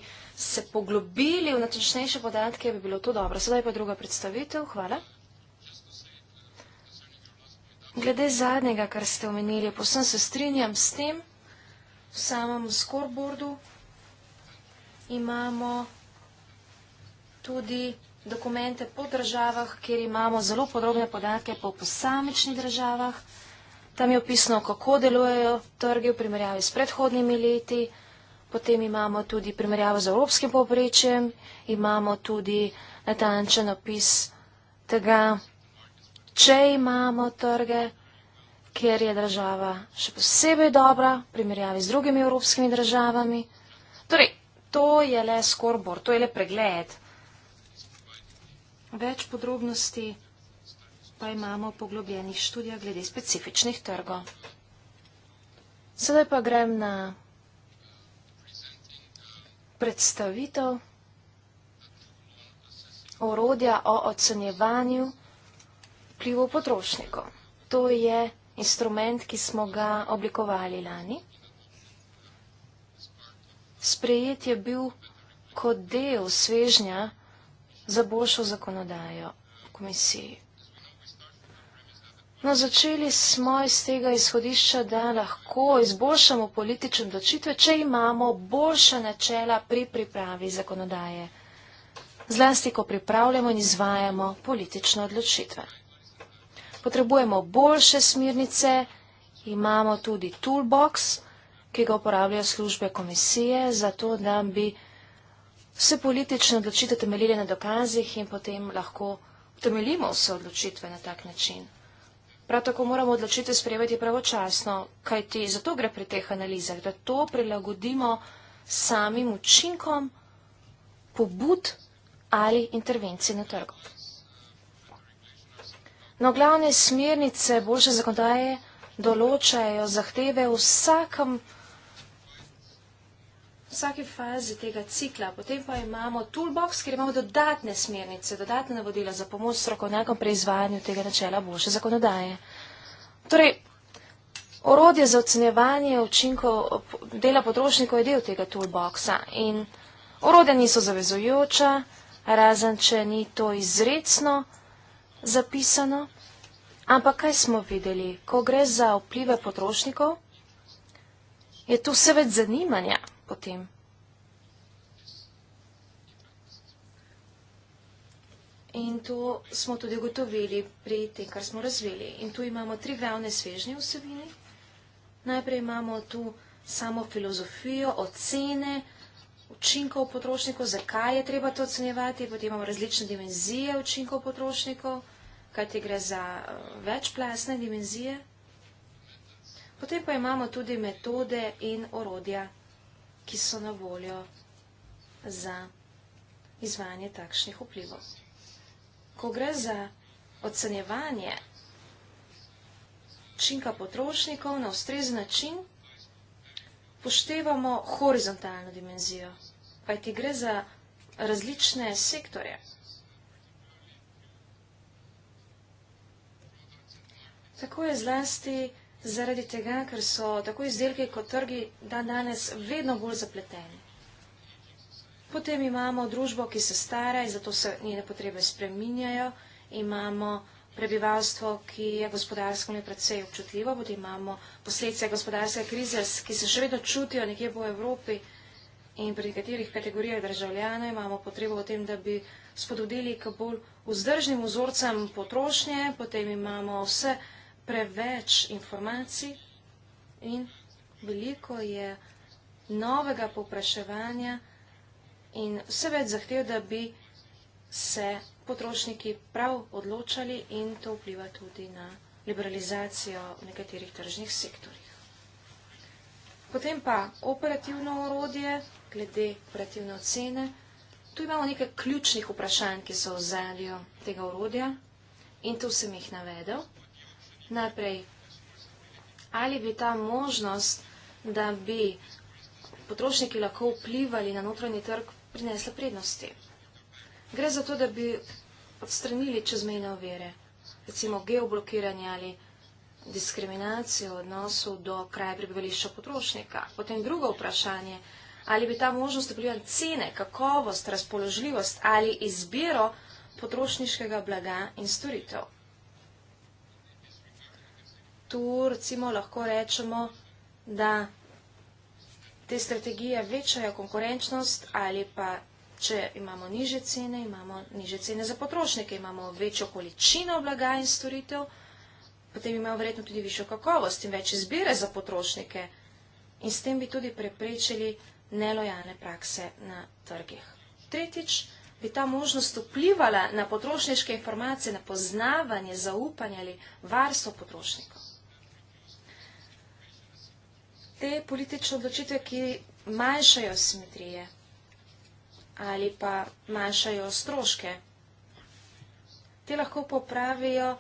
[SPEAKER 3] se poglobili v natančnejše podatke, bi bilo to dobro. Sedaj pa druga predstavitev. Hvala. Glede zadnjega, kar ste omenili, posem se strinjam s tem, v samem scoreboardu imamo tudi dokumente po državah, kjer imamo zelo podrobne podatke po posamečnih državah, Tam je opisano, kako delujejo trgi v primerjavi s predhodnimi leti. Potem imamo tudi primerjavo z evropskim povprečjem, imamo tudi natančen opis tega, če imamo trge, kjer je država še posebej dobra, primerjavi z drugimi evropskimi državami. Torej, to je le skorbor, to je le pregled. Več podrobnosti pa imamo poglobljenih študijah glede specifičnih trgov. Sedaj pa grem na predstavitev orodja o ocenjevanju vplivu potrošnikov. To je instrument, ki smo ga oblikovali lani. Sprejet je bil kot del svežnja za boljšo zakonodajo komisiji. No, začeli smo iz tega izhodišča, da lahko izboljšamo politične odločitve, če imamo boljša načela pri pripravi zakonodaje. Zlasti, ko pripravljamo in izvajamo politične odločitve. Potrebujemo boljše smirnice, imamo tudi toolbox, ki ga uporabljajo službe komisije, zato da bi vse politične odločitve temeljile na dokazih in potem lahko temeljimo vse odločitve na tak način. Prav tako moramo odločitev sprejeti pravočasno, kajti zato gre pri teh analizah, da to prilagodimo samim učinkom pobud ali intervencij na trgu. No, glavne smernice boljše zakonodaje določajo zahteve vsakem vsaki fazi tega cikla. Potem pa imamo toolbox, kjer imamo dodatne smernice, dodatne navodila za pomoč strokovnjakom pri izvajanju tega načela boljše zakonodaje. Torej, orodje za ocenjevanje učinkov dela potrošnikov je del tega toolboxa in orodje niso zavezujoča, razen če ni to izredno zapisano. Ampak kaj smo videli, ko gre za vplive potrošnikov? Je tu vse več zanimanja, potem. In to smo tudi ugotovili pri tem, kar smo razvili. In tu imamo tri glavne svežnje vsebine. Najprej imamo tu samo filozofijo, ocene, učinkov potrošnikov, zakaj je treba to ocenjevati, potem imamo različne dimenzije učinkov potrošnikov, kajti gre za eh, večplasne dimenzije. Potem pa imamo tudi metode in orodja ki so na voljo za izvajanje takšnih vplivov. Ko gre za ocenjevanje činka potrošnikov na ustrezen način, poštevamo horizontalno dimenzijo, kaj ti gre za različne sektorje. Tako je zlasti zaradi tega, ker so tako izdelke kot trgi dan danes vedno bolj zapleteni. Potem imamo družbo, ki se stara in zato se njene potrebe spreminjajo. Imamo prebivalstvo, ki je gospodarsko ne predvsej občutljivo, potem imamo posledice gospodarske krize, ki se še vedno čutijo nekje po Evropi in pri katerih kategorijah državljanov imamo potrebo o tem, da bi spodbudili k bolj vzdržnim vzorcem potrošnje, potem imamo vse preveč informacij in veliko je novega popraševanja in vse več zahtev, da bi se potrošniki prav odločali in to vpliva tudi na liberalizacijo v nekaterih tržnih sektorjih. Potem pa operativno orodje, glede operativne ocene. Tu imamo nekaj ključnih vprašanj, ki so v zadju tega orodja in tu sem jih navedel. Najprej, ali bi ta možnost, da bi potrošniki lahko vplivali na notranji trg, prinesla prednosti? Gre za to, da bi odstranili čezmejne ovire, recimo geoblokiranje ali diskriminacijo odnosov do kraja prebivališča potrošnika. Potem drugo vprašanje, ali bi ta možnost vplivala cene, kakovost, razpoložljivost ali izbiro potrošniškega blaga in storitev tu recimo lahko rečemo, da te strategije večajo konkurenčnost ali pa, če imamo niže cene, imamo niže cene za potrošnike, imamo večjo količino blaga in storitev, potem imamo verjetno tudi višjo kakovost in več izbire za potrošnike in s tem bi tudi preprečili nelojalne prakse na trgih. Tretjič, bi ta možnost vplivala na potrošniške informacije, na poznavanje, zaupanje ali varstvo potrošnikov te politične odločitve, ki manjšajo simetrije ali pa manjšajo stroške. Te lahko popravijo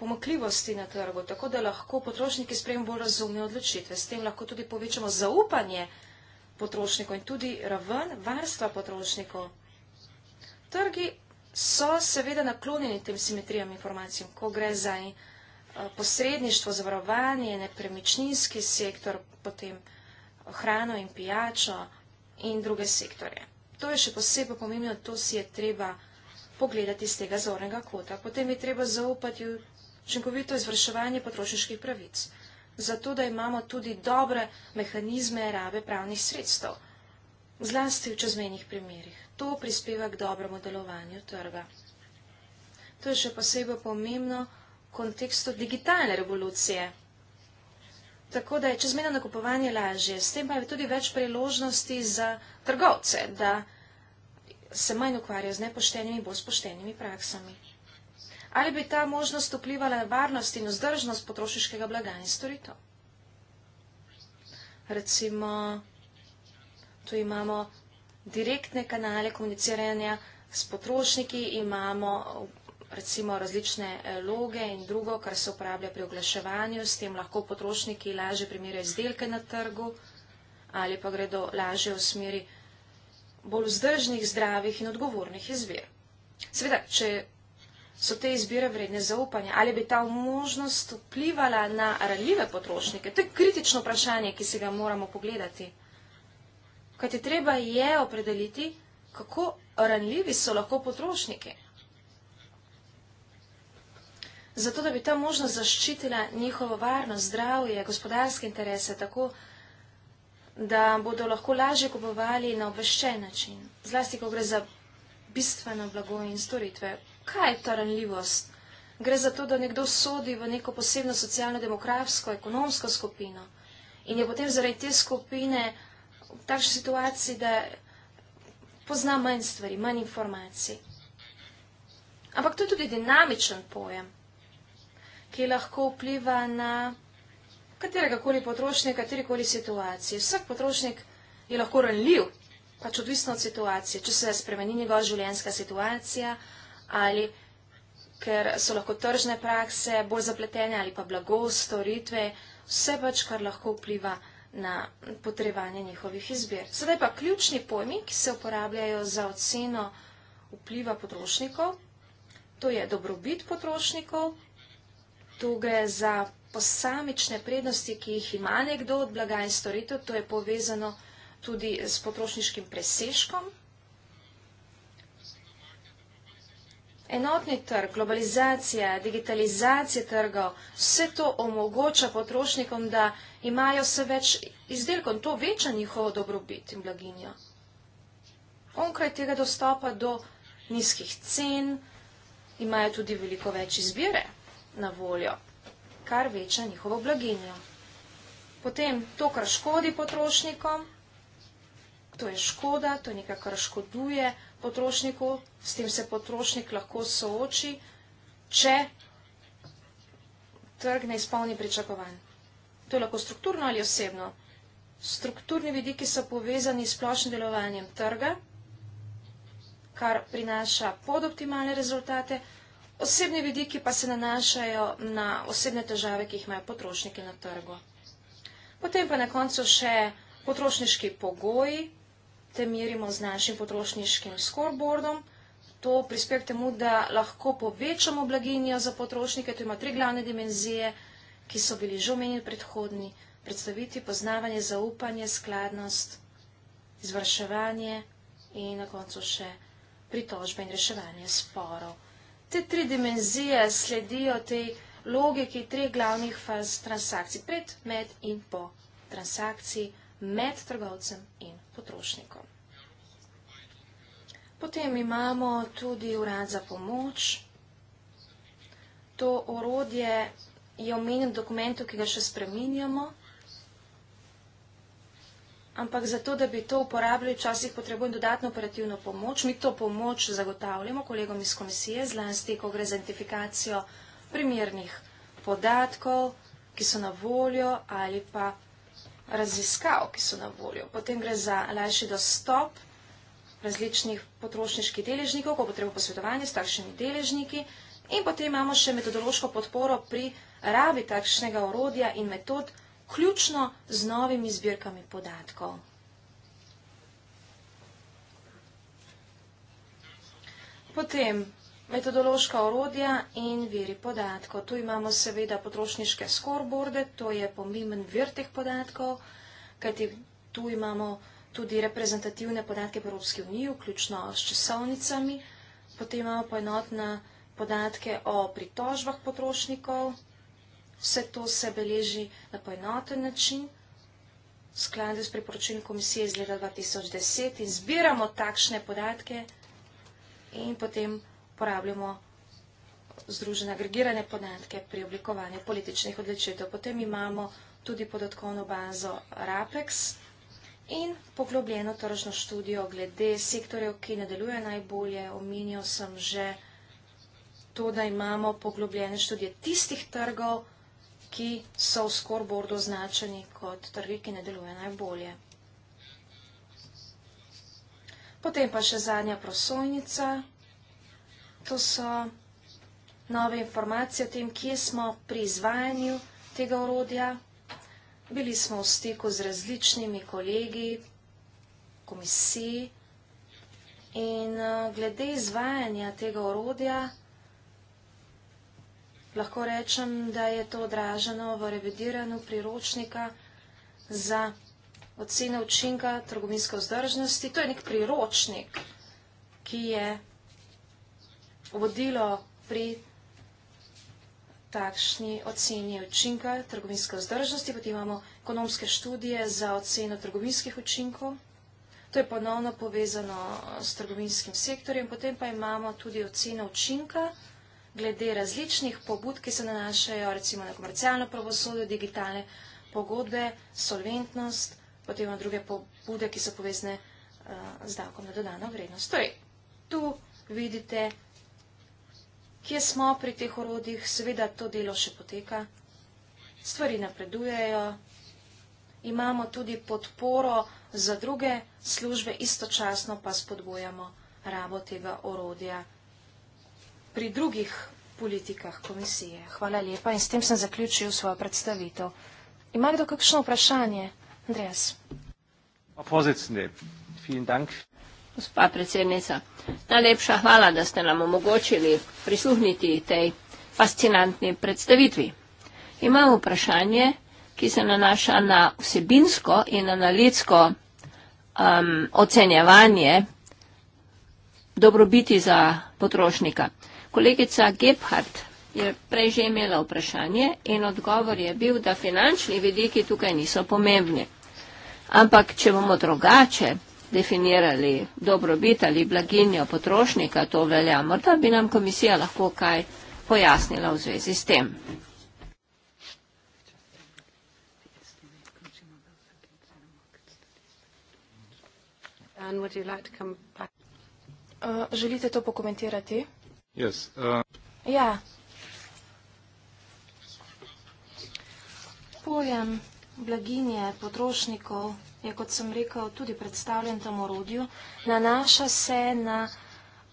[SPEAKER 3] pomakljivosti na trgu, tako da lahko potrošniki sprejemo bolj razumne odločitve. S tem lahko tudi povečamo zaupanje potrošnikov in tudi raven varstva potrošnikov. Trgi so seveda naklonjeni tem simetrijam informacijam, ko gre za eh, posredništvo, zavarovanje, nepremičninski sektor, potem hrano in pijačo in druge sektorje. To je še posebej pomembno, to si je treba pogledati z tega zornega kota. Potem je treba zaupati v učinkovito izvrševanje potrošniških pravic, zato da imamo tudi dobre mehanizme rabe pravnih sredstev, zlasti v čezmenjih primerjih. To prispeva k dobremu delovanju trga. To je še posebej pomembno v kontekstu digitalne revolucije, Tako da je čezmena nakupovanje lažje. S tem pa je tudi več priložnosti za trgovce, da se manj ukvarjajo z nepoštenimi, bolj spoštenimi praksami. Ali bi ta možnost vplivala na varnost in vzdržnost potrošniškega blaga in storitev? Recimo, tu imamo direktne kanale komuniciranja s potrošniki, imamo recimo različne eh, loge in drugo, kar se uporablja pri oglaševanju, s tem lahko potrošniki lažje primerjajo izdelke na trgu ali pa gredo lažje v smeri bolj vzdržnih, zdravih in odgovornih izbir. Seveda, če so te izbire vredne zaupanja, ali bi ta možnost vplivala na ranljive potrošnike, to je kritično vprašanje, ki si ga moramo pogledati. Kajti treba je opredeliti, kako ranljivi so lahko potrošniki zato da bi ta možnost zaščitila njihovo varnost, zdravje, gospodarske interese, tako da bodo lahko lažje kupovali na obveščen način, zlasti, ko gre za bistveno blago in storitve. Kaj je ta ranljivost? Gre za to, da nekdo sodi v neko posebno socialno-demografsko, ekonomsko skupino in je potem zaradi te skupine v takšni situaciji, da pozna manj stvari, manj informacij. Ampak to je tudi dinamičen pojem ki lahko vpliva na katerega koli potrošnika, kateri koli situacije. Vsak potrošnik je lahko ranljiv, pač odvisno od situacije, če se spremeni njegova življenjska situacija ali ker so lahko tržne prakse bolj zapletene ali pa blago, storitve, vse pač, kar lahko vpliva na potrebanje njihovih izbir. Sedaj pa ključni pojmi, ki se uporabljajo za oceno vpliva potrošnikov, to je dobrobit potrošnikov, tu gre za posamične prednosti, ki jih ima nekdo od blaga in storitev, to je povezano tudi s potrošniškim preseškom. Enotni trg, globalizacija, digitalizacija trgov, vse to omogoča potrošnikom, da imajo vse več izdelkov in to veča njihovo dobrobit in blaginjo. Onkraj tega dostopa do nizkih cen imajo tudi veliko več izbire na voljo, kar veča njihovo blaginjo. Potem to, kar škodi potrošnikom, to je škoda, to je nekaj, kar škoduje potrošniku, s tem se potrošnik lahko sooči, če trg ne izpolni pričakovanj. To je lahko strukturno ali osebno. Strukturni vidiki so povezani s splošnim delovanjem trga, kar prinaša podoptimalne rezultate, osebni vidiki pa se nanašajo na osebne težave, ki jih imajo potrošniki na trgu. Potem pa na koncu še potrošniški pogoji, te merimo z našim potrošniškim scoreboardom. To prispe k temu, da lahko povečamo blaginjo za potrošnike. To ima tri glavne dimenzije, ki so bili že omenjeni predhodni. Predstaviti poznavanje, zaupanje, skladnost, izvrševanje in na koncu še pritožbe in reševanje sporov te tri dimenzije sledijo tej logiki treh glavnih faz transakcij, pred, med in po transakciji, med trgovcem in potrošnikom. Potem imamo tudi urad za pomoč. To orodje je omenjen v dokumentu, ki ga še spreminjamo ampak zato, da bi to uporabljali, včasih potrebujem dodatno operativno pomoč. Mi to pomoč zagotavljamo kolegom iz komisije, zlasti, ko gre za identifikacijo primernih podatkov, ki so na voljo ali pa raziskav, ki so na voljo. Potem gre za lažji dostop različnih potrošniških deležnikov, ko potrebujemo posvetovanje s takšnimi deležniki. In potem imamo še metodološko podporo pri rabi takšnega orodja in metod vključno z novimi zbirkami podatkov. Potem metodološka orodja in viri podatkov. Tu imamo seveda potrošniške scoreboarde, to je pomemben vir teh podatkov, kajti tu imamo tudi reprezentativne podatke v Evropski uniji, vključno s časovnicami, potem imamo poenotna podatke o pritožbah potrošnikov, Vse to se beleži na poenoten način, v skladu s priporočili komisije iz leta 2010 in zbiramo takšne podatke in potem uporabljamo združene agregirane podatke pri oblikovanju političnih odločitev. Potem imamo tudi podatkovno bazo RAPEX in poglobljeno tržno študijo glede sektorjev, ki ne deluje najbolje. Omenil sem že to, da imamo poglobljene študije tistih trgov, ki so v scoreboardu označeni kot trgi, ki ne delujejo najbolje. Potem pa še zadnja prosojnica. To so nove informacije o tem, kje smo pri izvajanju tega orodja. Bili smo v stiku z različnimi kolegi, komisiji in eh, glede izvajanja tega orodja. Lahko rečem, da je to odraženo v revidiranju priročnika za ocene učinka trgovinske vzdržnosti. To je nek priročnik, ki je vodilo pri takšni oceni učinka trgovinske vzdržnosti. Potem imamo ekonomske študije za oceno trgovinskih učinkov. To je ponovno povezano s trgovinskim sektorjem. Potem pa imamo tudi oceno učinka trgovinske vzdržnosti glede različnih pobud, ki se nanašajo recimo na komercialno pravosodje, digitalne pogodbe, solventnost, potem imamo druge pobude, ki so povezne eh, z davkom na dodano vrednost. Torej, tu vidite, kje smo pri teh orodjih, seveda to delo še poteka, stvari napredujejo, imamo tudi podporo za druge službe, istočasno pa spodbujamo rabo tega orodja pri drugih politikah komisije. Hvala lepa in s tem sem zaključil svojo predstavitev. Ima kdo kakšno vprašanje? Andreas.
[SPEAKER 2] Gospa predsednica, najlepša hvala, da ste nam omogočili prisluhniti tej fascinantni predstavitvi. Imam vprašanje, ki se nanaša na vsebinsko in analitsko um, ocenjevanje dobrobiti za potrošnika. Kolegica Gebhardt je prej že imela vprašanje in odgovor je bil, da finančni vidiki tukaj niso pomembni. Ampak, če bomo drugače definirali dobrobit ali blaginjo potrošnika, to velja, morda bi nam komisija lahko kaj pojasnila v zvezi s tem.
[SPEAKER 3] Uh, želite to pokomentirati?
[SPEAKER 1] Yes. Uh...
[SPEAKER 3] Ja. Pojem blaginje potrošnikov je, kot sem rekel, tudi predstavljen tam orodju. Nanaša se na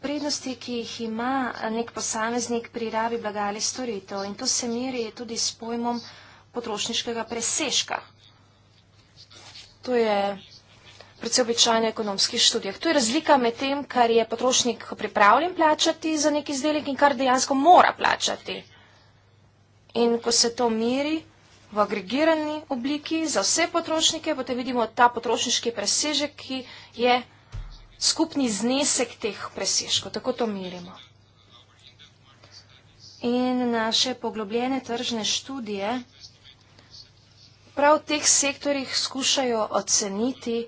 [SPEAKER 3] prednosti, ki jih ima nek posameznik pri rabi blaga ali storitev. In to se meri tudi s pojmom potrošniškega presežka. To je predvsem običajno ekonomskih študijah. To je razlika med tem, kar je potrošnik pripravljen plačati za neki izdelek in kar dejansko mora plačati. In ko se to miri v agregirani obliki za vse potrošnike, potem vidimo ta potrošniški presežek, ki je skupni znesek teh presežkov. Tako to mirimo. In naše poglobljene tržne študije prav v teh sektorjih skušajo oceniti,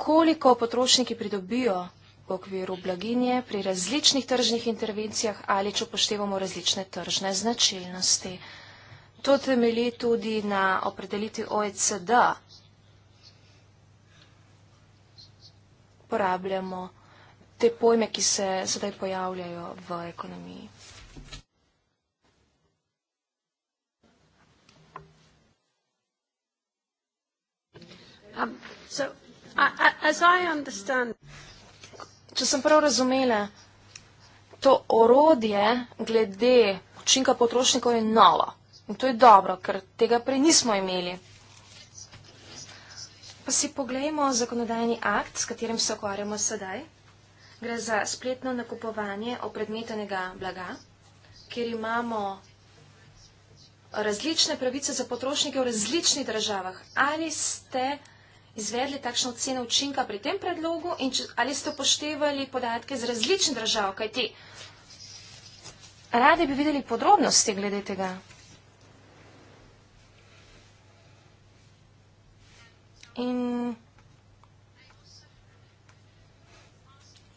[SPEAKER 3] koliko potrošniki pridobijo v okviru blaginje pri različnih tržnih intervencijah ali če upoštevamo različne tržne značilnosti. To temelji tudi na opredelitvi OECD. Porabljamo te pojme, ki se sedaj pojavljajo v ekonomiji. Če sem prav razumela, to orodje glede učinka potrošnikov je novo. In to je dobro, ker tega prej nismo imeli. Pa si pogledajmo zakonodajni akt, s katerim se ukvarjamo sedaj. Gre za spletno nakupovanje opredmetenega blaga, kjer imamo različne pravice za potrošnike v različnih državah. Ali ste izvedli takšno oceno učinka pri tem predlogu in če, ali ste upoštevali podatke iz različnih držav, kajti radi bi videli podrobnosti glede tega. In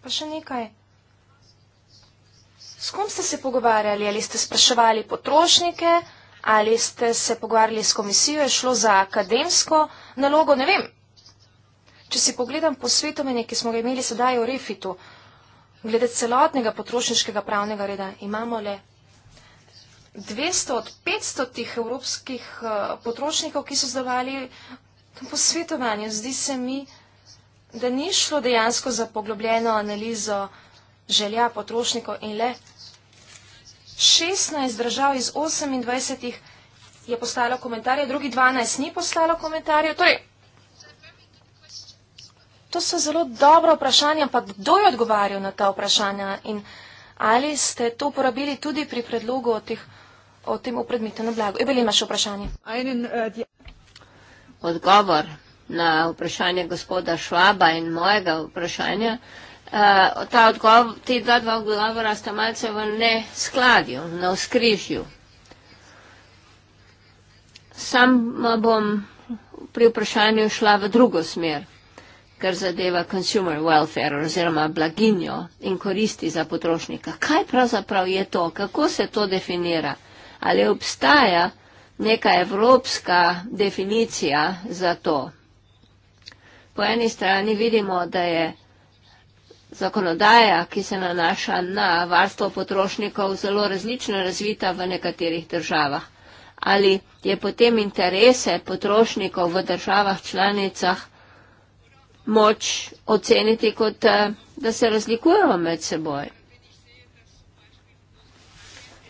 [SPEAKER 3] pa še nekaj. S kom ste se pogovarjali? Ali ste spraševali potrošnike? Ali ste se pogovarjali s komisijo? Je šlo za akademsko nalogo? Ne vem. Če si pogledam posvetovanje, ki smo ga imeli sedaj v Refitu, glede celotnega potrošniškega pravnega reda, imamo le 200 od 500 tih evropskih eh, potrošnikov, ki so zdovali posvetovanje. Zdi se mi, da ni šlo dejansko za poglobljeno analizo želja potrošnikov in le 16 držav iz 28 je poslalo komentarje, drugi 12 ni poslalo komentarje. Torej, To so zelo dobra vprašanja, ampak kdo je odgovarjal na ta vprašanja in ali ste to uporabili tudi pri predlogu o, teh, o tem opredmetenem blagu? Ebeli ima še vprašanje. Äh,
[SPEAKER 2] odgovor na vprašanje gospoda Švaba in mojega vprašanja. Uh, äh, odgovor, te dva, dva odgovora sta malce v neskladju, na oskrižju. Sam bom pri vprašanju šla v drugo smer kar zadeva consumer welfare oziroma blaginjo in koristi za potrošnika. Kaj pravzaprav je to? Kako se to definira? Ali obstaja neka evropska definicija za to? Po eni strani vidimo, da je zakonodaja, ki se nanaša na varstvo potrošnikov, zelo različno razvita v nekaterih državah. Ali je potem interese potrošnikov v državah članicah moč oceniti, kot eh, da se razlikujejo med seboj.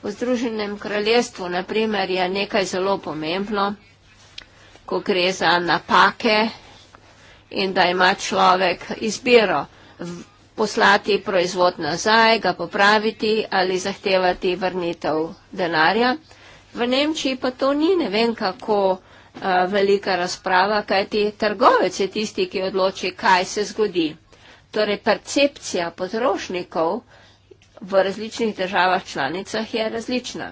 [SPEAKER 2] V Združenem kraljestvu, naprimer, je nekaj zelo pomembno, ko gre za napake in da ima človek izbiro poslati proizvod nazaj, ga popraviti ali zahtevati vrnitev denarja. V Nemčiji pa to ni, ne vem kako. Eh, velika razprava, kajti trgovec je tisti, ki odloči, kaj se zgodi. Torej, percepcija potrošnikov v različnih državah članicah je različna.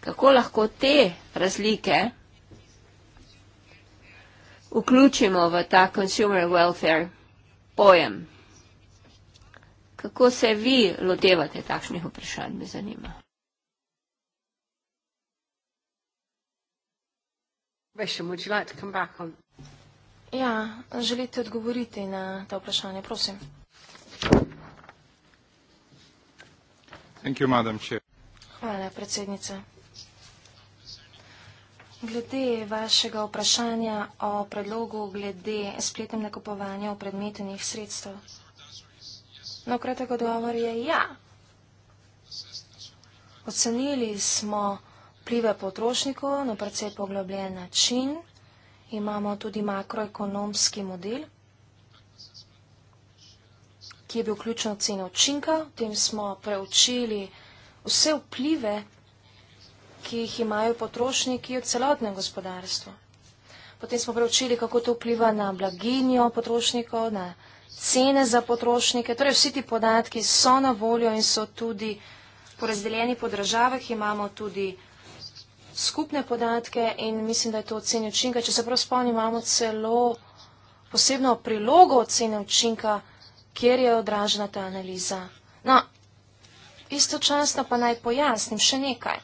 [SPEAKER 2] Kako lahko te razlike vključimo v ta consumer welfare pojem? Kako se vi lotevate takšnih vprašanj, me zanima. Vešem, would you like to come back on?
[SPEAKER 3] Ja, želite odgovoriti na to vprašanje, prosim. Thank you, madam chair. Hvala, predsednica. Glede vašega vprašanja o predlogu glede spletnem nakupovanja v predmetenih sredstev. No, kratek odgovor je ja. Ocenili smo, da vplive potrošnikov na precej poglobljen način. Imamo tudi makroekonomski model, ki je bil ključno ceno učinka. V tem smo preučili vse vplive, ki jih imajo potrošniki v celotnem gospodarstvu. Potem smo preučili, kako to vpliva na blaginjo potrošnikov, na cene za potrošnike. Torej vsi ti podatki so na voljo in so tudi porazdeljeni po državah. Imamo tudi skupne podatke in mislim, da je to ocenje učinka. Če se prav spomnim, imamo celo posebno prilogo ocene učinka, kjer je odražena ta analiza. No, istočasno pa naj pojasnim še nekaj.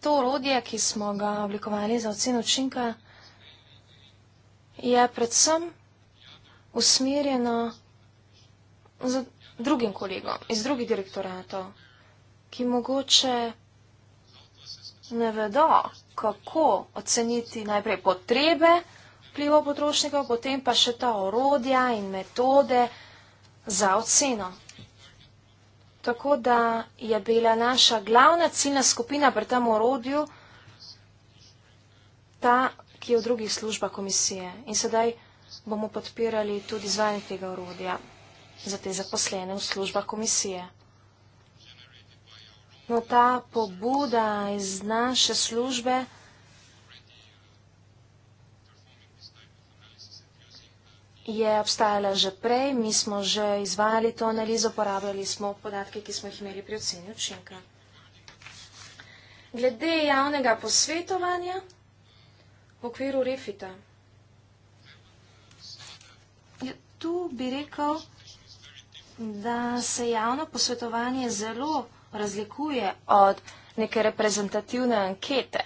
[SPEAKER 3] To urodje, ki smo ga oblikovali za ocen učinka, je predvsem usmerjeno z drugim kolegom iz drugih direktoratov, ki mogoče ne vedo, kako oceniti najprej potrebe vplivo potrošnikov, potem pa še ta orodja in metode za oceno. Tako da je bila naša glavna ciljna skupina pri tem orodju ta, ki je v drugih službah komisije. In sedaj bomo podpirali tudi izvajanje tega orodja za te zaposlene v službah komisije. No, ta pobuda iz naše službe je obstajala že prej, mi smo že izvajali to analizo, porabljali smo podatke, ki smo jih imeli pri oceni učinka. Glede javnega posvetovanja v okviru refita. Ja, tu bi rekel, da se javno posvetovanje zelo razlikuje od neke reprezentativne ankete.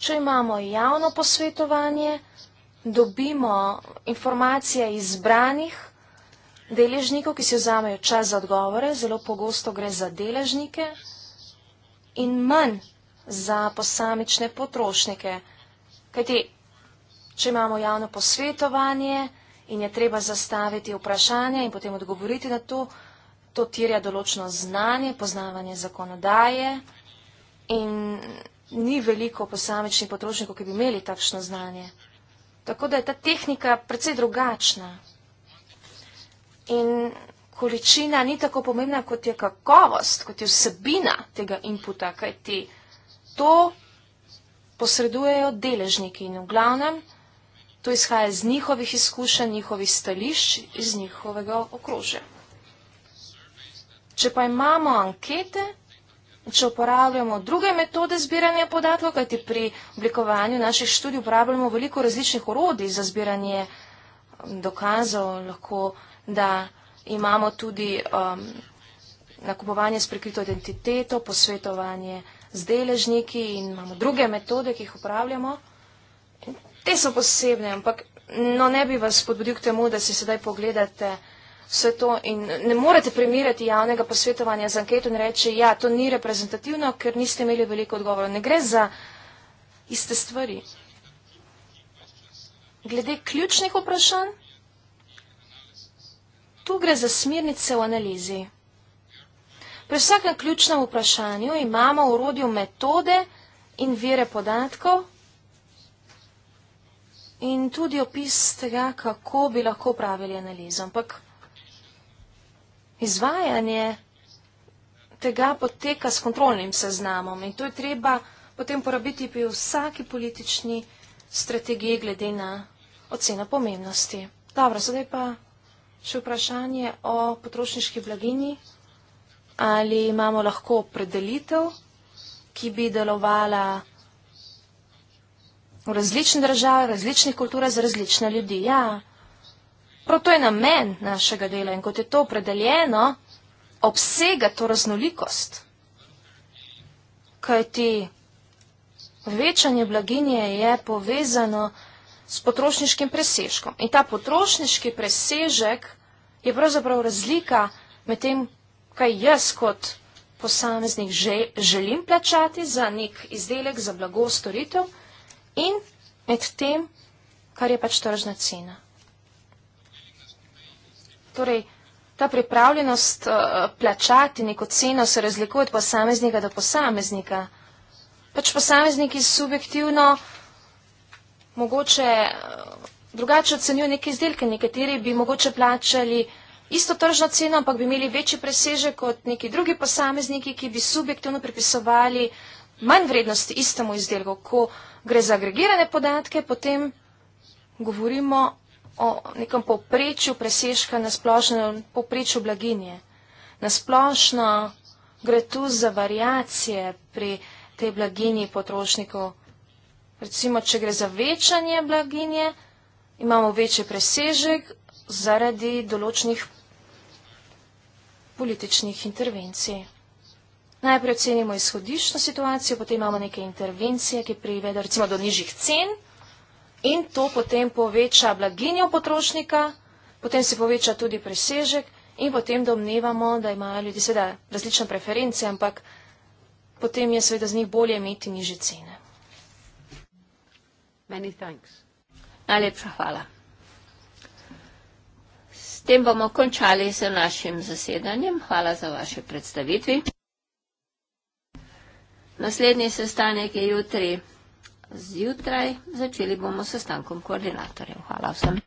[SPEAKER 3] Če imamo javno posvetovanje, dobimo informacije izbranih deležnikov, ki si vzamejo čas za odgovore, zelo pogosto gre za deležnike in manj za posamične potrošnike. Kajti, če imamo javno posvetovanje in je treba zastaviti vprašanje in potem odgovoriti na to, to terja določeno znanje, poznavanje zakonodaje in ni veliko posamečnih potrošnikov, ki bi imeli takšno znanje. Tako da je ta tehnika precej drugačna. In količina ni tako pomembna, kot je kakovost, kot je vsebina tega inputa, kaj ti to posredujejo deležniki in v glavnem to izhaja iz njihovih izkušenj, njihovih stališč, iz njihovega okrožja. Če pa imamo ankete, če uporabljamo druge metode zbiranja podatkov, kajti pri oblikovanju naših študij uporabljamo veliko različnih orodij za zbiranje um, dokazov, lahko da imamo tudi um, nakupovanje s prikrito identiteto, posvetovanje z deležniki in imamo druge metode, ki jih upravljamo. Te so posebne, ampak no, ne bi vas spodbudil k temu, da si sedaj pogledate uh, vse to in ne morete primirati javnega posvetovanja z anketo in reči, ja, to ni reprezentativno, ker niste imeli veliko odgovorov. Ne gre za iste stvari. Glede ključnih vprašanj, tu gre za smirnice v analizi. Pri vsakem ključnem vprašanju imamo v urodju metode in vire podatkov in tudi opis tega, kako bi lahko pravili analizo. Ampak izvajanje tega poteka s kontrolnim seznamom in to je treba potem porabiti pri vsaki politični strategiji glede na ocena pomembnosti. Dobro, zdaj pa še vprašanje o potrošniški blaginji. Ali imamo lahko predelitev, ki bi delovala v različne države, različnih kulturah za različne ljudi? Ja, Prav to je namen našega dela in kot je to opredeljeno, obsega to raznolikost. Kaj ti večanje blaginje je povezano s potrošniškim presežkom. In ta potrošniški presežek je pravzaprav razlika med tem, kaj jaz kot posameznik že, želim plačati za nek izdelek, za blago storitev in med tem, kar je pač tržna cena torej ta pripravljenost uh, plačati neko ceno se razlikuje od posameznika do posameznika. Pač posamezniki subjektivno mogoče eh, drugače ocenjujo neke izdelke, nekateri bi mogoče plačali isto tržno ceno, ampak bi imeli večji presežek kot neki drugi posamezniki, ki bi subjektivno pripisovali manj vrednosti istemu izdelku. Ko gre za agregirane podatke, potem govorimo o nekem povprečju presežka na splošno povprečju blaginje. Na splošno gre tu za variacije pri tej blaginji potrošnikov. Recimo, če gre za večanje blaginje, imamo večji presežek zaradi določenih političnih intervencij. Najprej ocenimo izhodiščno situacijo, potem imamo neke intervencije, ki privedo recimo do nižjih cen in to potem poveča blaginjo potrošnika, potem se poveča tudi presežek in potem domnevamo, da imajo ljudje seveda različne preference, ampak potem je seveda z njih bolje imeti nižje cene. Najlepša hvala.
[SPEAKER 2] S tem bomo končali z našim zasedanjem. Hvala za vaše predstavitvi. Naslednji sestanek je jutri zjutraj začeli bomo sestankom koordinatorjev. Hvala vsem.